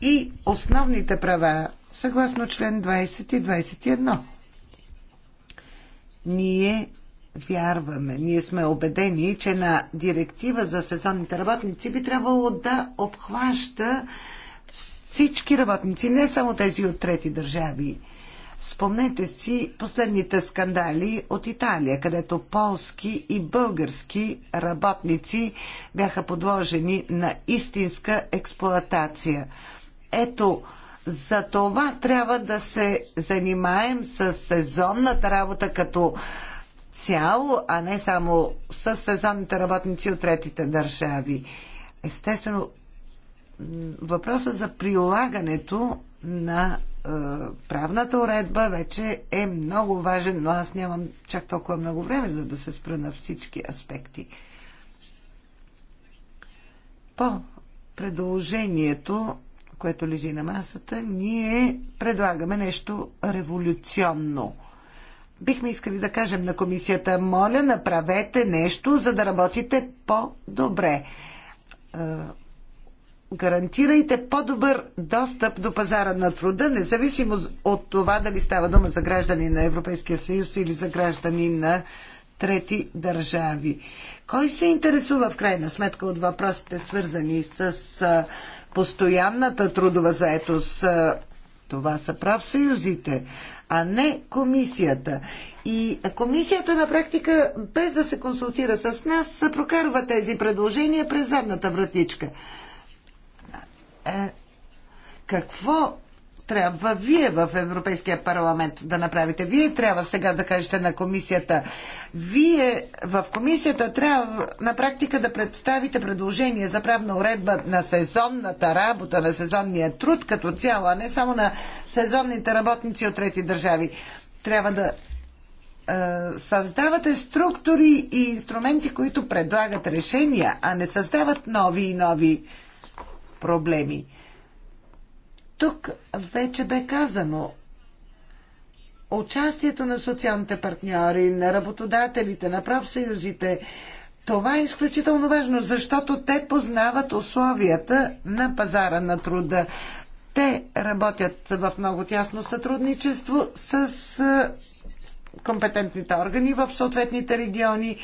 и основните права, съгласно член 20 и 21. Ние вярваме, ние сме убедени, че на директива за сезонните работници би трябвало да обхваща всички работници, не само тези от трети държави. Спомнете си последните скандали от Италия, където полски и български работници бяха подложени на истинска експлоатация. Ето, за това трябва да се занимаем с сезонната работа като цяло, а не само с сезонните работници от третите държави. Естествено, въпросът за прилагането на е, правната уредба вече е много важен, но аз нямам чак толкова много време, за да се спра на всички аспекти. По предложението, което лежи на масата, ние предлагаме нещо революционно – бихме искали да кажем на комисията, моля, направете нещо, за да работите по-добре. Е, гарантирайте по-добър достъп до пазара на труда, независимо от това дали става дума за граждани на Европейския съюз или за граждани на трети държави. Кой се интересува в крайна сметка от въпросите, свързани с постоянната трудова заетост, това са прав съюзите, а не комисията. И комисията на практика, без да се консултира с нас, прокарва тези предложения през задната вратичка. Е, какво трябва вие в Европейския парламент да направите. Вие трябва сега да кажете на комисията. Вие в комисията трябва на практика да представите предложение за правна уредба на сезонната работа, на сезонния труд като цяло, а не само на сезонните работници от трети държави. Трябва да е, създавате структури и инструменти, които предлагат решения, а не създават нови и нови проблеми. Тук вече бе казано, участието на социалните партньори, на работодателите, на профсъюзите, това е изключително важно, защото те познават условията на пазара на труда. Те работят в много тясно сътрудничество с компетентните органи в съответните региони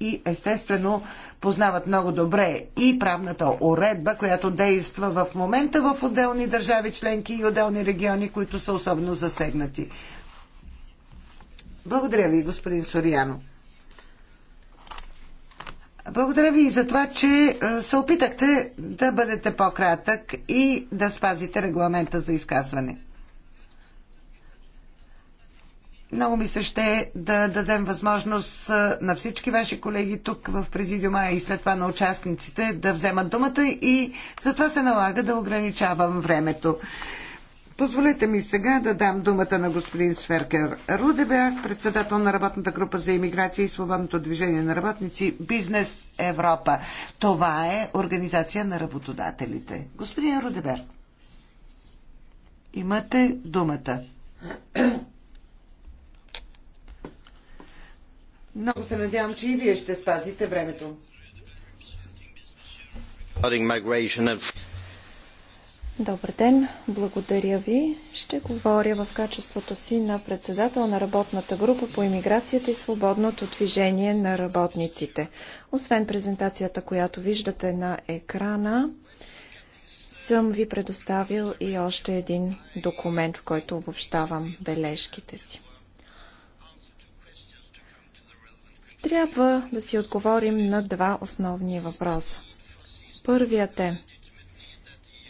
и естествено познават много добре и правната уредба, която действа в момента в отделни държави членки и отделни региони, които са особено засегнати. Благодаря ви, господин Сориано. Благодаря ви и за това, че е, се опитахте да бъдете по-кратък и да спазите регламента за изказване. Много ми се ще да дадем възможност на всички ваши колеги тук в Президиума и след това на участниците да вземат думата и затова се налага да ограничавам времето. Позволете ми сега да дам думата на господин Сверкер Рудебях, председател на работната група за иммиграция и свободното движение на работници Бизнес Европа. Това е организация на работодателите. Господин Рудебер, имате думата. Много се надявам, че и вие ще спазите времето. Добър ден, благодаря ви. Ще говоря в качеството си на председател на работната група по иммиграцията и свободното движение на работниците. Освен презентацията, която виждате на екрана, съм ви предоставил и още един документ, в който обобщавам бележките си. Трябва да си отговорим на два основни въпроса. Първият е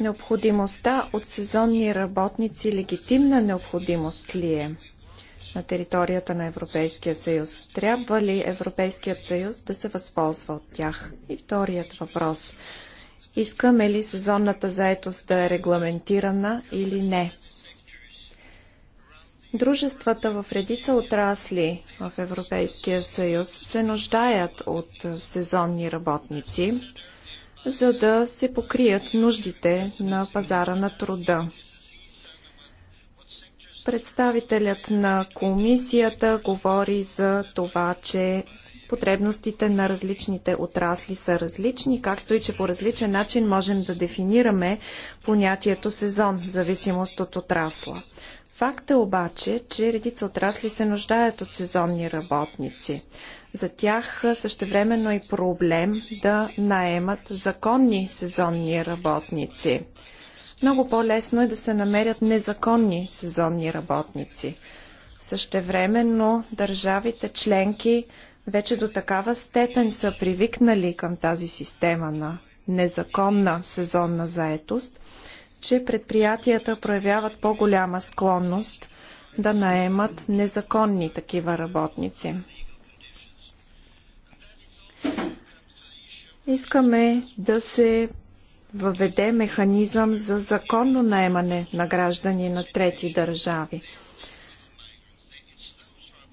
необходимостта от сезонни работници легитимна необходимост ли е на територията на Европейския съюз? Трябва ли Европейският съюз да се възползва от тях? И вторият въпрос. Искаме ли сезонната заетост да е регламентирана или не? Дружествата в редица отрасли в Европейския съюз се нуждаят от сезонни работници, за да се покрият нуждите на пазара на труда. Представителят на комисията говори за това, че потребностите на различните отрасли са различни, както и че по различен начин можем да дефинираме понятието сезон в зависимост от отрасла. Факт е обаче, че редица отрасли се нуждаят от сезонни работници. За тях същевременно е проблем да наемат законни сезонни работници. Много по-лесно е да се намерят незаконни сезонни работници. Същевременно държавите членки вече до такава степен са привикнали към тази система на незаконна сезонна заетост – че предприятията проявяват по-голяма склонност да наемат незаконни такива работници. Искаме да се въведе механизъм за законно наемане на граждани на трети държави.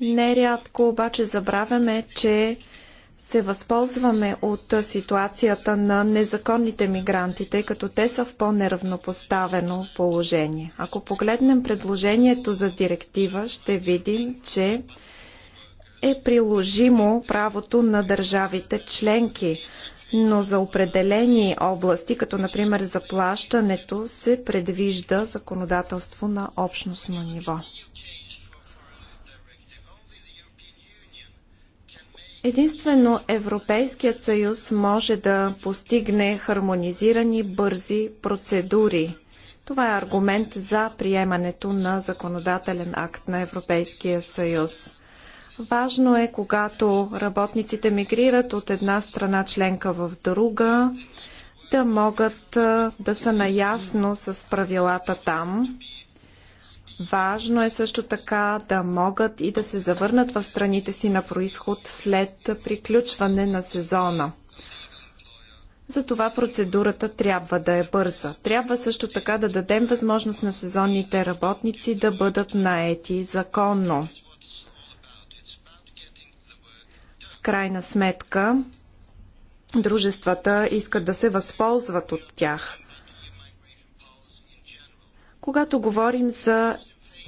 Нерядко обаче забравяме, че се възползваме от ситуацията на незаконните мигранти, тъй като те са в по-неравнопоставено положение. Ако погледнем предложението за директива, ще видим, че е приложимо правото на държавите членки, но за определени области, като например заплащането, се предвижда законодателство на общностно ниво. Единствено Европейският съюз може да постигне хармонизирани бързи процедури. Това е аргумент за приемането на законодателен акт на Европейския съюз. Важно е, когато работниците мигрират от една страна членка в друга, да могат да са наясно с правилата там Важно е също така да могат и да се завърнат в страните си на происход след приключване на сезона. Затова процедурата трябва да е бърза. Трябва също така да дадем възможност на сезонните работници да бъдат наети законно. В крайна сметка, дружествата искат да се възползват от тях. Когато говорим за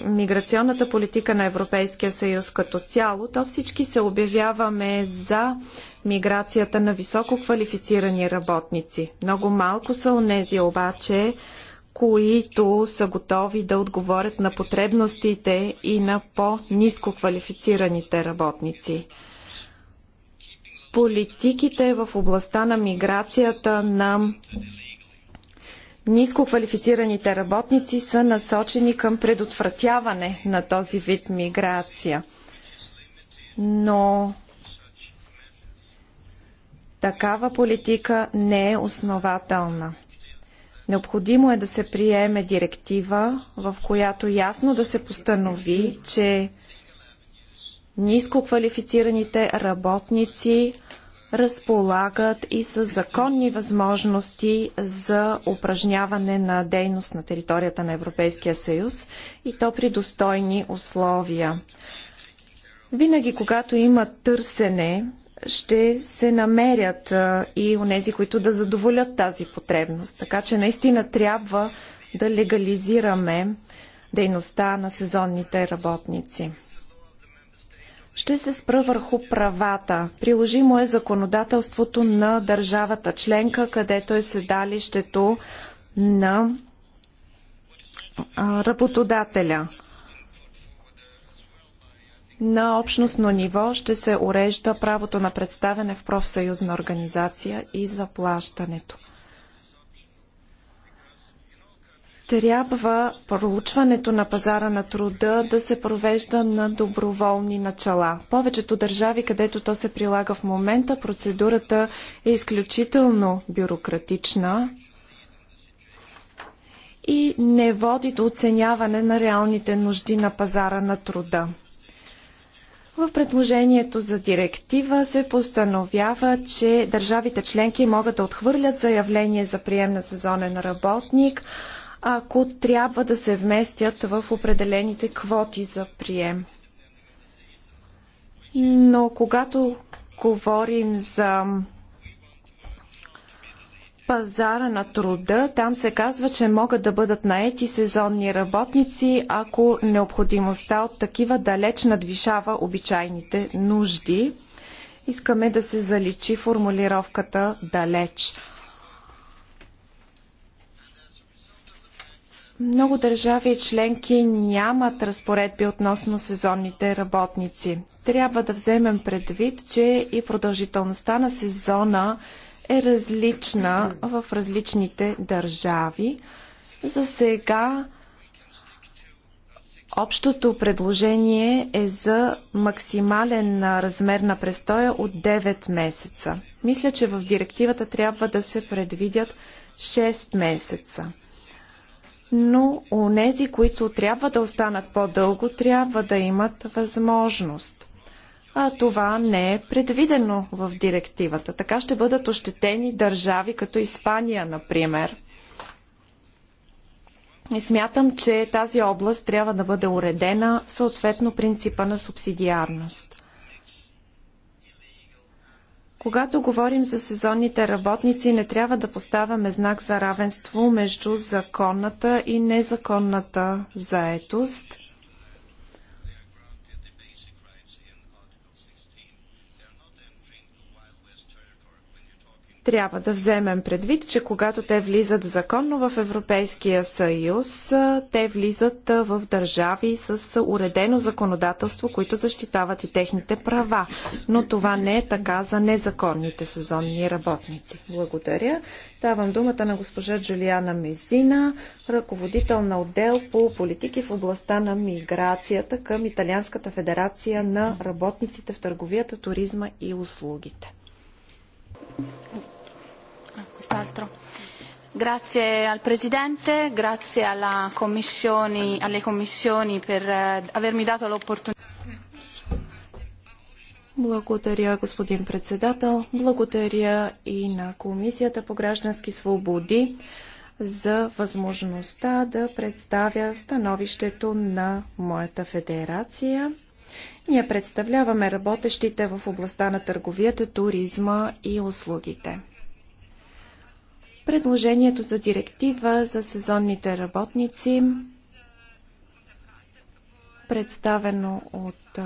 миграционната политика на Европейския съюз като цяло, то всички се обявяваме за миграцията на високо квалифицирани работници. Много малко са онези обаче, които са готови да отговорят на потребностите и на по-низко квалифицираните работници. Политиките в областта на миграцията на ниско квалифицираните работници са насочени към предотвратяване на този вид миграция. Но такава политика не е основателна. Необходимо е да се приеме директива, в която ясно да се постанови, че нискоквалифицираните работници разполагат и с законни възможности за упражняване на дейност на територията на Европейския съюз и то при достойни условия. Винаги, когато има търсене, ще се намерят и у нези, които да задоволят тази потребност. Така че наистина трябва да легализираме дейността на сезонните работници. Ще се спра върху правата. Приложимо е законодателството на държавата членка, където е седалището на работодателя. На общностно ниво ще се урежда правото на представяне в профсъюзна организация и заплащането. трябва проучването на пазара на труда да се провежда на доброволни начала. В повечето държави, където то се прилага в момента, процедурата е изключително бюрократична и не води до оценяване на реалните нужди на пазара на труда. В предложението за директива се постановява, че държавите членки могат да отхвърлят заявление за прием на сезонен работник, ако трябва да се вместят в определените квоти за прием. Но когато говорим за пазара на труда, там се казва, че могат да бъдат наети сезонни работници, ако необходимостта от такива далеч надвишава обичайните нужди. Искаме да се заличи формулировката далеч. Много държави и членки нямат разпоредби относно сезонните работници. Трябва да вземем предвид, че и продължителността на сезона е различна в различните държави. За сега Общото предложение е за максимален размер на престоя от 9 месеца. Мисля, че в директивата трябва да се предвидят 6 месеца но онези, които трябва да останат по-дълго, трябва да имат възможност. А това не е предвидено в директивата. Така ще бъдат ощетени държави като Испания, например. И смятам, че тази област трябва да бъде уредена съответно принципа на субсидиарност. Когато говорим за сезонните работници, не трябва да поставяме знак за равенство между законната и незаконната заетост. трябва да вземем предвид, че когато те влизат законно в Европейския съюз, те влизат в държави с уредено законодателство, които защитават и техните права. Но това не е така за незаконните сезонни работници. Благодаря. Давам думата на госпожа Джулиана Мезина, ръководител на отдел по политики в областта на миграцията към Италианската федерация на работниците в търговията, туризма и услугите quest'altro. Grazie al Presidente, grazie alla commissioni, alle Commissioni per eh, avermi dato l'opportunità. Благодаря, господин председател. Благодаря и на Комисията по граждански свободи за възможността да представя становището на моята федерация. Ние представляваме работещите в областта на търговията, туризма и услугите предложението за директива за сезонните работници, представено от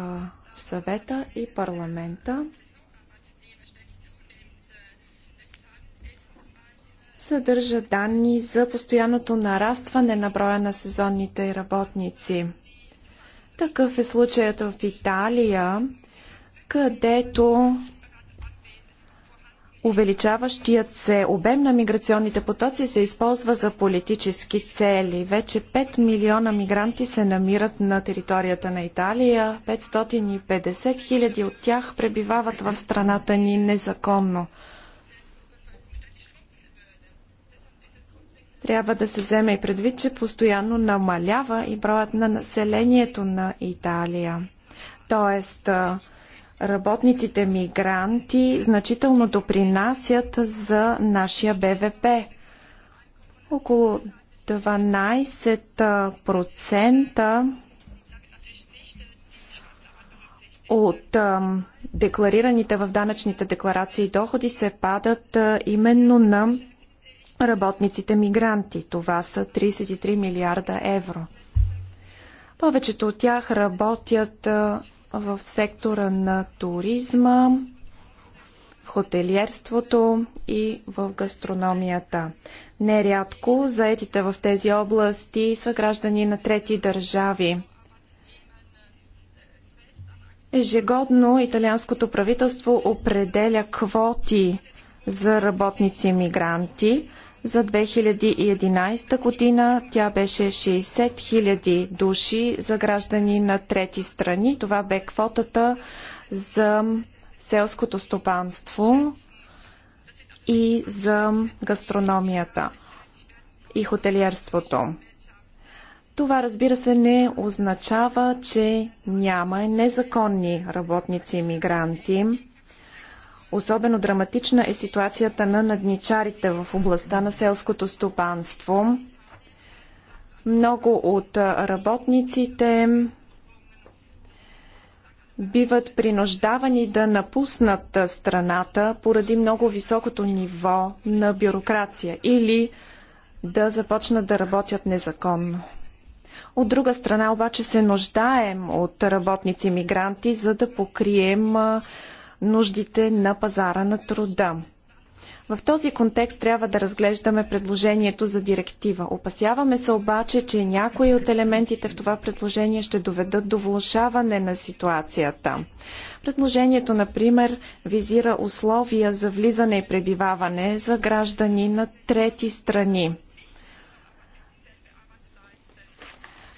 съвета и парламента. съдържа данни за постоянното нарастване на броя на сезонните работници. Такъв е случаят в Италия, където увеличаващият се обем на миграционните потоци се използва за политически цели. Вече 5 милиона мигранти се намират на територията на Италия. 550 хиляди от тях пребивават в страната ни незаконно. Трябва да се вземе и предвид, че постоянно намалява и броят на населението на Италия. Тоест, работниците мигранти значително допринасят за нашия БВП. Около 12% от декларираните в данъчните декларации доходи се падат именно на работниците мигранти. Това са 33 милиарда евро. Повечето от тях работят в сектора на туризма, в хотелиерството и в гастрономията. Нерядко заетите в тези области са граждани на трети държави. Ежегодно италианското правителство определя квоти за работници мигранти. За 2011 година тя беше 60 000 души за граждани на трети страни. Това бе квотата за селското стопанство и за гастрономията и хотелиерството. Това разбира се не означава, че няма незаконни работници и мигранти. Особено драматична е ситуацията на надничарите в областта на селското стопанство. Много от работниците биват принуждавани да напуснат страната поради много високото ниво на бюрокрация или да започнат да работят незаконно. От друга страна обаче се нуждаем от работници-мигранти, за да покрием нуждите на пазара на труда. В този контекст трябва да разглеждаме предложението за директива. Опасяваме се обаче, че някои от елементите в това предложение ще доведат до влушаване на ситуацията. Предложението, например, визира условия за влизане и пребиваване за граждани на трети страни.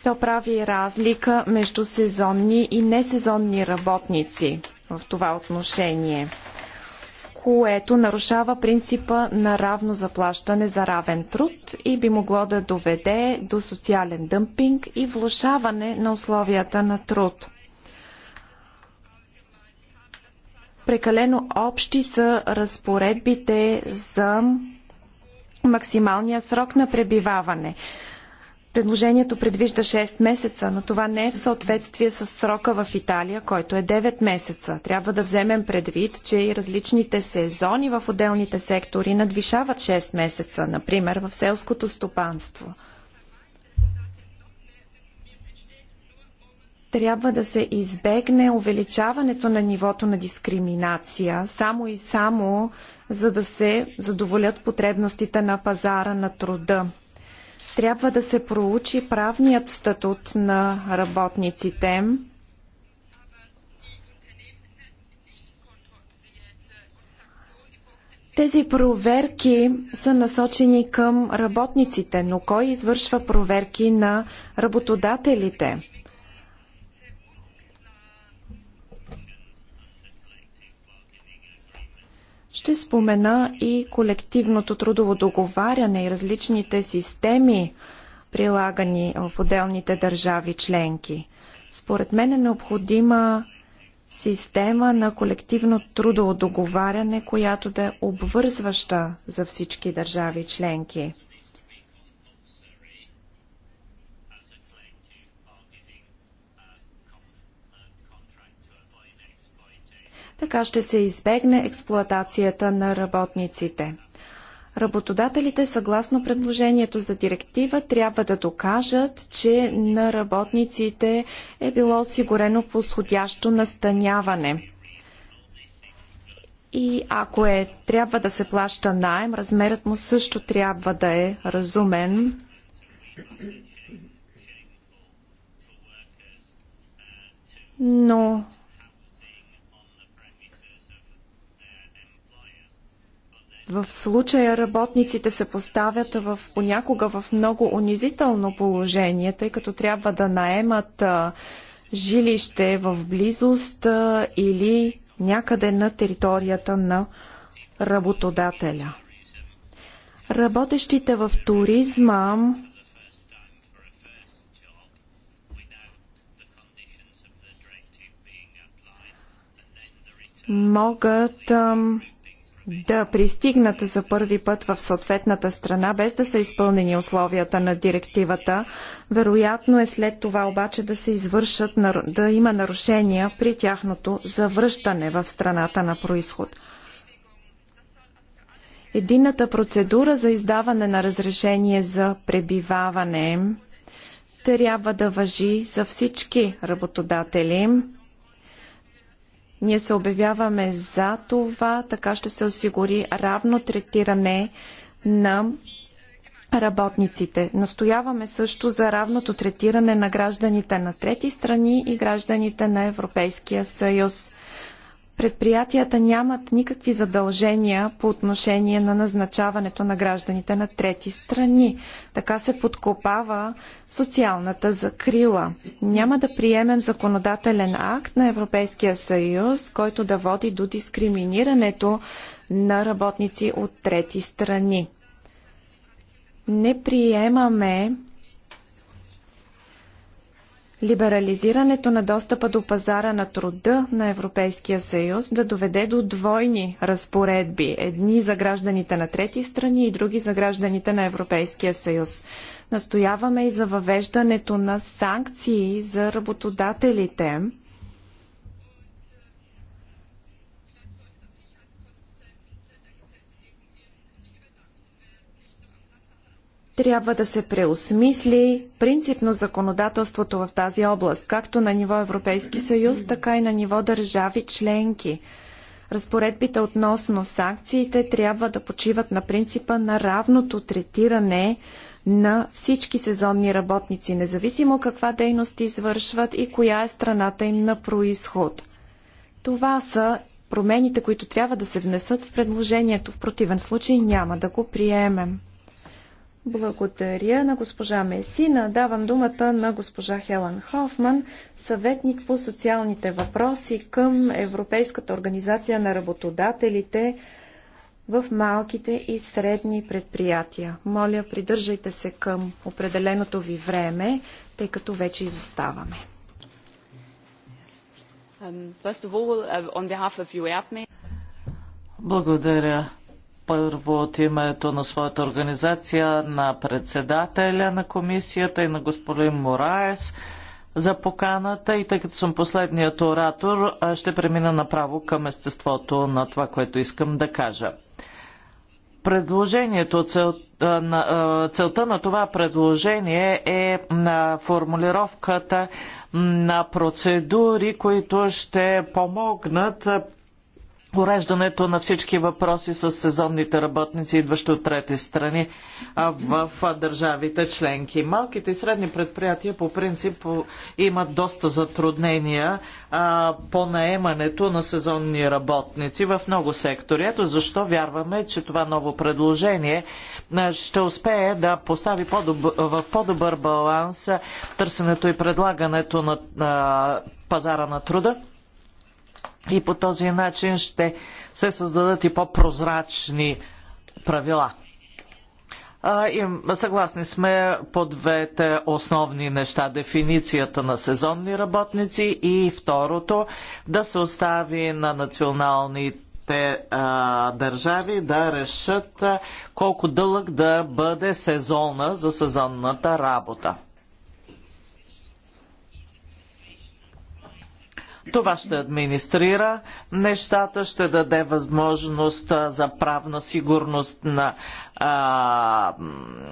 То прави разлика между сезонни и несезонни работници в това отношение, което нарушава принципа на равно заплащане за равен труд и би могло да доведе до социален дъмпинг и влушаване на условията на труд. Прекалено общи са разпоредбите за максималния срок на пребиваване. Предложението предвижда 6 месеца, но това не е в съответствие с срока в Италия, който е 9 месеца. Трябва да вземем предвид, че и различните сезони в отделните сектори надвишават 6 месеца, например в селското стопанство. Трябва да се избегне увеличаването на нивото на дискриминация, само и само за да се задоволят потребностите на пазара на труда. Трябва да се проучи правният статут на работниците. Тези проверки са насочени към работниците, но кой извършва проверки на работодателите? Ще спомена и колективното трудово договаряне и различните системи, прилагани в отделните държави членки. Според мен е необходима система на колективно трудово договаряне, която да е обвързваща за всички държави членки. Така ще се избегне експлоатацията на работниците. Работодателите, съгласно предложението за директива, трябва да докажат, че на работниците е било осигурено подходящо настаняване. И ако е, трябва да се плаща найем, размерът му също трябва да е разумен. Но В случая работниците се поставят в, понякога в много унизително положение, тъй като трябва да наемат жилище в близост или някъде на територията на работодателя. Работещите в туризма могат да пристигнат за първи път в съответната страна, без да са изпълнени условията на директивата. Вероятно е след това обаче да се извършат, да има нарушения при тяхното завръщане в страната на происход. Единната процедура за издаване на разрешение за пребиваване трябва да въжи за всички работодатели ние се обявяваме за това, така ще се осигури равно третиране на работниците. Настояваме също за равното третиране на гражданите на трети страни и гражданите на Европейския съюз предприятията нямат никакви задължения по отношение на назначаването на гражданите на трети страни. Така се подкопава социалната закрила. Няма да приемем законодателен акт на Европейския съюз, който да води до дискриминирането на работници от трети страни. Не приемаме либерализирането на достъпа до пазара на труда на Европейския съюз да доведе до двойни разпоредби. Едни за гражданите на трети страни и други за гражданите на Европейския съюз. Настояваме и за въвеждането на санкции за работодателите трябва да се преосмисли принципно законодателството в тази област, както на ниво Европейски съюз, така и на ниво държави членки. Разпоредбите относно санкциите трябва да почиват на принципа на равното третиране на всички сезонни работници, независимо каква дейност извършват и коя е страната им на происход. Това са промените, които трябва да се внесат в предложението. В противен случай няма да го приемем. Благодаря на госпожа Месина. Давам думата на госпожа Хелен Хофман, съветник по социалните въпроси към Европейската организация на работодателите в малките и средни предприятия. Моля, придържайте се към определеното ви време, тъй като вече изоставаме. Um, uh, Благодаря първо от името на своята организация, на председателя на комисията и на господин Мораес за поканата и тъй като съм последният оратор, ще премина направо към естеството на това, което искам да кажа. Предложението, цел, целта на това предложение е на формулировката на процедури, които ще помогнат уреждането на всички въпроси с сезонните работници, идващи от трети страни в държавите членки. Малките и средни предприятия по принцип имат доста затруднения по наемането на сезонни работници в много сектори. Ето защо вярваме, че това ново предложение ще успее да постави в по-добър баланс търсенето и предлагането на пазара на труда и по този начин ще се създадат и по-прозрачни правила. И съгласни сме по двете основни неща. Дефиницията на сезонни работници и второто да се остави на националните а, държави да решат колко дълъг да бъде сезона за сезонната работа. Това ще администрира нещата, ще даде възможност за правна сигурност на а,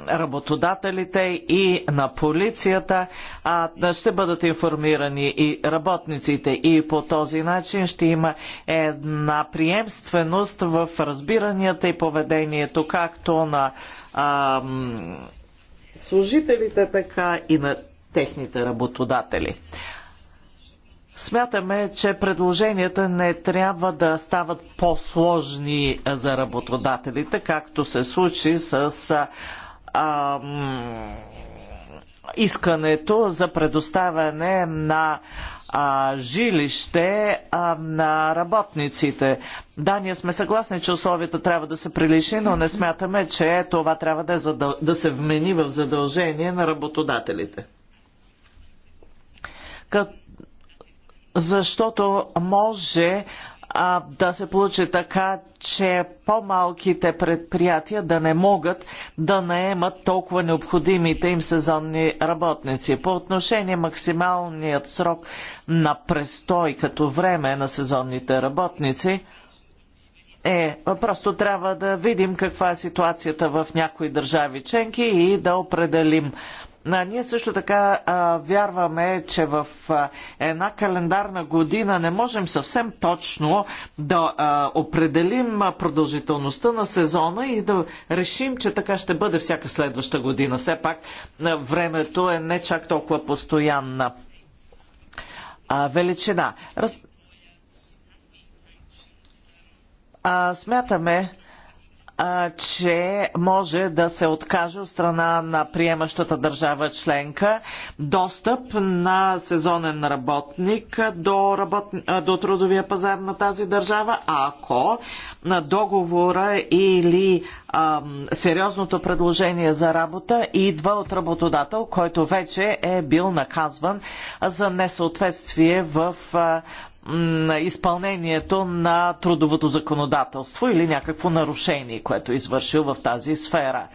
работодателите и на полицията. А, ще бъдат информирани и работниците и по този начин ще има една приемственост в разбиранията и поведението както на а, служителите, така и на техните работодатели. Смятаме, че предложенията не трябва да стават по-сложни за работодателите, както се случи с искането за предоставяне на а, жилище а, на работниците. Да, ние сме съгласни, че условията трябва да се прилиши, но не смятаме, че това трябва да, е задъл... да се вмени в задължение на работодателите. Като защото може а, да се получи така, че по-малките предприятия да не могат да наемат толкова необходимите им сезонни работници. По отношение максималният срок на престой като време на сезонните работници, е, просто трябва да видим каква е ситуацията в някои държави членки и да определим а, ние също така а, вярваме, че в а, една календарна година не можем съвсем точно да а, определим продължителността на сезона и да решим, че така ще бъде всяка следваща година. Все пак а, времето е не чак толкова постоянна а, величина. Раз... А, смятаме, че може да се откаже от страна на приемащата държава членка достъп на сезонен работник до, работ... до трудовия пазар на тази държава, ако на договора или ам, сериозното предложение за работа идва от работодател, който вече е бил наказван за несъответствие в а, изпълнението на трудовото законодателство или някакво нарушение, което е извършил в тази сфера.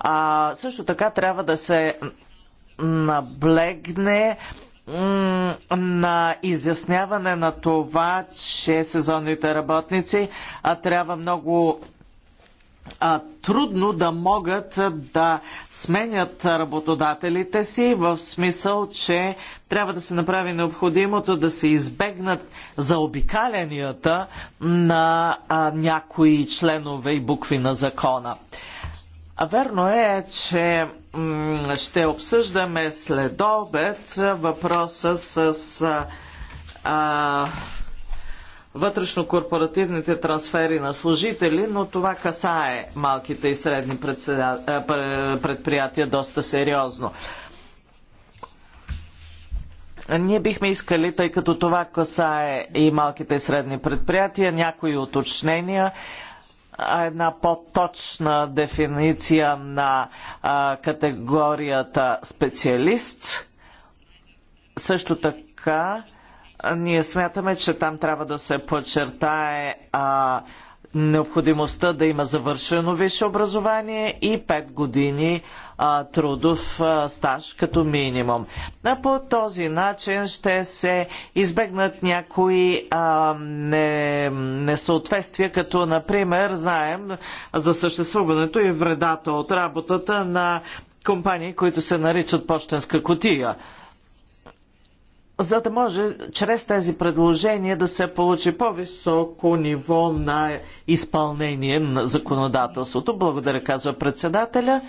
А, също така трябва да се наблегне на изясняване на това, че сезонните работници а, трябва много трудно да могат да сменят работодателите си в смисъл, че трябва да се направи необходимото да се избегнат заобикалянията на някои членове и букви на закона. Верно е, че ще обсъждаме след обед въпроса с а, Вътрешно корпоративните трансфери на служители, но това касае малките и средни е, предприятия доста сериозно. Ние бихме искали, тъй като това касае и малките и средни предприятия, някои уточнения, една по-точна дефиниция на а, категорията специалист. Също така, ние смятаме, че там трябва да се подчертае а, необходимостта да има завършено висше образование и 5 години а, трудов а, стаж като минимум. А по този начин ще се избегнат някои а, не, несъответствия, като например знаем за съществуването и вредата от работата на компании, които се наричат почтенска котия за да може чрез тези предложения да се получи по-високо ниво на изпълнение на законодателството. Благодаря, казва председателя.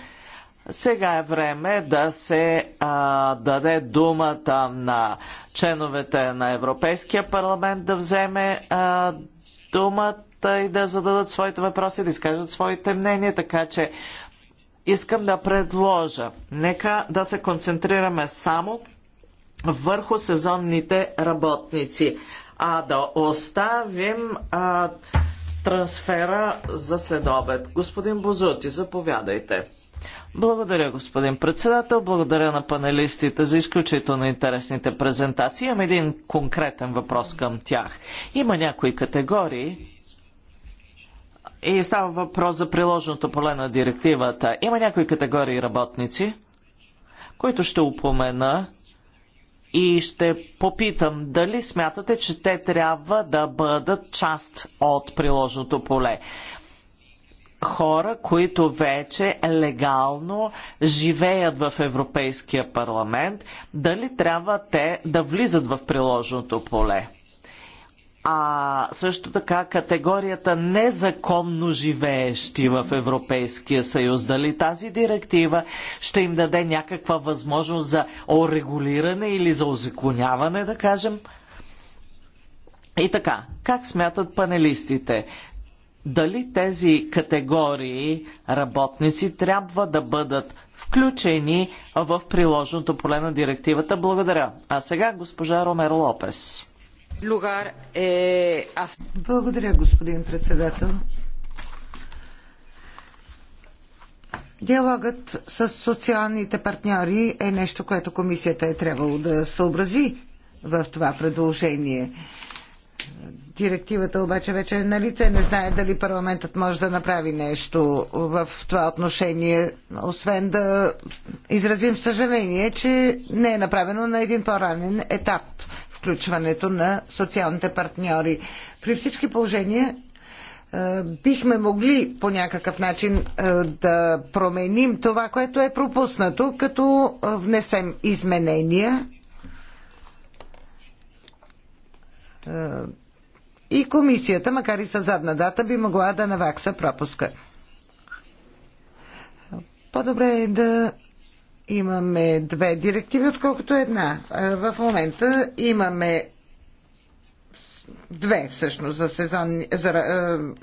Сега е време да се а, даде думата на членовете на Европейския парламент да вземе а, думата и да зададат своите въпроси, да изкажат своите мнения, така че искам да предложа. Нека да се концентрираме само върху сезонните работници, а да оставим а, трансфера за следобед. Господин Бозути, заповядайте. Благодаря, господин председател. Благодаря на панелистите за изключително интересните презентации. Имам един конкретен въпрос към тях. Има някои категории, и става въпрос за приложното поле на директивата. Има някои категории работници, които ще упомена, и ще попитам дали смятате, че те трябва да бъдат част от приложното поле. Хора, които вече легално живеят в Европейския парламент, дали трябва те да влизат в приложното поле? а също така категорията незаконно живеещи в Европейския съюз. Дали тази директива ще им даде някаква възможност за орегулиране или за озаконяване, да кажем? И така, как смятат панелистите? Дали тези категории работници трябва да бъдат включени в приложното поле на директивата? Благодаря. А сега госпожа Ромер Лопес. Eh, Благодаря, господин председател. Диалогът с социалните партньори е нещо, което комисията е трябвало да съобрази в това предложение. Директивата обаче вече е на лице. Не знае дали парламентът може да направи нещо в това отношение, освен да изразим съжаление, че не е направено на един по-ранен етап включването на социалните партньори. При всички положения е, бихме могли по някакъв начин е, да променим това, което е пропуснато, като е, внесем изменения и комисията, макар и със задна дата, би могла да навакса пропуска. По-добре е да имаме две директиви, отколкото една. В момента имаме две всъщност за, сезон, за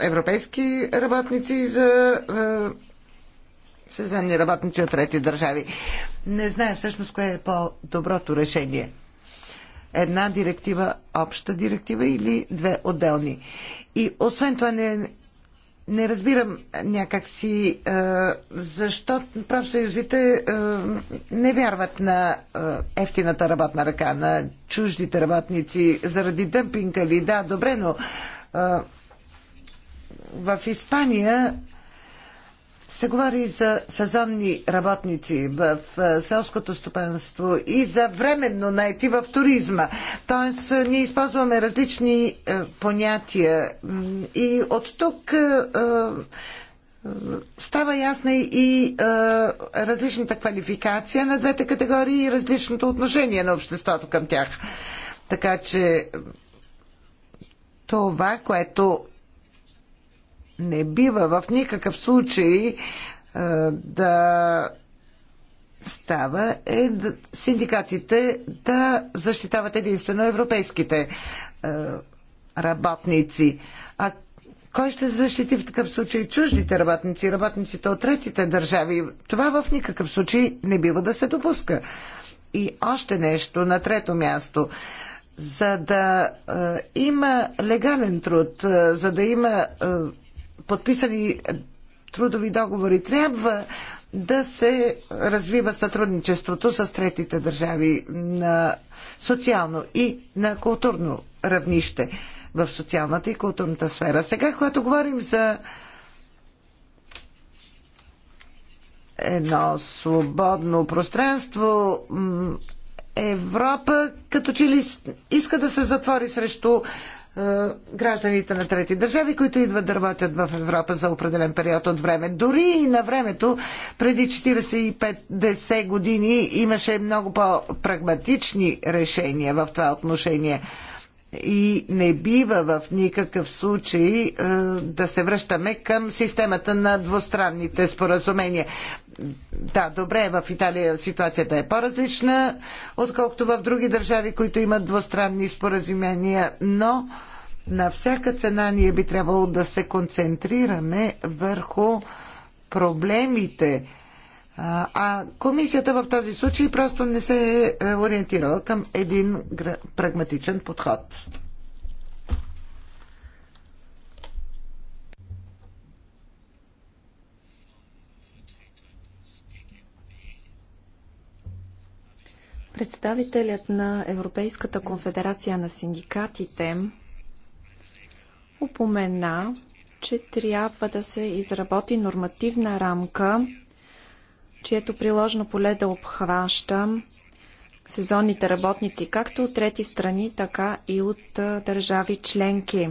европейски работници и за сезонни работници от трети държави. Не знае всъщност кое е по-доброто решение. Една директива, обща директива или две отделни. И освен това не не разбирам някакси защо профсъюзите не вярват на ефтината работна ръка, на чуждите работници заради дъмпинга ли. Да, добре, но в Испания се говори за сезонни работници в е, селското стопанство и за временно найти в туризма. Тоест, е, ние използваме различни е, понятия и от тук става ясна и е, различната квалификация на двете категории и различното отношение на обществото към тях. Така че това, което не бива в никакъв случай е, да става е да синдикатите да защитават единствено европейските е, работници. А кой ще защити в такъв случай чуждите работници, работниците от третите държави? Това в никакъв случай не бива да се допуска. И още нещо на трето място. За да е, има легален труд, е, за да има е, Подписани трудови договори. Трябва да се развива сътрудничеството с третите държави на социално и на културно равнище в социалната и културната сфера. Сега, когато говорим за едно свободно пространство, Европа като че ли иска да се затвори срещу е, гражданите на трети държави, които идват да работят в Европа за определен период от време. Дори и на времето, преди 45 10 години, имаше много по-прагматични решения в това отношение. И не бива в никакъв случай е, да се връщаме към системата на двустранните споразумения да, добре, в Италия ситуацията е по-различна, отколкото в други държави, които имат двустранни споразумения, но на всяка цена ние би трябвало да се концентрираме върху проблемите. А комисията в този случай просто не се е, е ориентирала към един прагматичен подход. Представителят на Европейската конфедерация на синдикатите упомена, че трябва да се изработи нормативна рамка, чието приложно поле да обхваща сезонните работници, както от трети страни, така и от държави членки.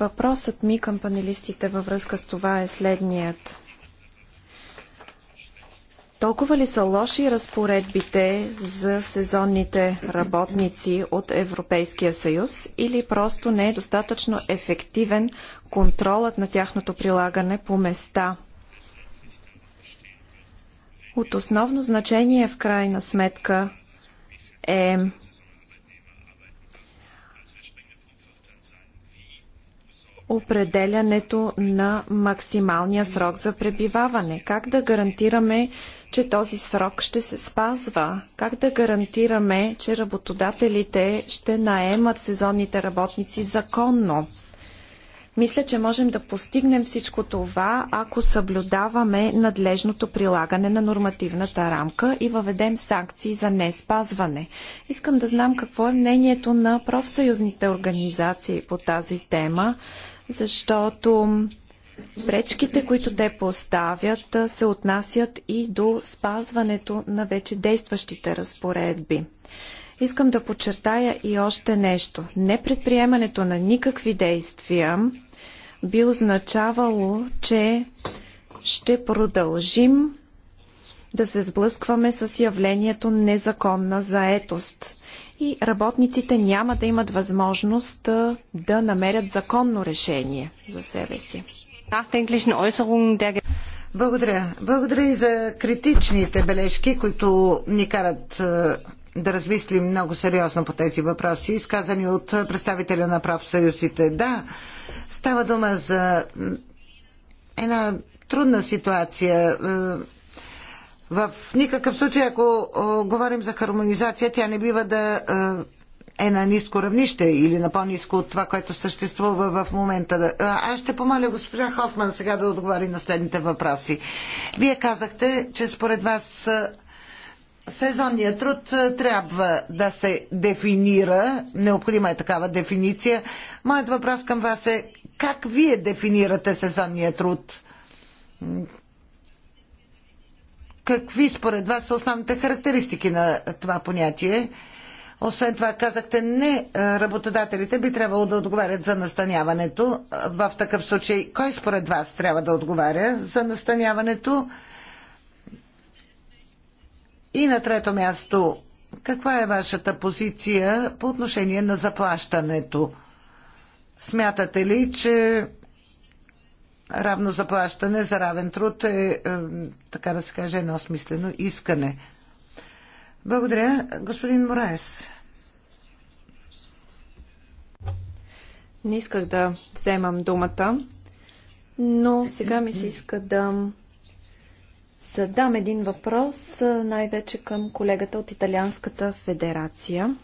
Въпросът ми към панелистите във връзка с това е следният. Толкова ли са лоши разпоредбите за сезонните работници от Европейския съюз или просто не е достатъчно ефективен контролът на тяхното прилагане по места? От основно значение в крайна сметка е определянето на максималния срок за пребиваване? Как да гарантираме, че този срок ще се спазва? Как да гарантираме, че работодателите ще наемат сезонните работници законно? Мисля, че можем да постигнем всичко това, ако съблюдаваме надлежното прилагане на нормативната рамка и въведем санкции за неспазване. Искам да знам какво е мнението на профсъюзните организации по тази тема, защото Пречките, които те поставят, се отнасят и до спазването на вече действащите разпоредби. Искам да подчертая и още нещо. Непредприемането на никакви действия би означавало, че ще продължим да се сблъскваме с явлението незаконна заетост. И работниците няма да имат възможност да намерят законно решение за себе си. Благодаря. Благодаря и за критичните бележки, които ни карат е, да размислим много сериозно по тези въпроси, изказани от представителя на правсъюзите. Да, става дума за една трудна ситуация. Е, в никакъв случай, ако говорим за хармонизация, тя не бива да е, е на ниско равнище или на по-ниско от това, което съществува в момента. Аз ще помоля госпожа Хофман сега да отговори на следните въпроси. Вие казахте, че според вас сезонният труд трябва да се дефинира. Необходима е такава дефиниция. Моят въпрос към вас е как вие дефинирате сезонния труд? Какви според вас са основните характеристики на това понятие? Освен това, казахте, не, работодателите би трябвало да отговарят за настаняването. В такъв случай, кой според вас трябва да отговаря за настаняването? И на трето място, каква е вашата позиция по отношение на заплащането? Смятате ли, че равно заплащане за равен труд е, е така да се каже, едно смислено искане? Благодаря, господин Мораес. Не исках да вземам думата, но сега ми се иска да задам един въпрос, най-вече към колегата от Италианската федерация.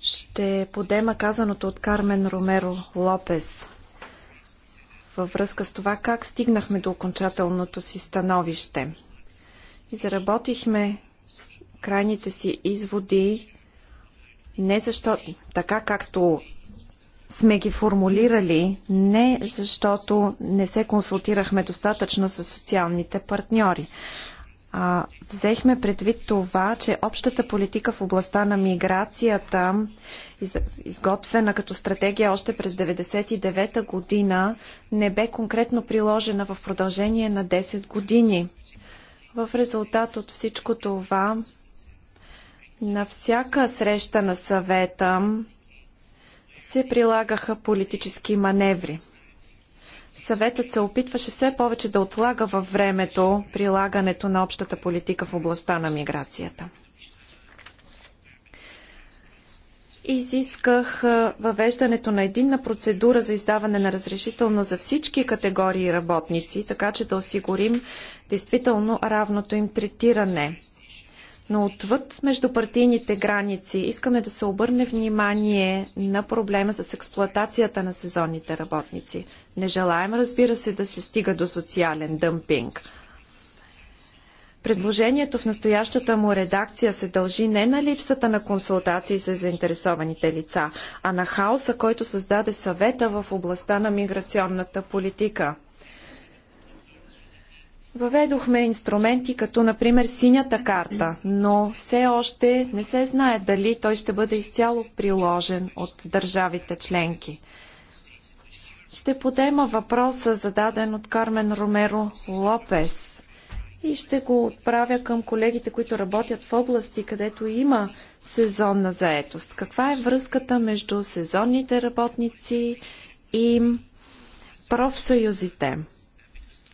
Ще подема казаното от Кармен Ромеро Лопес във връзка с това как стигнахме до окончателното си становище. Изработихме крайните си изводи не защото, така както сме ги формулирали, не защото не се консултирахме достатъчно с социалните партньори а, взехме предвид това, че общата политика в областта на миграцията, из, изготвена като стратегия още през 1999-та година, не бе конкретно приложена в продължение на 10 години. В резултат от всичко това, на всяка среща на съвета се прилагаха политически маневри. Съветът се опитваше все повече да отлага във времето прилагането на общата политика в областта на миграцията. изисках въвеждането на единна процедура за издаване на разрешително за всички категории работници, така че да осигурим действително равното им третиране. Но отвъд междупартийните граници искаме да се обърне внимание на проблема с експлоатацията на сезонните работници. Не желаем, разбира се, да се стига до социален дъмпинг. Предложението в настоящата му редакция се дължи не на липсата на консултации с заинтересованите лица, а на хаоса, който създаде съвета в областта на миграционната политика. Въведохме инструменти като например синята карта, но все още не се знае дали той ще бъде изцяло приложен от държавите членки. Ще подема въпроса, зададен от Кармен Ромеро Лопес и ще го отправя към колегите, които работят в области, където има сезонна заетост. Каква е връзката между сезонните работници и профсъюзите?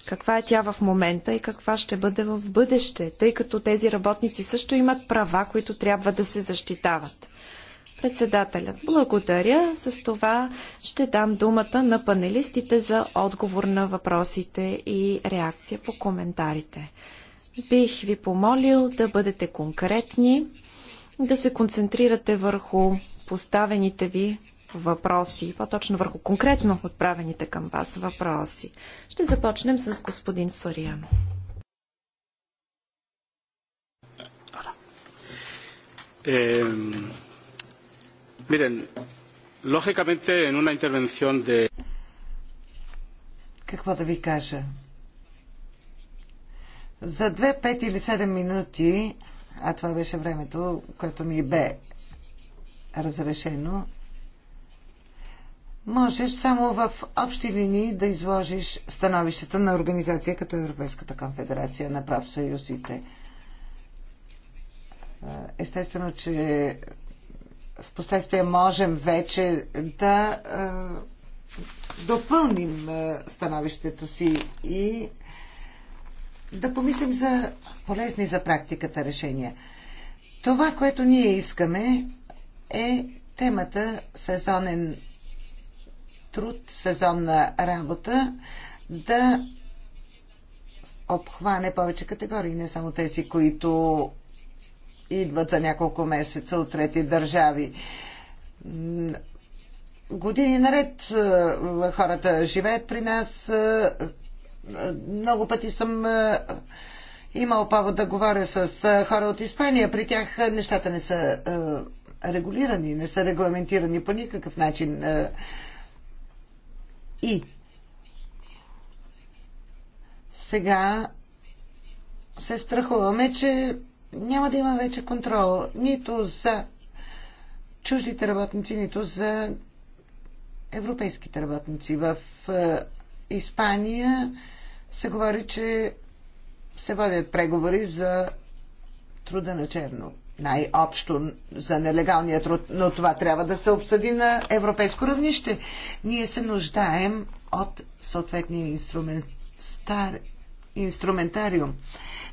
Каква е тя в момента и каква ще бъде в бъдеще, тъй като тези работници също имат права, които трябва да се защитават. Председателят, благодаря. С това ще дам думата на панелистите за отговор на въпросите и реакция по коментарите. Бих ви помолил да бъдете конкретни, да се концентрирате върху поставените ви въпроси, по-точно върху конкретно отправените към вас въпроси. Ще започнем с господин Сориан. Мирен, логикаменте е една интервенцион де... Какво да ви кажа? За две, пет или седем минути, а това беше времето, което ми бе разрешено, можеш само в общи линии да изложиш становището на организация като Европейската конфедерация на прав съюзите. Е, естествено, че в последствие можем вече да е, допълним е, становището си и да помислим за полезни за практиката решения. Това, което ние искаме е темата сезонен труд, сезонна работа да обхване повече категории, не само тези, които идват за няколко месеца от трети държави. Години наред е, хората живеят при нас. Е, Много пъти съм е, имал повод да говоря с хора от Испания. При тях нещата не са регулирани, не са регламентирани по никакъв начин. И сега се страхуваме, че няма да има вече контрол нито за чуждите работници, нито за европейските работници. В е, Испания се говори, че се водят преговори за труда на черно най-общо за нелегалния труд, но това трябва да се обсъди на европейско равнище. Ние се нуждаем от съответния инструмент, стар, инструментариум.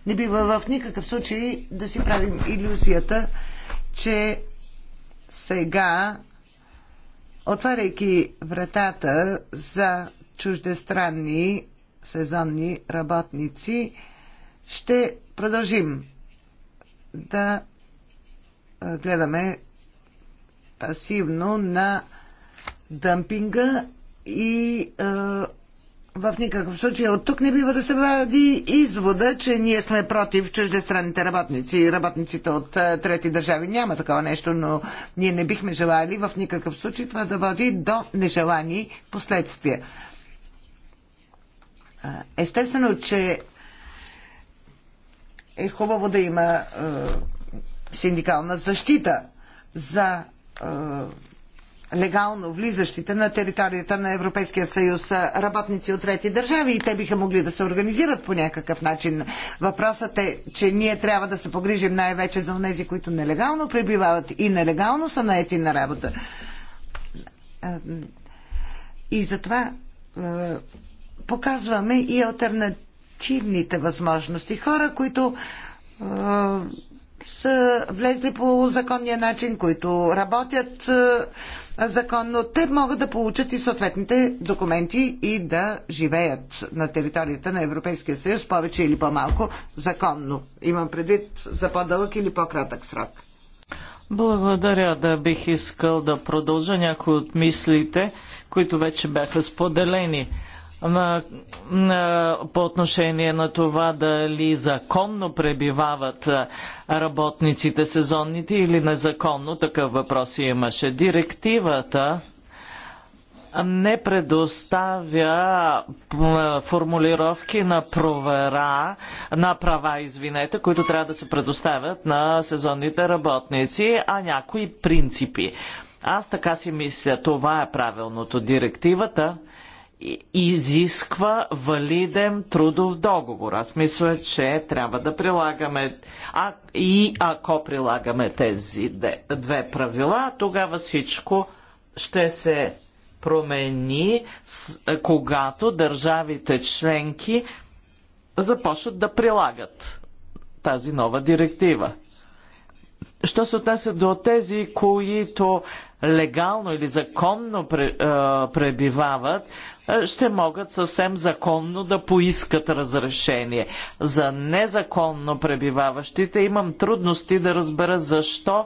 Не бива в никакъв случай да си правим иллюзията, че сега, отваряйки вратата за чуждестранни сезонни работници, ще продължим да гледаме пасивно на дъмпинга и в никакъв случай от тук не бива да се вади извода, че ние сме против чуждестранните работници и работниците от трети държави. Няма такова нещо, но ние не бихме желали в никакъв случай това да води до нежелани последствия. Естествено, че е хубаво да има синдикална защита за е, легално влизащите на територията на Европейския съюз е, работници от трети държави и те биха могли да се организират по някакъв начин. Въпросът е, че ние трябва да се погрижим най-вече за тези, които нелегално пребивават и нелегално са наети на работа. Е, и затова показваме и альтернативните възможности. Хора, които са влезли по законния начин, които работят е, законно, те могат да получат и съответните документи и да живеят на територията на Европейския съюз повече или по-малко законно. Имам предвид за по-дълъг или по-кратък срок. Благодаря да бих искал да продължа някои от мислите, които вече бяха споделени по отношение на това дали законно пребивават работниците сезонните или незаконно. Такъв въпрос имаше. Директивата не предоставя формулировки на провера, на права, извинете, които трябва да се предоставят на сезонните работници, а някои принципи. Аз така си мисля, това е правилното. Директивата изисква валиден трудов договор. Аз мисля, че трябва да прилагаме а, и ако прилагаме тези две правила, тогава всичко ще се промени, когато държавите членки започнат да прилагат тази нова директива. Що се отнася до тези, които легално или законно пребивават, ще могат съвсем законно да поискат разрешение. За незаконно пребиваващите имам трудности да разбера защо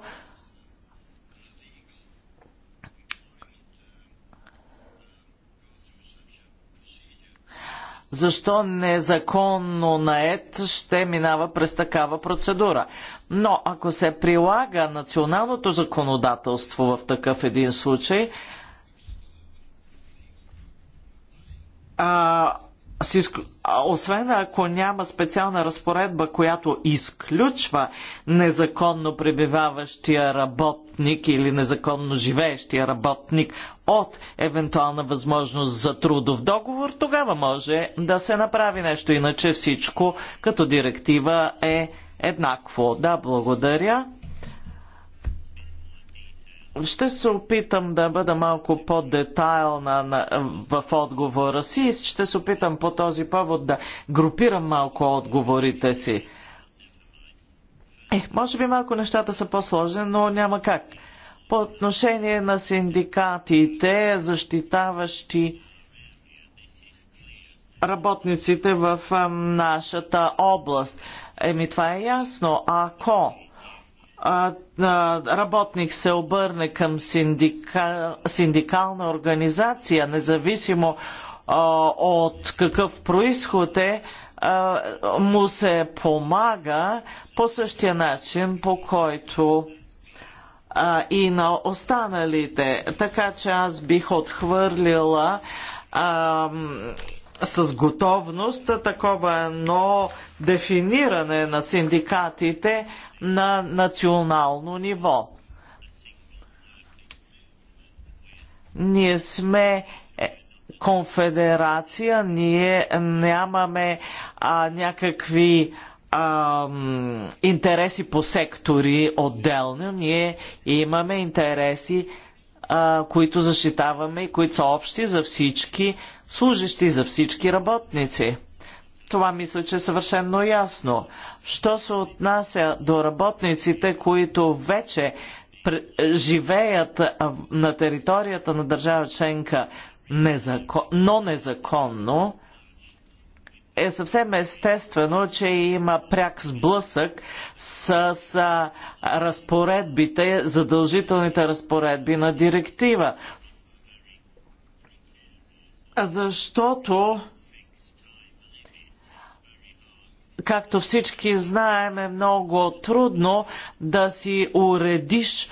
защо незаконно наед ще минава през такава процедура. Но ако се прилага националното законодателство в такъв един случай, а, освен ако няма специална разпоредба, която изключва незаконно пребиваващия работник или незаконно живеещия работник от евентуална възможност за трудов договор, тогава може да се направи нещо. Иначе всичко като директива е еднакво. Да, благодаря. Ще се опитам да бъда малко по-детайлна в отговора си и ще се опитам по този повод да групирам малко отговорите си. Е, може би малко нещата са по-сложни, но няма как. По отношение на синдикатите, защитаващи работниците в нашата област. Еми, това е ясно. Ако работник се обърне към синдикална организация, независимо от какъв происход е, му се помага по същия начин, по който и на останалите. Така че аз бих отхвърлила с готовност такова едно дефиниране на синдикатите на национално ниво. Ние сме е, конфедерация, ние нямаме а, някакви а, интереси по сектори отделно, ние имаме интереси а, които защитаваме и които са общи за всички служащи, за всички работници. Това мисля, че е съвършенно ясно. Що се отнася до работниците, които вече живеят на територията на държава членка, незакон... но незаконно, е съвсем естествено, че има пряк сблъсък с, разпоредбите, задължителните разпоредби на директива. Защото, както всички знаем, е много трудно да си уредиш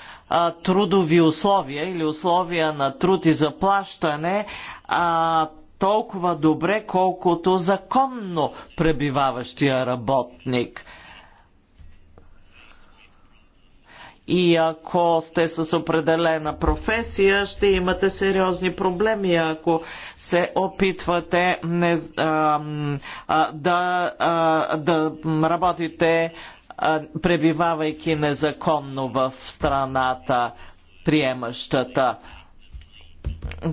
трудови условия или условия на труд и заплащане а, толкова добре, колкото законно пребиваващия работник. И ако сте с определена професия, ще имате сериозни проблеми, ако се опитвате не, а, а, да, а, да работите, а, пребивавайки незаконно в страната, приемащата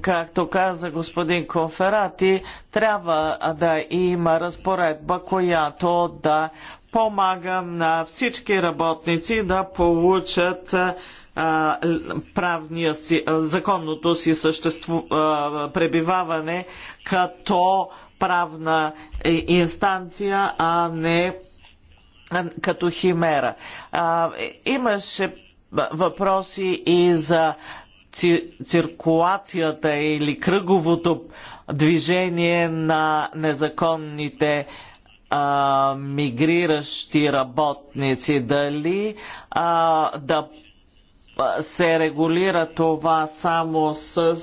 както каза господин Конферати, трябва да има разпоредба, която да помага на всички работници да получат правния си, законното си съществу, пребиваване като правна инстанция, а не като химера. имаше въпроси и за циркулацията или кръговото движение на незаконните а, мигриращи работници. Дали а, да се регулира това само с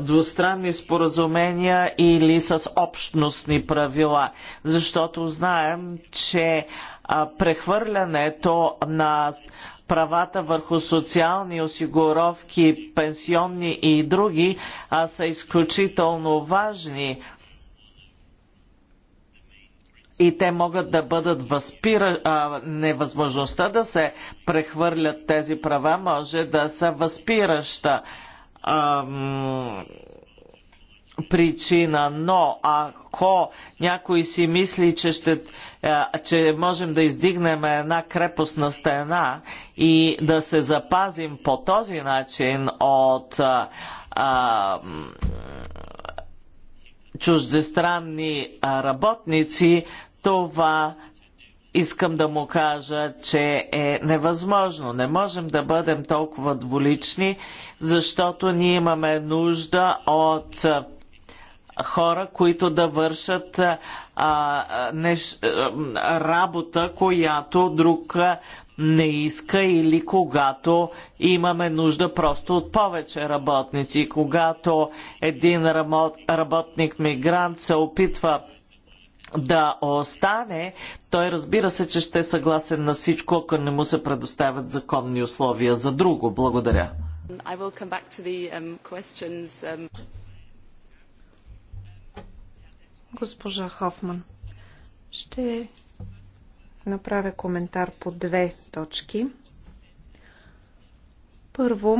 двустранни споразумения или с общностни правила. Защото знаем, че прехвърлянето на правата върху социални осигуровки, пенсионни и други, а са изключително важни и те могат да бъдат възпира... А, невъзможността да се прехвърлят тези права може да са възпираща м... причина, но ако някой си мисли, че ще е, че можем да издигнем една крепостна стена и да се запазим по този начин от а, е, а, е, чуждестранни работници, това искам да му кажа, че е невъзможно. Не можем да бъдем толкова дволични, защото ние имаме нужда от хора, които да вършат а, неш, а, работа, която друг не иска или когато имаме нужда просто от повече работници. Когато един работник мигрант се опитва да остане, той разбира се, че ще е съгласен на всичко, ако не му се предоставят законни условия за друго. Благодаря. Um, Госпожа Хофман, ще направя коментар по две точки. Първо,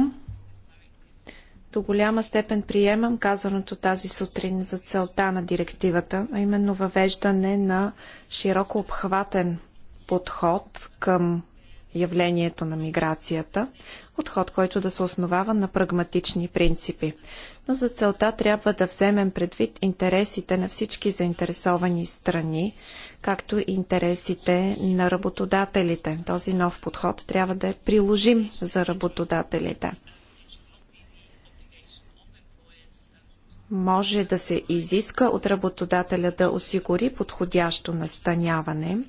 до голяма степен приемам казаното тази сутрин за целта на директивата, а именно въвеждане на широко обхватен подход към явлението на миграцията, подход, който да се основава на прагматични принципи. Но за целта трябва да вземем предвид интересите на всички заинтересовани страни, както и интересите на работодателите. Този нов подход трябва да е приложим за работодателите. Може да се изиска от работодателя да осигури подходящо настаняване –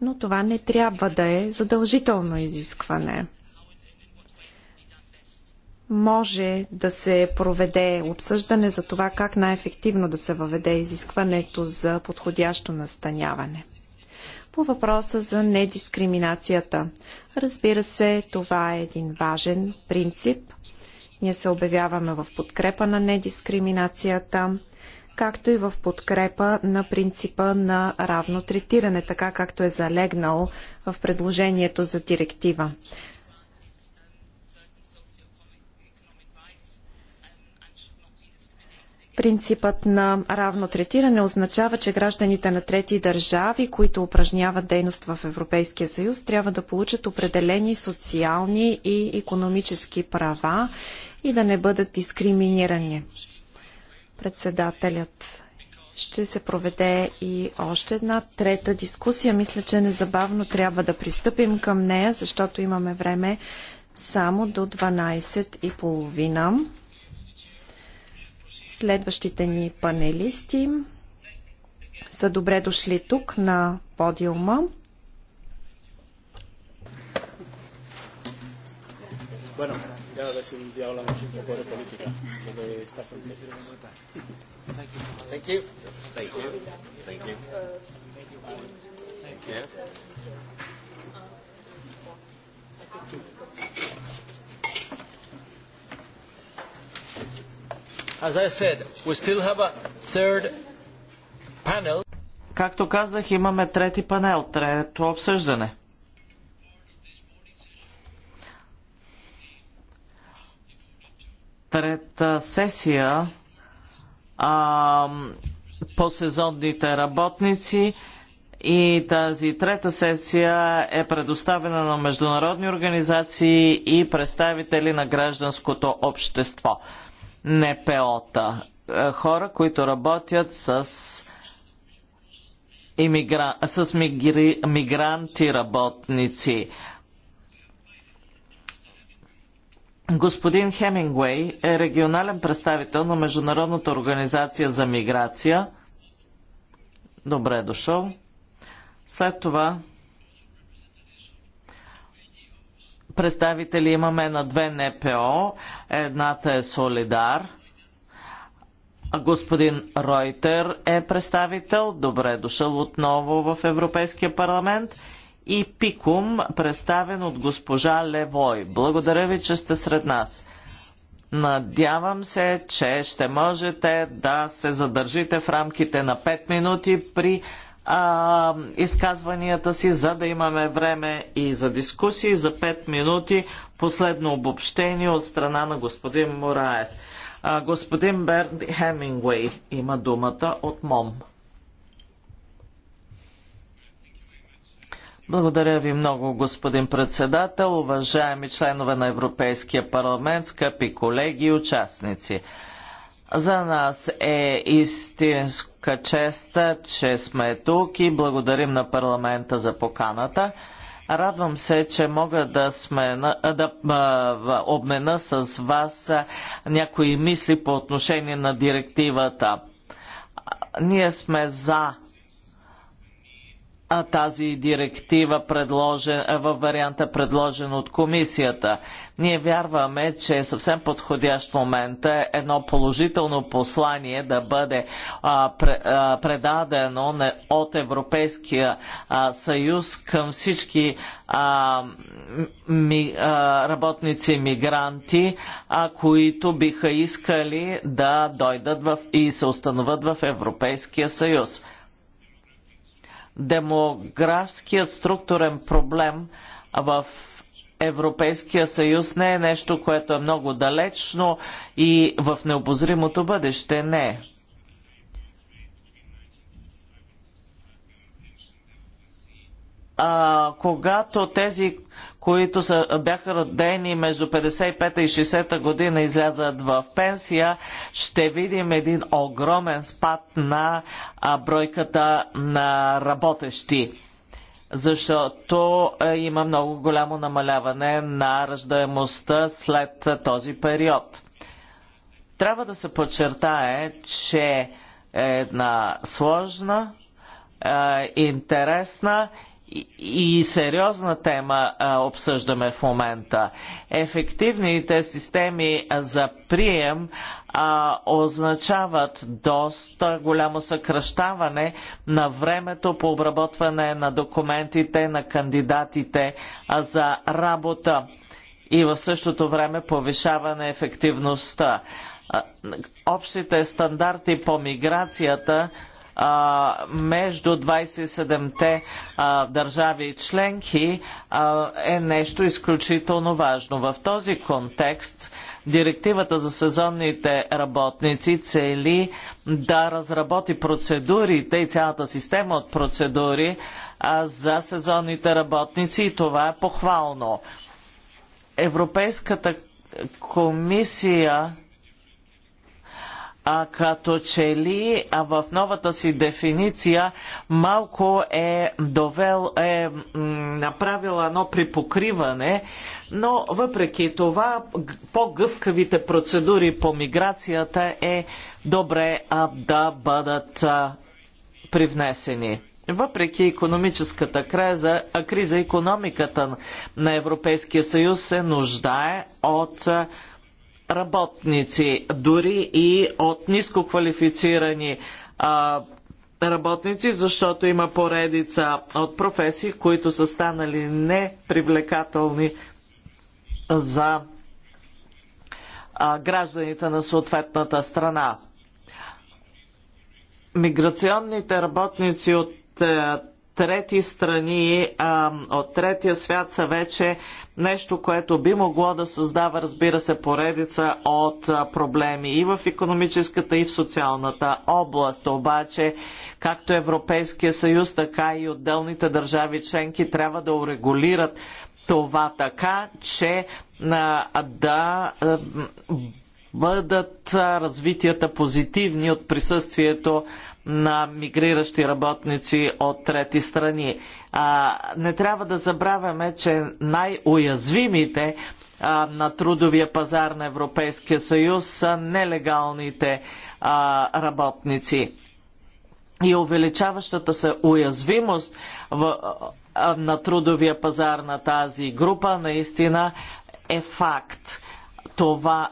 но това не трябва да е задължително изискване. Може да се проведе обсъждане за това как най-ефективно да се въведе изискването за подходящо настаняване. По въпроса за недискриминацията. Разбира се, това е един важен принцип. Ние се обявяваме в подкрепа на недискриминацията както и в подкрепа на принципа на равно третиране, така както е залегнал в предложението за директива. Принципът на равно третиране означава, че гражданите на трети държави, които упражняват дейност в Европейския съюз, трябва да получат определени социални и економически права и да не бъдат дискриминирани. Председателят ще се проведе и още една трета дискусия. Мисля, че незабавно трябва да пристъпим към нея, защото имаме време само до 12.30. Следващите ни панелисти са добре дошли тук на подиума. Bueno ya a ver si un día hablamos un poco de política, porque está bastante Thank you. Thank you. Thank you. Thank you. As I said, we still have a third panel. Както казах, имаме трети панел, трето обсъждане. пред сесия а, по сезонните работници и тази трета сесия е предоставена на международни организации и представители на гражданското общество. НПО-та. Е, хора, които работят с, с мигри... мигранти работници. Господин Хемингуей е регионален представител на Международната организация за миграция. Добре е дошъл. След това представители имаме на две НПО. Едната е Солидар. Господин Ройтер е представител. Добре е дошъл отново в Европейския парламент и Пикум, представен от госпожа Левой. Благодаря ви, че сте сред нас. Надявам се, че ще можете да се задържите в рамките на 5 минути при а, изказванията си, за да имаме време и за дискусии. За 5 минути последно обобщение от страна на господин Мораес. А, господин Берд Хемингуей има думата от МОМ. Благодаря ви много, господин председател, уважаеми членове на Европейския парламент, скъпи колеги и участници. За нас е истинска чест, че сме тук и благодарим на парламента за поканата. Радвам се, че мога да, сме, да обмена с вас някои мисли по отношение на директивата. Ние сме за а тази директива предложен, във варианта предложен от комисията. Ние вярваме, че е съвсем подходящ момент е едно положително послание да бъде а, предадено от Европейския а, съюз към всички а, ми, работници мигранти, които биха искали да дойдат в, и се установят в Европейския съюз демографският структурен проблем в Европейския съюз не е нещо, което е много далечно и в необозримото бъдеще не е. а, когато тези, които са, бяха родени между 55-та и 60-та година излязат в пенсия, ще видим един огромен спад на а, бройката на работещи защото е, има много голямо намаляване на раждаемостта след този период. Трябва да се подчертае, че е една сложна, е, интересна и сериозна тема а, обсъждаме в момента. Ефективните системи за прием а, означават доста голямо съкръщаване на времето по обработване на документите на кандидатите а, за работа и в същото време повишаване ефективността. А, общите стандарти по миграцията а, между 27-те държави и членки а, е нещо изключително важно. В този контекст директивата за сезонните работници цели да разработи процедурите и цялата система от процедури а, за сезонните работници и това е похвално. Европейската комисия а, като че ли а в новата си дефиниция малко е довел, е направил едно припокриване, но въпреки това по-гъвкавите процедури по миграцията е добре а, да бъдат а, привнесени. Въпреки економическата криза, а криза економиката на Европейския съюз се нуждае от работници, дори и от ниско квалифицирани а, работници, защото има поредица от професии, които са станали непривлекателни за а, гражданите на съответната страна. Миграционните работници от а, е, трети страни а, от третия свят са вече нещо, което би могло да създава, разбира се, поредица от проблеми и в економическата, и в социалната област. Обаче, както Европейския съюз, така и отделните държави членки трябва да урегулират това така, че а, да бъдат развитията позитивни от присъствието на мигриращи работници от трети страни. А, не трябва да забравяме, че най-уязвимите на трудовия пазар на Европейския съюз са нелегалните а, работници. И увеличаващата се уязвимост в, а, на трудовия пазар на тази група наистина е факт. Това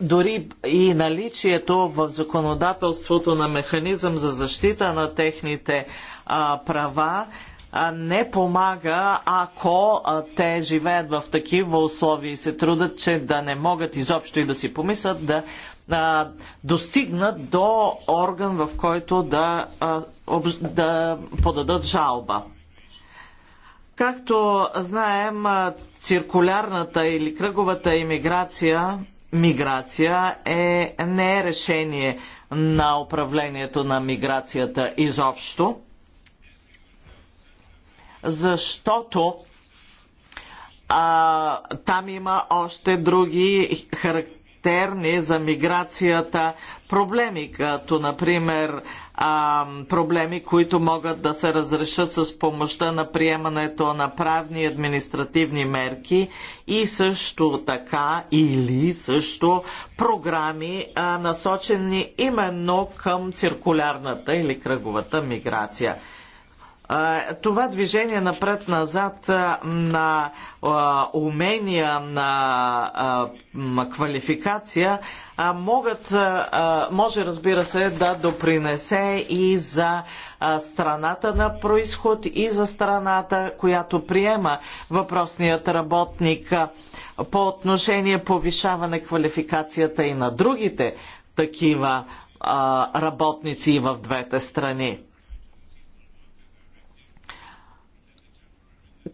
дори и наличието в законодателството на механизъм за защита на техните а, права а, не помага, ако а, те живеят в такива условия и се трудат, че да не могат изобщо и да си помислят да а, достигнат до орган, в който да, а, об, да подадат жалба. Както знаем, циркулярната или кръговата иммиграция миграция е, не е решение на управлението на миграцията изобщо, защото а, там има още други характеристики характерни за миграцията проблеми, като например а, проблеми, които могат да се разрешат с помощта на приемането на правни и административни мерки и също така или също програми а, насочени именно към циркулярната или кръговата миграция това движение напред-назад на умения, на квалификация могат, може разбира се да допринесе и за страната на происход и за страната, която приема въпросният работник по отношение повишаване квалификацията и на другите такива работници в двете страни.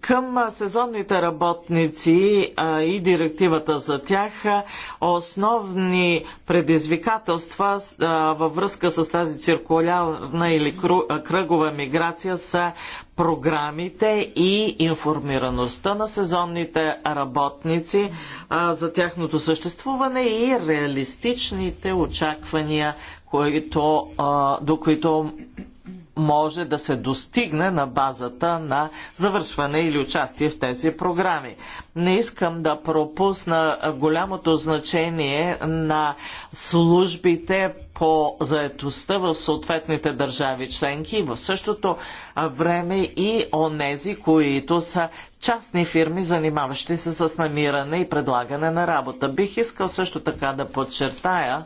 Към сезонните работници и директивата за тях, основни предизвикателства във връзка с тази циркулярна или кръгова миграция са програмите и информираността на сезонните работници за тяхното съществуване и реалистичните очаквания, които, до които може да се достигне на базата на завършване или участие в тези програми. Не искам да пропусна голямото значение на службите по заетостта в съответните държави членки и в същото време и онези, които са частни фирми, занимаващи се с намиране и предлагане на работа. Бих искал също така да подчертая,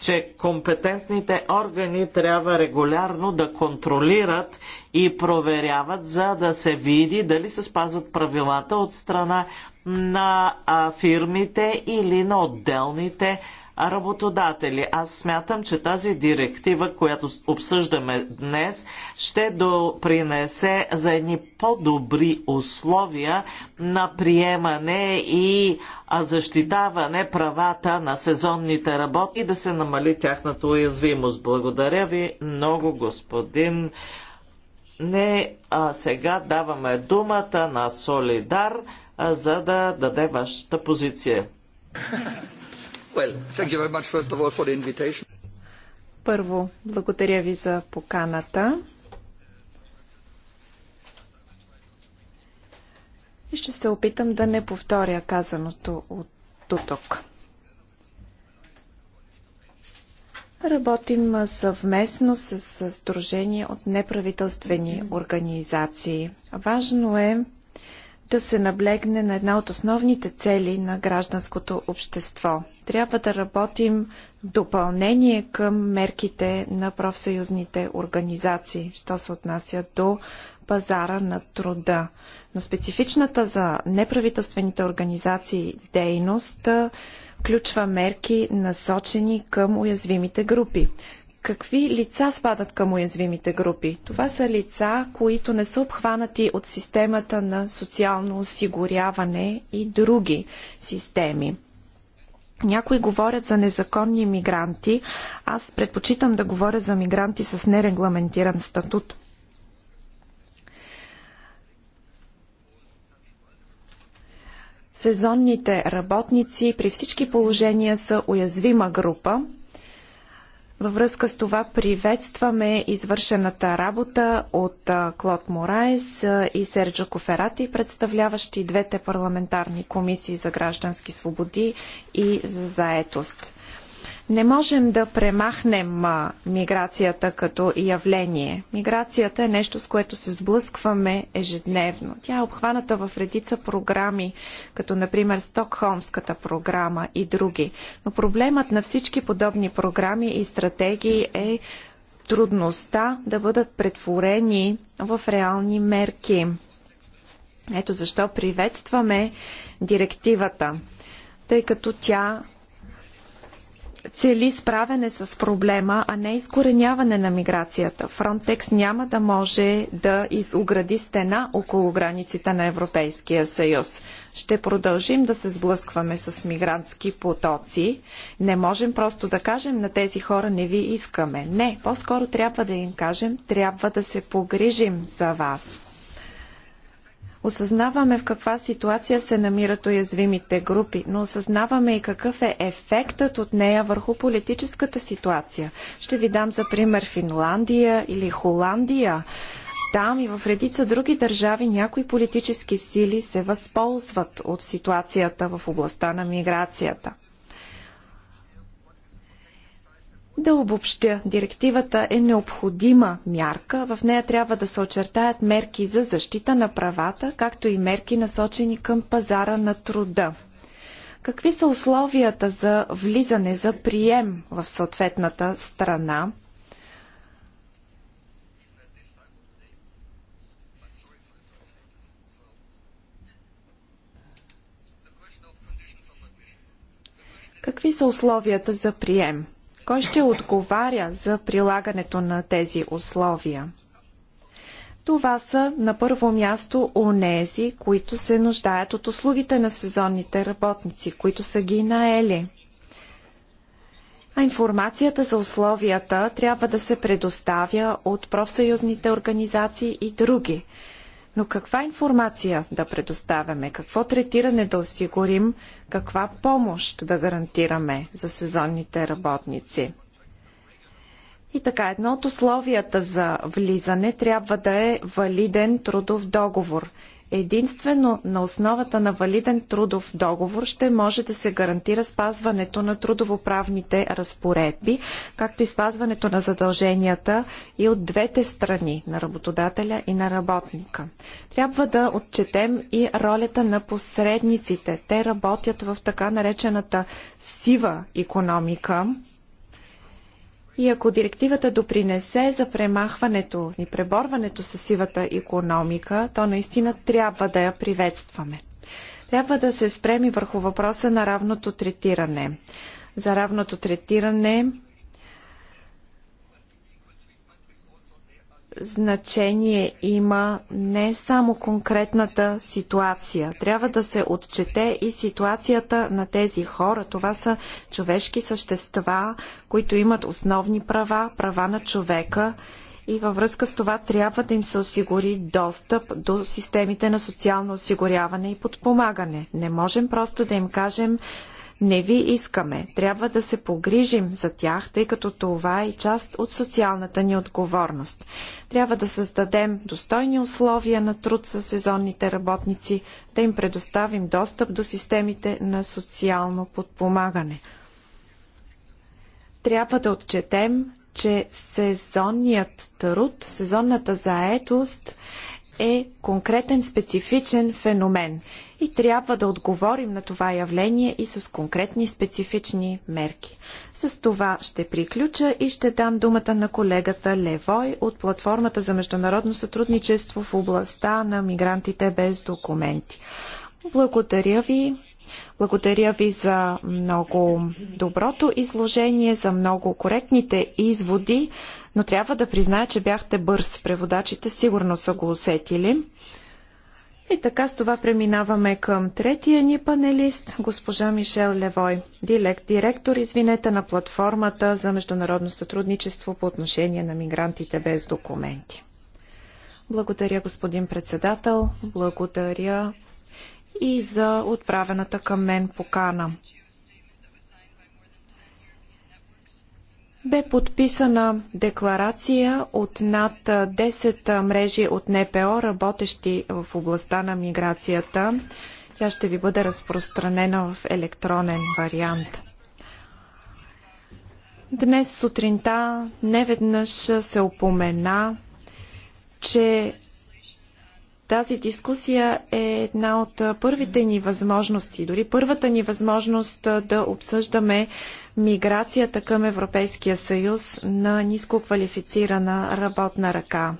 че компетентните органи трябва регулярно да контролират и проверяват, за да се види дали се спазват правилата от страна на фирмите или на отделните работодатели. Аз смятам, че тази директива, която обсъждаме днес, ще допринесе за едни по-добри условия на приемане и защитаване правата на сезонните работи и да се намали тяхната уязвимост. Благодаря ви много, господин. Не, а сега даваме думата на Солидар, а, за да даде вашата позиция. Well, thank you very much, first of all, for the invitation. Първо, благодаря ви за поканата. И ще се опитам да не повторя казаното от тук. Работим съвместно с Сдружение от неправителствени организации. Важно е да се наблегне на една от основните цели на гражданското общество. Трябва да работим в допълнение към мерките на профсъюзните организации, що се отнася до пазара на труда. Но специфичната за неправителствените организации дейност включва мерки насочени към уязвимите групи. Какви лица спадат към уязвимите групи? Това са лица, които не са обхванати от системата на социално осигуряване и други системи. Някои говорят за незаконни мигранти. Аз предпочитам да говоря за мигранти с нерегламентиран статут. Сезонните работници при всички положения са уязвима група. Във връзка с това приветстваме извършената работа от Клод Морайс и Серджо Коферати, представляващи двете парламентарни комисии за граждански свободи и за заетост. Не можем да премахнем миграцията като явление. Миграцията е нещо, с което се сблъскваме ежедневно. Тя е обхваната в редица програми, като например Стокхолмската програма и други. Но проблемът на всички подобни програми и стратегии е трудността да бъдат претворени в реални мерки. Ето защо приветстваме директивата, тъй като тя цели справяне с проблема, а не изкореняване на миграцията. Фронтекс няма да може да изогради стена около границите на Европейския съюз. Ще продължим да се сблъскваме с мигрантски потоци. Не можем просто да кажем на тези хора не ви искаме. Не, по-скоро трябва да им кажем, трябва да се погрижим за вас. Осъзнаваме в каква ситуация се намират уязвимите групи, но осъзнаваме и какъв е ефектът от нея върху политическата ситуация. Ще ви дам за пример Финландия или Холандия. Там и в редица други държави някои политически сили се възползват от ситуацията в областта на миграцията. Да обобщя, директивата е необходима мярка. В нея трябва да се очертаят мерки за защита на правата, както и мерки насочени към пазара на труда. Какви са условията за влизане, за прием в съответната страна? Какви са условията за прием? Кой ще отговаря за прилагането на тези условия? Това са на първо място онези, които се нуждаят от услугите на сезонните работници, които са ги наели. А информацията за условията трябва да се предоставя от профсъюзните организации и други. Но каква информация да предоставяме, какво третиране да осигурим, каква помощ да гарантираме за сезонните работници? И така, едно от условията за влизане трябва да е валиден трудов договор – Единствено на основата на валиден трудов договор ще може да се гарантира спазването на трудовоправните разпоредби, както и спазването на задълженията и от двете страни на работодателя и на работника. Трябва да отчетем и ролята на посредниците. Те работят в така наречената сива економика, и ако директивата допринесе за премахването и преборването с сивата економика, то наистина трябва да я приветстваме. Трябва да се спреми върху въпроса на равното третиране. За равното третиране значение има не само конкретната ситуация. Трябва да се отчете и ситуацията на тези хора. Това са човешки същества, които имат основни права, права на човека и във връзка с това трябва да им се осигури достъп до системите на социално осигуряване и подпомагане. Не можем просто да им кажем не ви искаме. Трябва да се погрижим за тях, тъй като това е част от социалната ни отговорност. Трябва да създадем достойни условия на труд за сезонните работници, да им предоставим достъп до системите на социално подпомагане. Трябва да отчетем, че сезонният труд, сезонната заетост е конкретен специфичен феномен и трябва да отговорим на това явление и с конкретни специфични мерки. С това ще приключа и ще дам думата на колегата Левой от Платформата за международно сътрудничество в областта на мигрантите без документи. Благодаря ви. Благодаря ви за много доброто изложение, за много коректните изводи, но трябва да призная, че бяхте бърз. Преводачите сигурно са го усетили. И така с това преминаваме към третия ни панелист, госпожа Мишел Левой, директ, директор, извинете, на платформата за международно сътрудничество по отношение на мигрантите без документи. Благодаря, господин председател. Благодаря и за отправената към мен покана. Бе подписана декларация от над 10 мрежи от НПО, работещи в областта на миграцията. Тя ще ви бъде разпространена в електронен вариант. Днес сутринта неведнъж се опомена, че тази дискусия е една от първите ни възможности, дори първата ни възможност да обсъждаме миграцията към Европейския съюз на ниско квалифицирана работна ръка.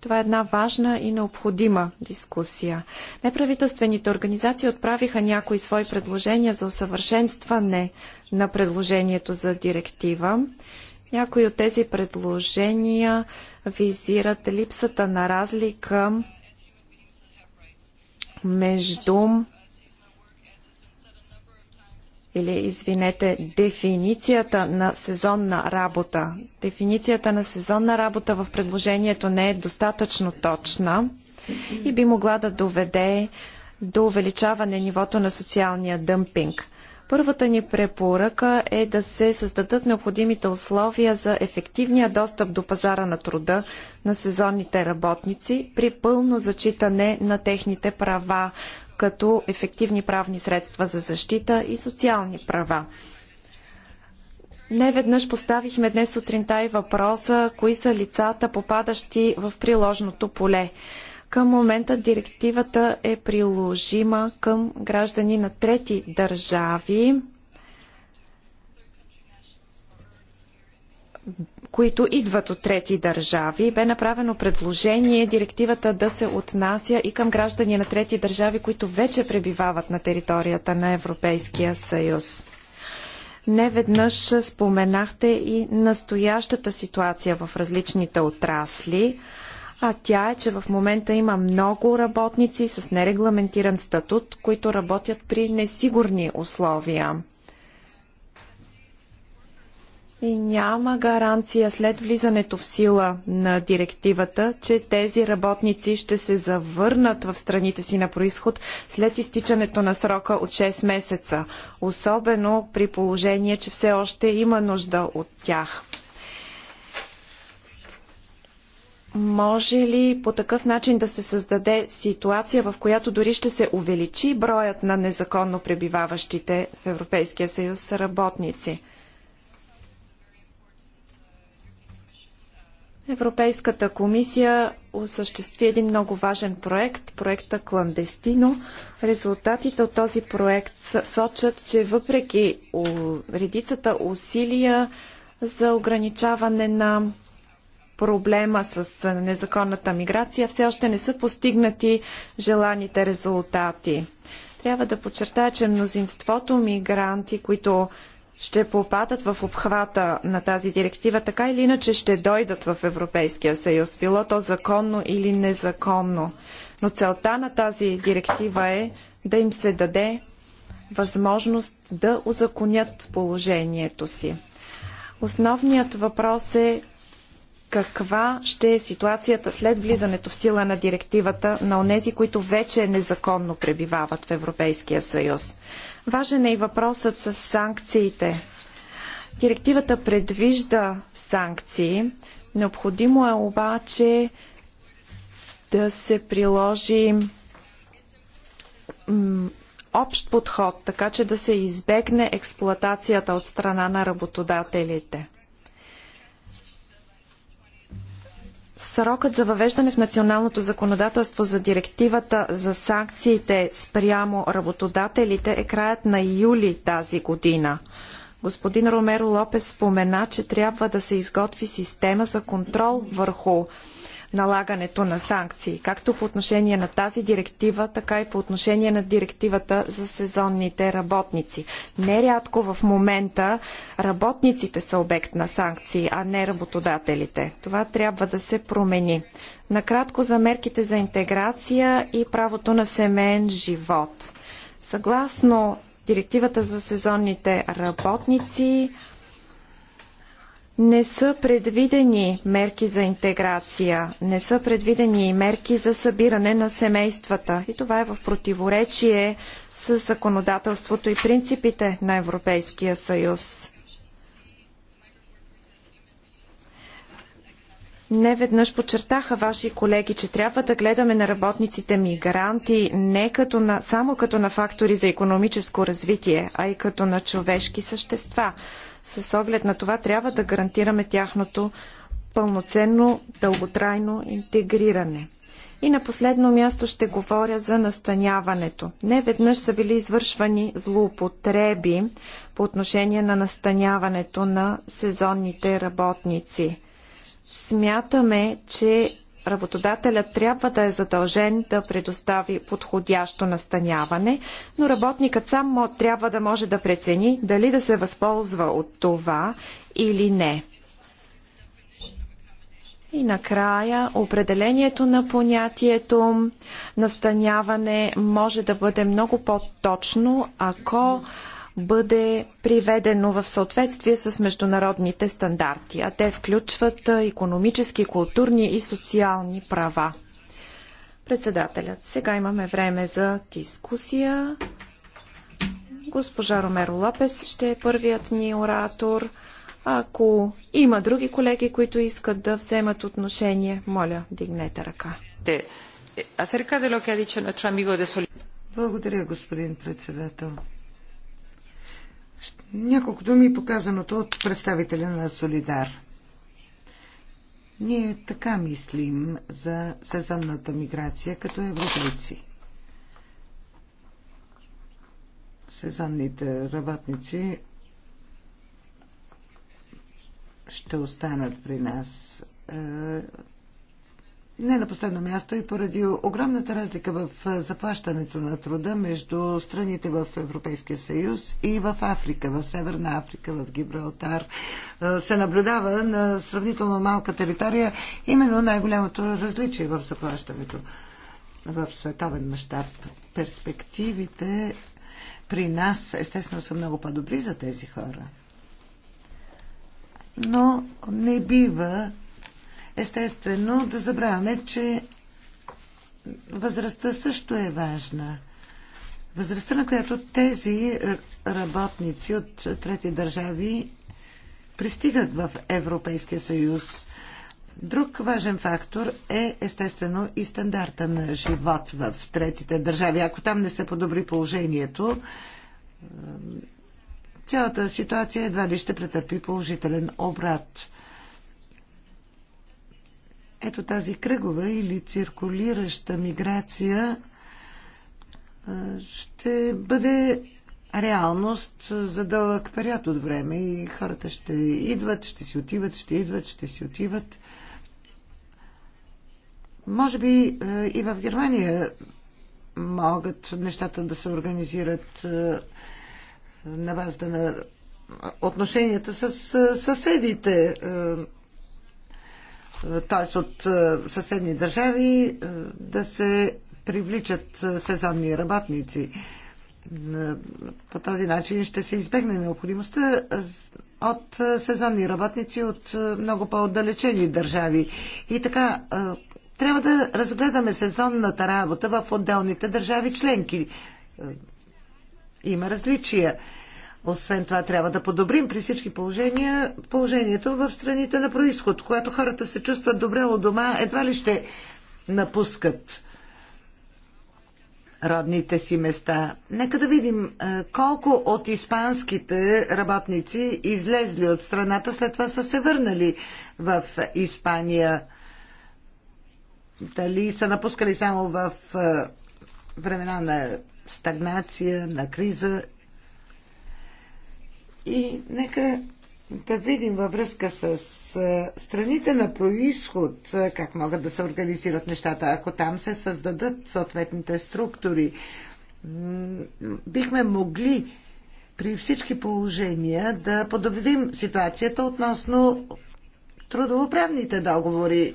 Това е една важна и необходима дискусия. Неправителствените организации отправиха някои свои предложения за усъвършенстване на предложението за директива. Някои от тези предложения визират липсата на разлика между или извинете, дефиницията на сезонна работа. Дефиницията на сезонна работа в предложението не е достатъчно точна и би могла да доведе до увеличаване нивото на социалния дъмпинг. Първата ни препоръка е да се създадат необходимите условия за ефективния достъп до пазара на труда на сезонните работници при пълно зачитане на техните права като ефективни правни средства за защита и социални права. Не веднъж поставихме днес сутринта и въпроса, кои са лицата, попадащи в приложното поле към момента директивата е приложима към граждани на трети държави, които идват от трети държави. Бе направено предложение директивата да се отнася и към граждани на трети държави, които вече пребивават на територията на Европейския съюз. Неведнъж споменахте и настоящата ситуация в различните отрасли а тя е, че в момента има много работници с нерегламентиран статут, които работят при несигурни условия. И няма гаранция след влизането в сила на директивата, че тези работници ще се завърнат в страните си на происход след изтичането на срока от 6 месеца, особено при положение, че все още има нужда от тях. Може ли по такъв начин да се създаде ситуация, в която дори ще се увеличи броят на незаконно пребиваващите в Европейския съюз работници? Европейската комисия осъществи един много важен проект, проекта Кландестино. Резултатите от този проект сочат, че въпреки редицата усилия за ограничаване на проблема с незаконната миграция, все още не са постигнати желаните резултати. Трябва да подчертая, че мнозинството мигранти, които ще попадат в обхвата на тази директива, така или иначе ще дойдат в Европейския съюз, било то законно или незаконно. Но целта на тази директива е да им се даде възможност да узаконят положението си. Основният въпрос е каква ще е ситуацията след влизането в сила на директивата на онези, които вече незаконно пребивават в Европейския съюз. Важен е и въпросът с санкциите. Директивата предвижда санкции, необходимо е обаче да се приложи общ подход, така че да се избегне експлоатацията от страна на работодателите. Срокът за въвеждане в националното законодателство за директивата за санкциите спрямо работодателите е краят на юли тази година. Господин Ромеро Лопес спомена, че трябва да се изготви система за контрол върху налагането на санкции, както по отношение на тази директива, така и по отношение на директивата за сезонните работници. Нерядко в момента работниците са обект на санкции, а не работодателите. Това трябва да се промени. Накратко за мерките за интеграция и правото на семейен живот. Съгласно директивата за сезонните работници, не са предвидени мерки за интеграция, не са предвидени и мерки за събиране на семействата. И това е в противоречие с законодателството и принципите на Европейския съюз. Не веднъж подчертаха ваши колеги, че трябва да гледаме на работниците мигранти не като на, само като на фактори за економическо развитие, а и като на човешки същества. С оглед на това трябва да гарантираме тяхното пълноценно, дълготрайно интегриране. И на последно място ще говоря за настаняването. Не веднъж са били извършвани злоупотреби по отношение на настаняването на сезонните работници. Смятаме, че работодателят трябва да е задължен да предостави подходящо настаняване, но работникът сам трябва да може да прецени дали да се възползва от това или не. И накрая определението на понятието настаняване може да бъде много по-точно, ако бъде приведено в съответствие с международните стандарти, а те включват економически, културни и социални права. Председателят, сега имаме време за дискусия. Госпожа Ромеро Лапес ще е първият ни оратор. Ако има други колеги, които искат да вземат отношение, моля, дигнете ръка. Е, е Благодаря, господин председател. Няколко думи показаното от представителя на Солидар. Ние така мислим за сезонната миграция като европейци. Сезонните работници ще останат при нас е, не на последно място и поради огромната разлика в заплащането на труда между страните в Европейския съюз и в Африка, в Северна Африка, в Гибралтар, се наблюдава на сравнително малка територия именно най-голямото различие в заплащането в световен мащаб. Перспективите при нас, естествено, са много по-добри за тези хора. Но не бива естествено да забравяме, че възрастта също е важна. Възрастта, на която тези е, работници от е, трети държави пристигат в Европейския съюз. Друг важен фактор е естествено и стандарта на живот в третите държави. Ако там не се подобри положението, е, цялата ситуация едва ли ще претърпи положителен обрат. Ето тази кръгова или циркулираща миграция ще бъде реалност за дълъг период от време и хората ще идват, ще си отиват, ще идват, ще си отиват. Може би и в Германия могат нещата да се организират на базата на отношенията с съседите т.е. от е, съседни държави, е, да се привличат е, сезонни работници. По този начин ще се избегне необходимостта от сезонни работници от много по-отдалечени държави. И така, трябва да разгледаме сезонната работа в отделните държави членки. Има различия. Освен това, трябва да подобрим при всички положения положението в страните на происход, когато хората се чувстват добре от дома, едва ли ще напускат родните си места. Нека да видим колко от испанските работници излезли от страната, след това са се върнали в Испания. Дали са напускали само в времена на стагнация, на криза и нека да видим във връзка с страните на происход как могат да се организират нещата, ако там се създадат съответните структури. Бихме могли при всички положения да подобрим ситуацията относно трудовоправните договори.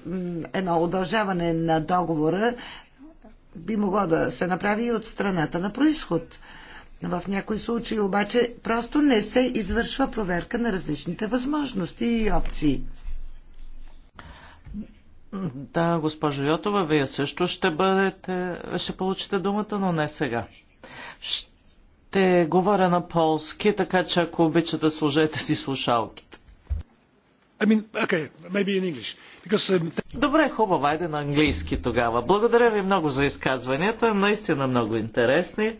Едно удължаване на договора би могло да се направи и от страната на происход. В някои случаи обаче просто не се извършва проверка на различните възможности и опции. Да, госпожо Йотова, вие също ще бъдете, ще получите думата, но не сега. Ще говоря на полски, така че ако обичате, сложете си слушалките. I mean, okay, maybe in English. Because, um... Добре, хубаво, айде на английски тогава. Благодаря ви много за изказванията, наистина много интересни.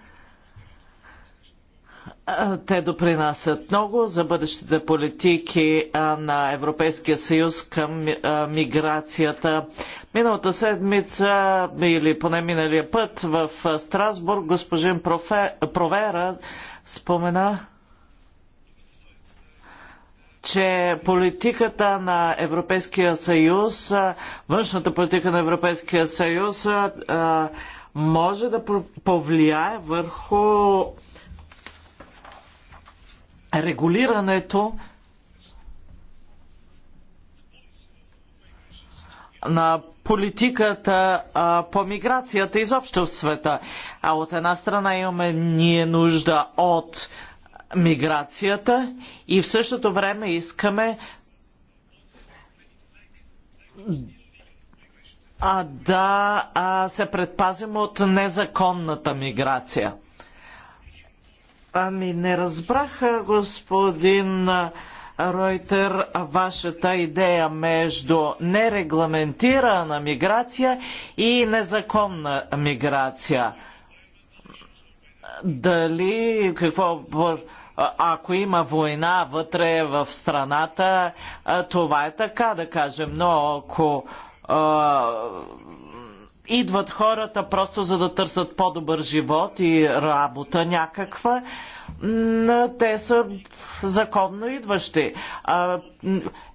Те допринасят много за бъдещите политики на Европейския съюз към миграцията. Миналата седмица или поне миналия път в Страсбург профе, Провера спомена, че политиката на Европейския съюз, външната политика на Европейския съюз може да повлияе върху регулирането на политиката а, по миграцията изобщо в света. А от една страна имаме ние нужда от миграцията и в същото време искаме а, да а, се предпазим от незаконната миграция. Ами не разбрах, господин Ройтер, вашата идея между нерегламентирана миграция и незаконна миграция. Дали какво ако има война вътре в страната, това е така да кажем, но ако идват хората просто за да търсят по-добър живот и работа някаква, те са законно идващи.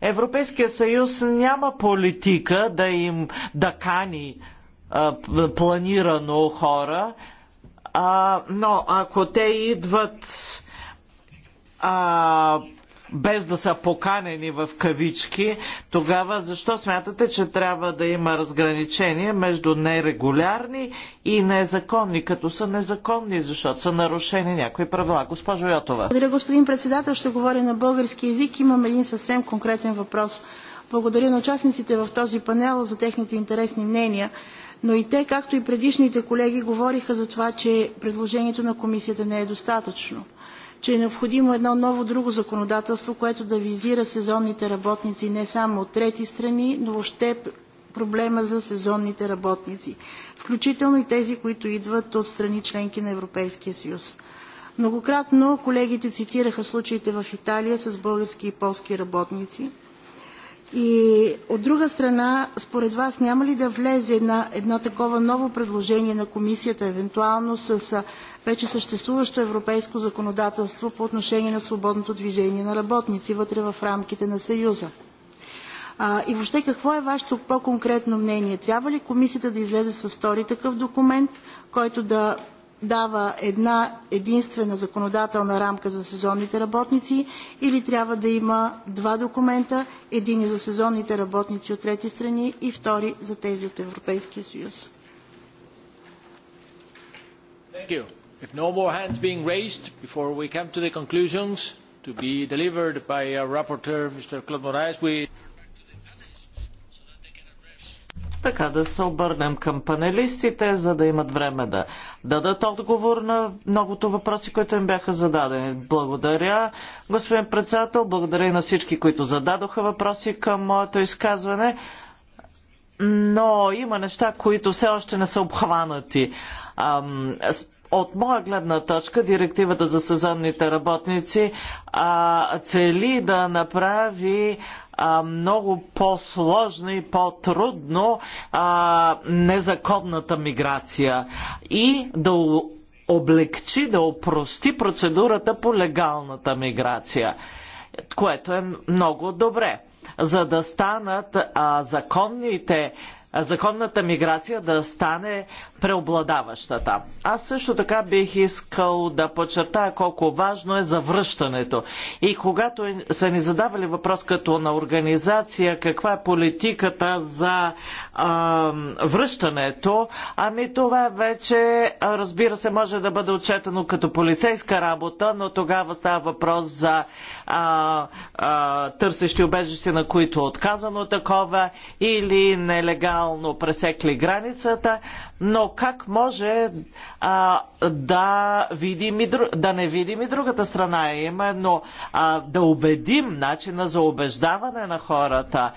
Европейския съюз няма политика да им да кани планирано хора, но ако те идват а, без да са поканени в кавички, тогава защо смятате, че трябва да има разграничение между нерегулярни и незаконни, като са незаконни, защото са нарушени някои правила? Госпожо Йотова. Благодаря, господин председател. Ще говоря на български язик. Имам един съвсем конкретен въпрос. Благодаря на участниците в този панел за техните интересни мнения. Но и те, както и предишните колеги, говориха за това, че предложението на комисията не е достатъчно че е необходимо едно ново друго законодателство, което да визира сезонните работници не само от трети страни, но въобще проблема за сезонните работници, включително и тези, които идват от страни членки на Европейския съюз. Многократно колегите цитираха случаите в Италия с български и полски работници – и от друга страна, според вас няма ли да влезе на едно такова ново предложение на комисията, евентуално с вече съществуващо европейско законодателство по отношение на свободното движение на работници вътре в рамките на Съюза? А, и въобще какво е вашето по-конкретно мнение? Трябва ли комисията да излезе с втори такъв документ, който да дава една единствена законодателна рамка за сезонните работници или трябва да има два документа, един е за сезонните работници от трети страни и втори за тези от Европейския съюз. Thank you. If no more hands being raised before we come to the conclusions to be delivered by our rapporteur, Mr. Claude Moraes, we така да се обърнем към панелистите, за да имат време да дадат отговор на многото въпроси, които им бяха зададени. Благодаря, господин председател, благодаря и на всички, които зададоха въпроси към моето изказване. Но има неща, които все още не са обхванати. Ам, от моя гледна точка, директивата за сезонните работници а, цели да направи много по-сложно и по-трудно незаконната миграция и да облегчи, да опрости процедурата по легалната миграция, което е много добре, за да станат а, законните законната миграция да стане преобладаващата. Аз също така бих искал да подчертая колко важно е завръщането. И когато са ни задавали въпрос като на организация каква е политиката за а, връщането, ами това вече разбира се може да бъде отчетено като полицейска работа, но тогава става въпрос за а, а, търсещи убежище, на които е отказано такова или нелегално пресекли границата, но как може а, да, видим и, да не видим и другата страна, именно а, да убедим начина за убеждаване на хората.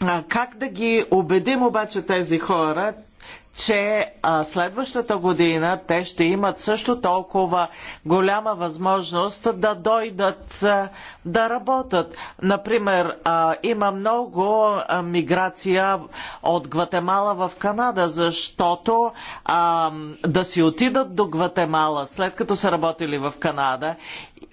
А, как да ги убедим обаче тези хора, че а, следващата година те ще имат също толкова голяма възможност да дойдат а, да работят. Например, а, има много а, миграция от Гватемала в Канада, защото а, да си отидат до Гватемала, след като са работили в Канада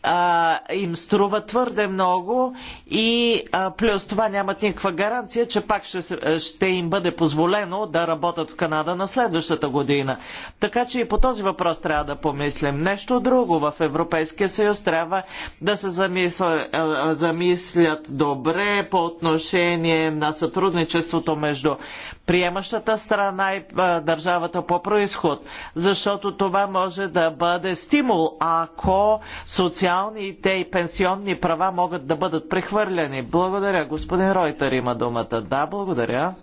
а, им струва твърде много и а, плюс това нямат никаква гаранция, че пак ще, ще им бъде позволено да работят в Канада на следващата година. Така че и по този въпрос трябва да помислим. Нещо друго в Европейския съюз трябва да се замисля, замислят добре по отношение на сътрудничеството между приемащата страна и а, държавата по происход, защото това може да бъде стимул, ако социалната социалните и пенсионни права могат да бъдат прехвърляни. Благодаря. Господин Ройтер има думата. Да, благодаря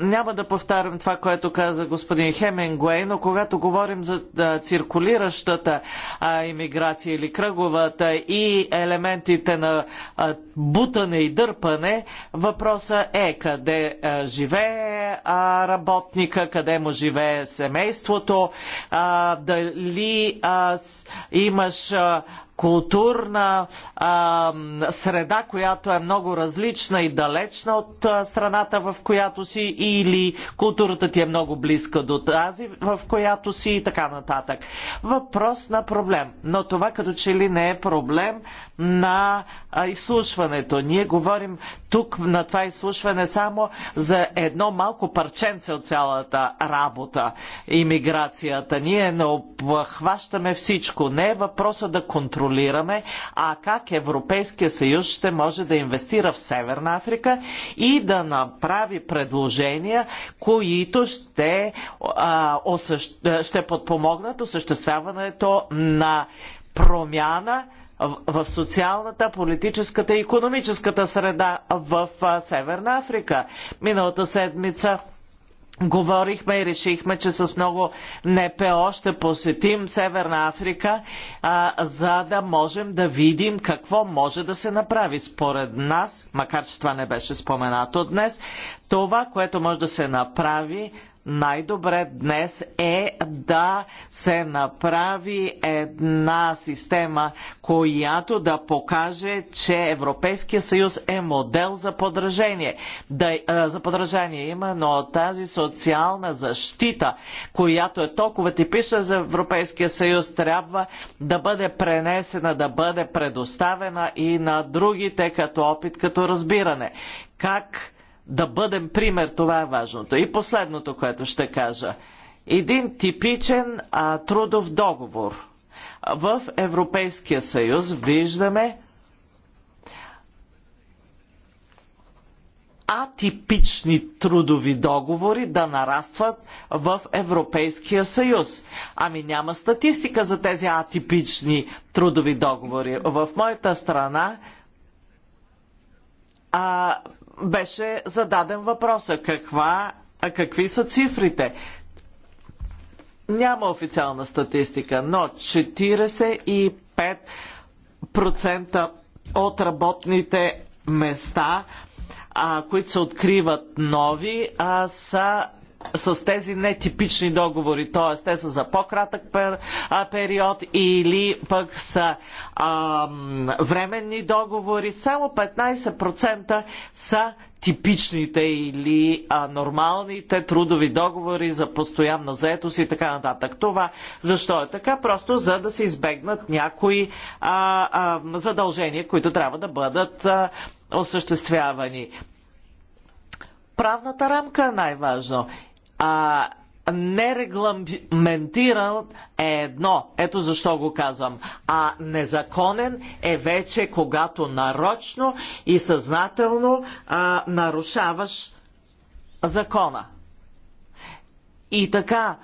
няма да повтарям това, което каза господин Хемингуей, но когато говорим за циркулиращата а, иммиграция или кръговата и елементите на а, бутане и дърпане, въпроса е къде а, живее а, работника, къде му живее семейството, а, дали а, с, имаш а, културна а, среда, която е много различна и далечна от страната, в която си, или културата ти е много близка до тази, в която си и така нататък. Въпрос на проблем. Но това като че ли не е проблем на изслушването. Ние говорим тук на това изслушване само за едно малко парченце от цялата работа имиграцията. Ние не обхващаме всичко. Не е въпроса да контролираме, а как Европейския съюз ще може да инвестира в Северна Африка и да направи предложения, които ще, а, осъщ... ще подпомогнат осъществяването на промяна в социалната, политическата и економическата среда в Северна Африка. Миналата седмица говорихме и решихме, че с много НПО ще посетим Северна Африка, а, за да можем да видим какво може да се направи. Според нас, макар че това не беше споменато днес, това, което може да се направи най-добре днес е да се направи една система, която да покаже, че Европейския съюз е модел за подражение. Да, е, за подражание но тази социална защита, която е толкова типична за Европейския съюз, трябва да бъде пренесена, да бъде предоставена и на другите като опит, като разбиране. Как да бъдем пример, това е важното. И последното, което ще кажа. Един типичен а, трудов договор. В Европейския съюз виждаме атипични трудови договори да нарастват в Европейския съюз. Ами няма статистика за тези атипични трудови договори. В моята страна а, беше зададен въпроса каква, а какви са цифрите. Няма официална статистика, но 45% от работните места, а, които се откриват нови, а, са с тези нетипични договори, т.е. те са за по-кратък период или пък са а, временни договори, само 15% са типичните или а, нормалните трудови договори за постоянна заетост и така нататък. Това защо е така? Просто за да се избегнат някои а, а, задължения, които трябва да бъдат а, осъществявани. Правната рамка е най-важно а, нерегламентиран е едно. Ето защо го казвам. А незаконен е вече когато нарочно и съзнателно а, нарушаваш закона. И така,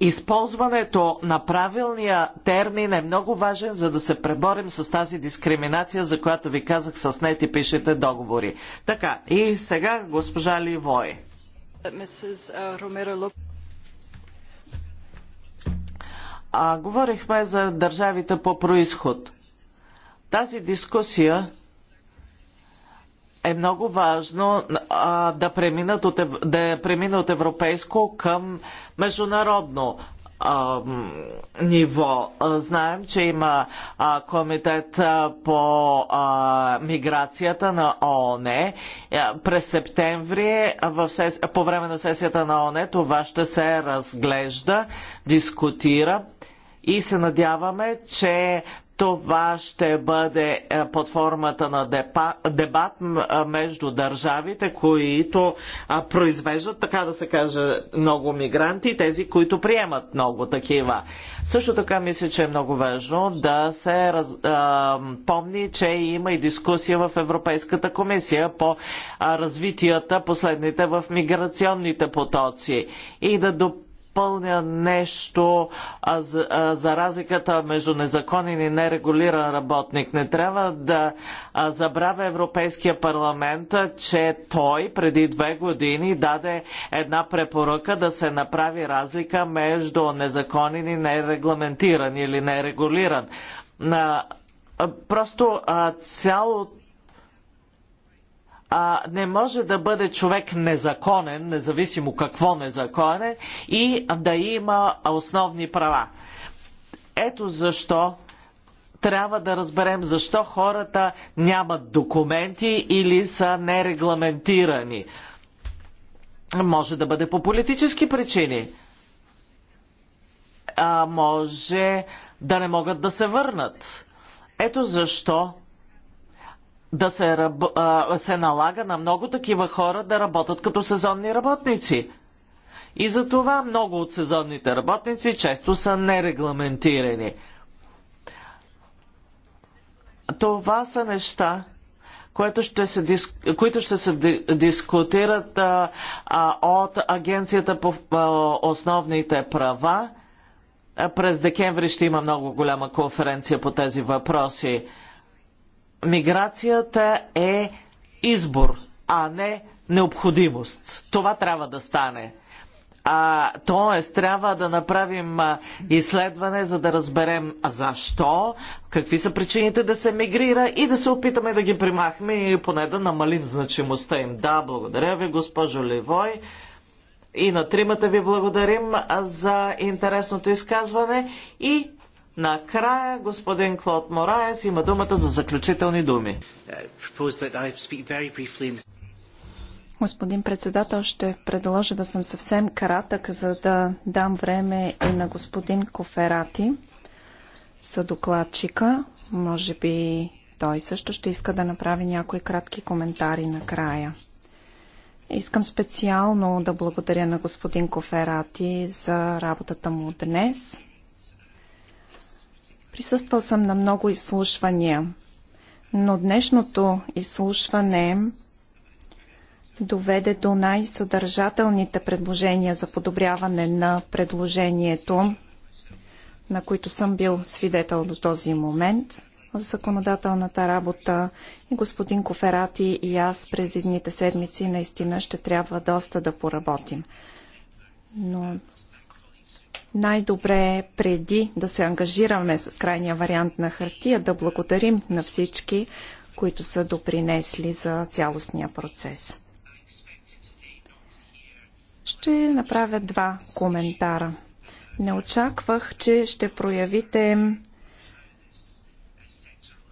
използването на правилния термин е много важен, за да се преборим с тази дискриминация, за която ви казах с нети пишете договори. Така, и сега госпожа Ливой. А, говорихме за държавите по происход. Тази дискусия е много важно а, да, преминат от, да премина от европейско към международно ниво. Знаем, че има комитет по миграцията на ООН. През септември, в сес... по време на сесията на ООН, това ще се разглежда, дискутира и се надяваме, че това ще бъде е, под формата на дебат е, между държавите, които е, произвеждат, така да се каже, много мигранти и тези, които приемат много такива. Също така мисля, че е много важно да се раз, помни, че има и дискусия в Европейската комисия по развитията последните в миграционните потоци и да допълнително изпълня нещо а, за, а, за разликата между незаконен и нерегулиран работник. Не трябва да а, забравя Европейския парламент, че той преди две години даде една препоръка да се направи разлика между незаконен и нерегламентиран или нерегулиран. На, просто цялото а, не може да бъде човек незаконен, независимо какво незаконен, и да има основни права. Ето защо трябва да разберем защо хората нямат документи или са нерегламентирани. Може да бъде по политически причини. А може да не могат да се върнат. Ето защо да се, раб... се налага на много такива хора да работят като сезонни работници. И за това много от сезонните работници често са нерегламентирани. Това са неща, които ще се диску... които ще се дискутират а, а, от Агенцията по а, основните права. През декември ще има много голяма конференция по тези въпроси миграцията е избор, а не необходимост. Това трябва да стане. А, тоест, трябва да направим а, изследване, за да разберем защо, какви са причините да се мигрира и да се опитаме да ги примахме И поне да намалим значимостта им. Да, благодаря ви, госпожо Левой. И на тримата ви благодарим за интересното изказване и Накрая господин Клод Мораес има думата за заключителни думи. Господин председател, ще предложа да съм съвсем кратък, за да дам време и на господин Коферати, съдокладчика. Може би той също ще иска да направи някои кратки коментари накрая. Искам специално да благодаря на господин Коферати за работата му днес. Присъствал съм на много изслушвания, но днешното изслушване доведе до най-съдържателните предложения за подобряване на предложението, на които съм бил свидетел до този момент в законодателната работа. И господин Коферати и аз през едните седмици наистина ще трябва доста да поработим. Но най-добре е преди да се ангажираме с крайния вариант на хартия да благодарим на всички, които са допринесли за цялостния процес. Ще направя два коментара. Не очаквах, че ще проявите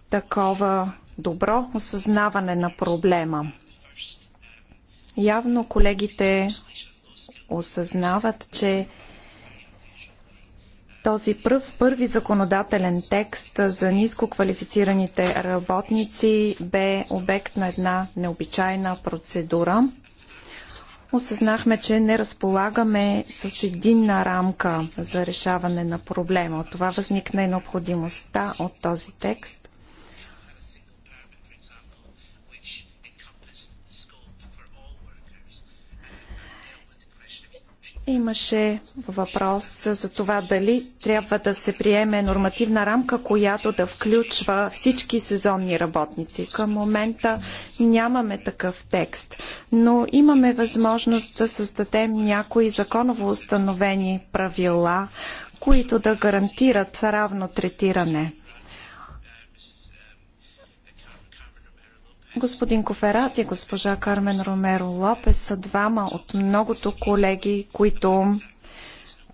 такова добро осъзнаване на проблема. Явно колегите осъзнават, че този пръв, първи законодателен текст за ниско квалифицираните работници бе обект на една необичайна процедура. Осъзнахме, че не разполагаме с единна рамка за решаване на проблема. От това възникна и необходимостта от този текст. Имаше въпрос за това дали трябва да се приеме нормативна рамка, която да включва всички сезонни работници. Към момента нямаме такъв текст, но имаме възможност да създадем някои законово установени правила, които да гарантират равно третиране. Господин Коферат и госпожа Кармен Ромеро Лопес са двама от многото колеги, които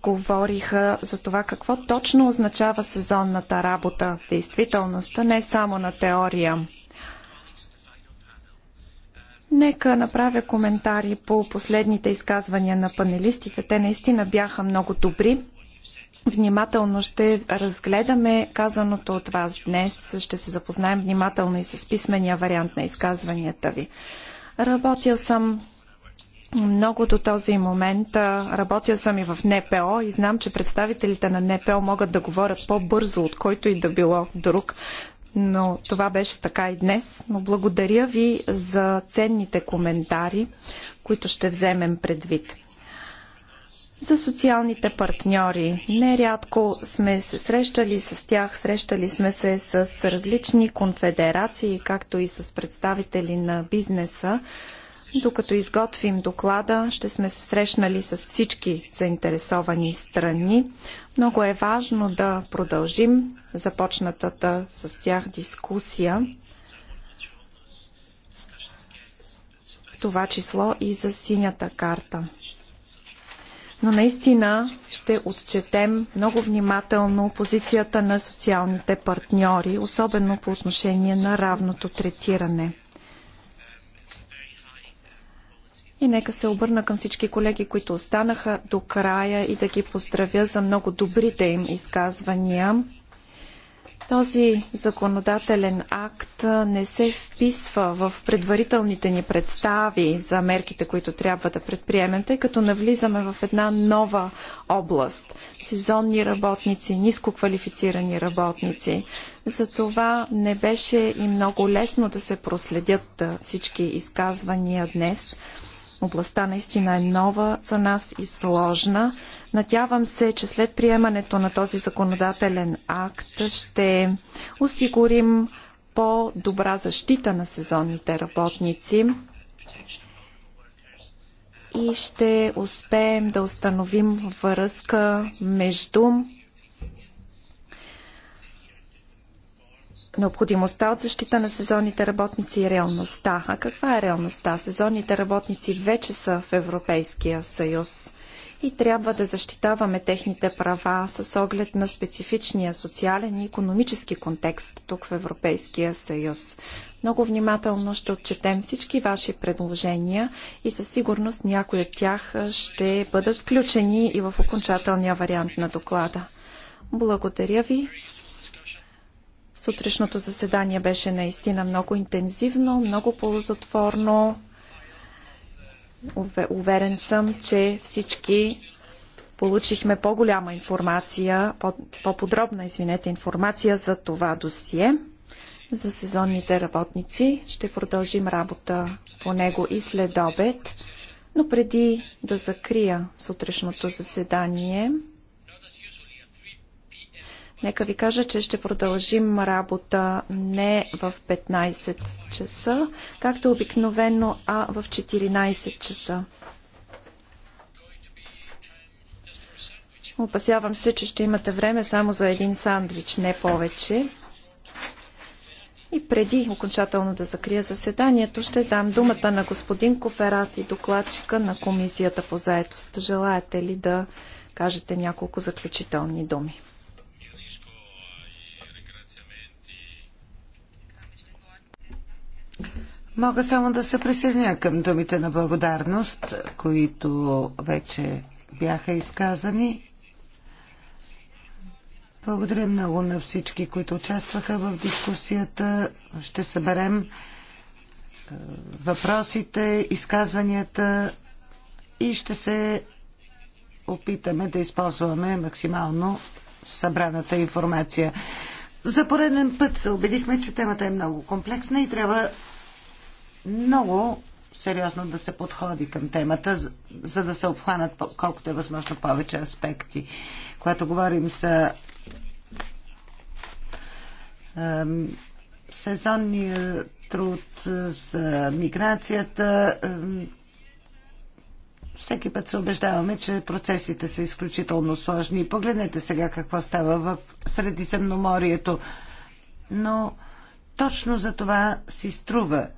говориха за това какво точно означава сезонната работа в действителността, не само на теория. Нека направя коментари по последните изказвания на панелистите. Те наистина бяха много добри. Внимателно ще разгледаме казаното от вас днес. Ще се запознаем внимателно и с писмения вариант на изказванията ви. Работя съм много до този момент. Работя съм и в НПО и знам, че представителите на НПО могат да говорят по-бързо от който и да било друг. Но това беше така и днес. Но благодаря ви за ценните коментари, които ще вземем предвид за социалните партньори. Нерядко сме се срещали с тях, срещали сме се с различни конфедерации, както и с представители на бизнеса. Докато изготвим доклада, ще сме се срещнали с всички заинтересовани страни. Много е важно да продължим започнатата с тях дискусия. В това число и за синята карта но наистина ще отчетем много внимателно позицията на социалните партньори, особено по отношение на равното третиране. И нека се обърна към всички колеги, които останаха до края и да ги поздравя за много добрите им изказвания. Този законодателен акт не се вписва в предварителните ни представи за мерките, които трябва да предприемем, тъй като навлизаме в една нова област. Сезонни работници, ниско квалифицирани работници. Затова не беше и много лесно да се проследят всички изказвания днес. Областта наистина е нова за нас и сложна. Надявам се, че след приемането на този законодателен акт ще осигурим по-добра защита на сезонните работници и ще успеем да установим връзка между необходимостта от защита на сезонните работници и реалността. А каква е реалността? Сезонните работници вече са в Европейския съюз и трябва да защитаваме техните права с оглед на специфичния социален и економически контекст тук в Европейския съюз. Много внимателно ще отчетем всички ваши предложения и със сигурност някои от тях ще бъдат включени и в окончателния вариант на доклада. Благодаря ви. Сутрешното заседание беше наистина много интензивно, много ползотворно. Уверен съм, че всички получихме по-голяма информация, по-подробна, извинете, информация за това досие. За сезонните работници ще продължим работа по него и след обед, но преди да закрия сутрешното заседание, Нека ви кажа, че ще продължим работа не в 15 часа, както обикновено, а в 14 часа. Опасявам се, че ще имате време само за един сандвич, не повече. И преди окончателно да закрия заседанието, ще дам думата на господин Коферат и докладчика на Комисията по заетост. Желаете ли да кажете няколко заключителни думи? Мога само да се присъединя към думите на благодарност, които вече бяха изказани. Благодаря много на всички, които участваха в дискусията. Ще съберем е, въпросите, изказванията и ще се опитаме да използваме максимално събраната информация. За пореден път се убедихме, че темата е много комплексна и трябва много сериозно да се подходи към темата, за да се обхванат колкото е възможно повече аспекти. Когато говорим за е, сезонния труд, за миграцията, е, всеки път се убеждаваме, че процесите са изключително сложни. Погледнете сега какво става в Средиземноморието. Но точно за това си струва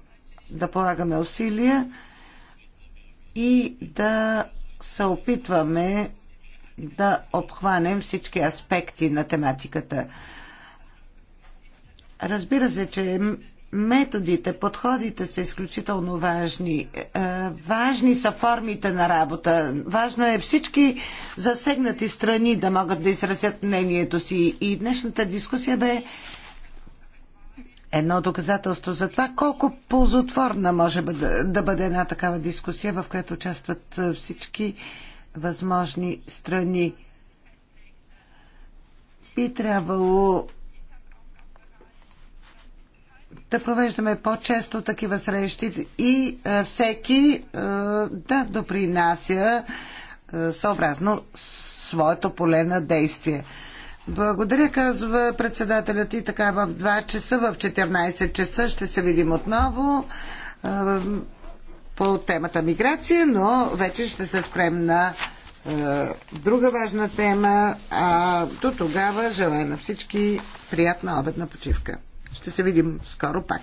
да полагаме усилия и да се опитваме да обхванем всички аспекти на тематиката. Разбира се, че методите, подходите са изключително важни. Е, важни са формите на работа. Важно е всички засегнати страни да могат да изразят мнението си. И днешната дискусия бе едно доказателство за това колко ползотворна може да бъде една такава дискусия, в която участват всички възможни страни. Би трябвало да провеждаме по-често такива срещи и всеки да допринася съобразно своето поле на действие. Благодаря, казва председателят и така в 2 часа, в 14 часа ще се видим отново по темата миграция, но вече ще се спрем на друга важна тема. А до тогава желая на всички приятна обедна почивка. Ще се видим скоро пак.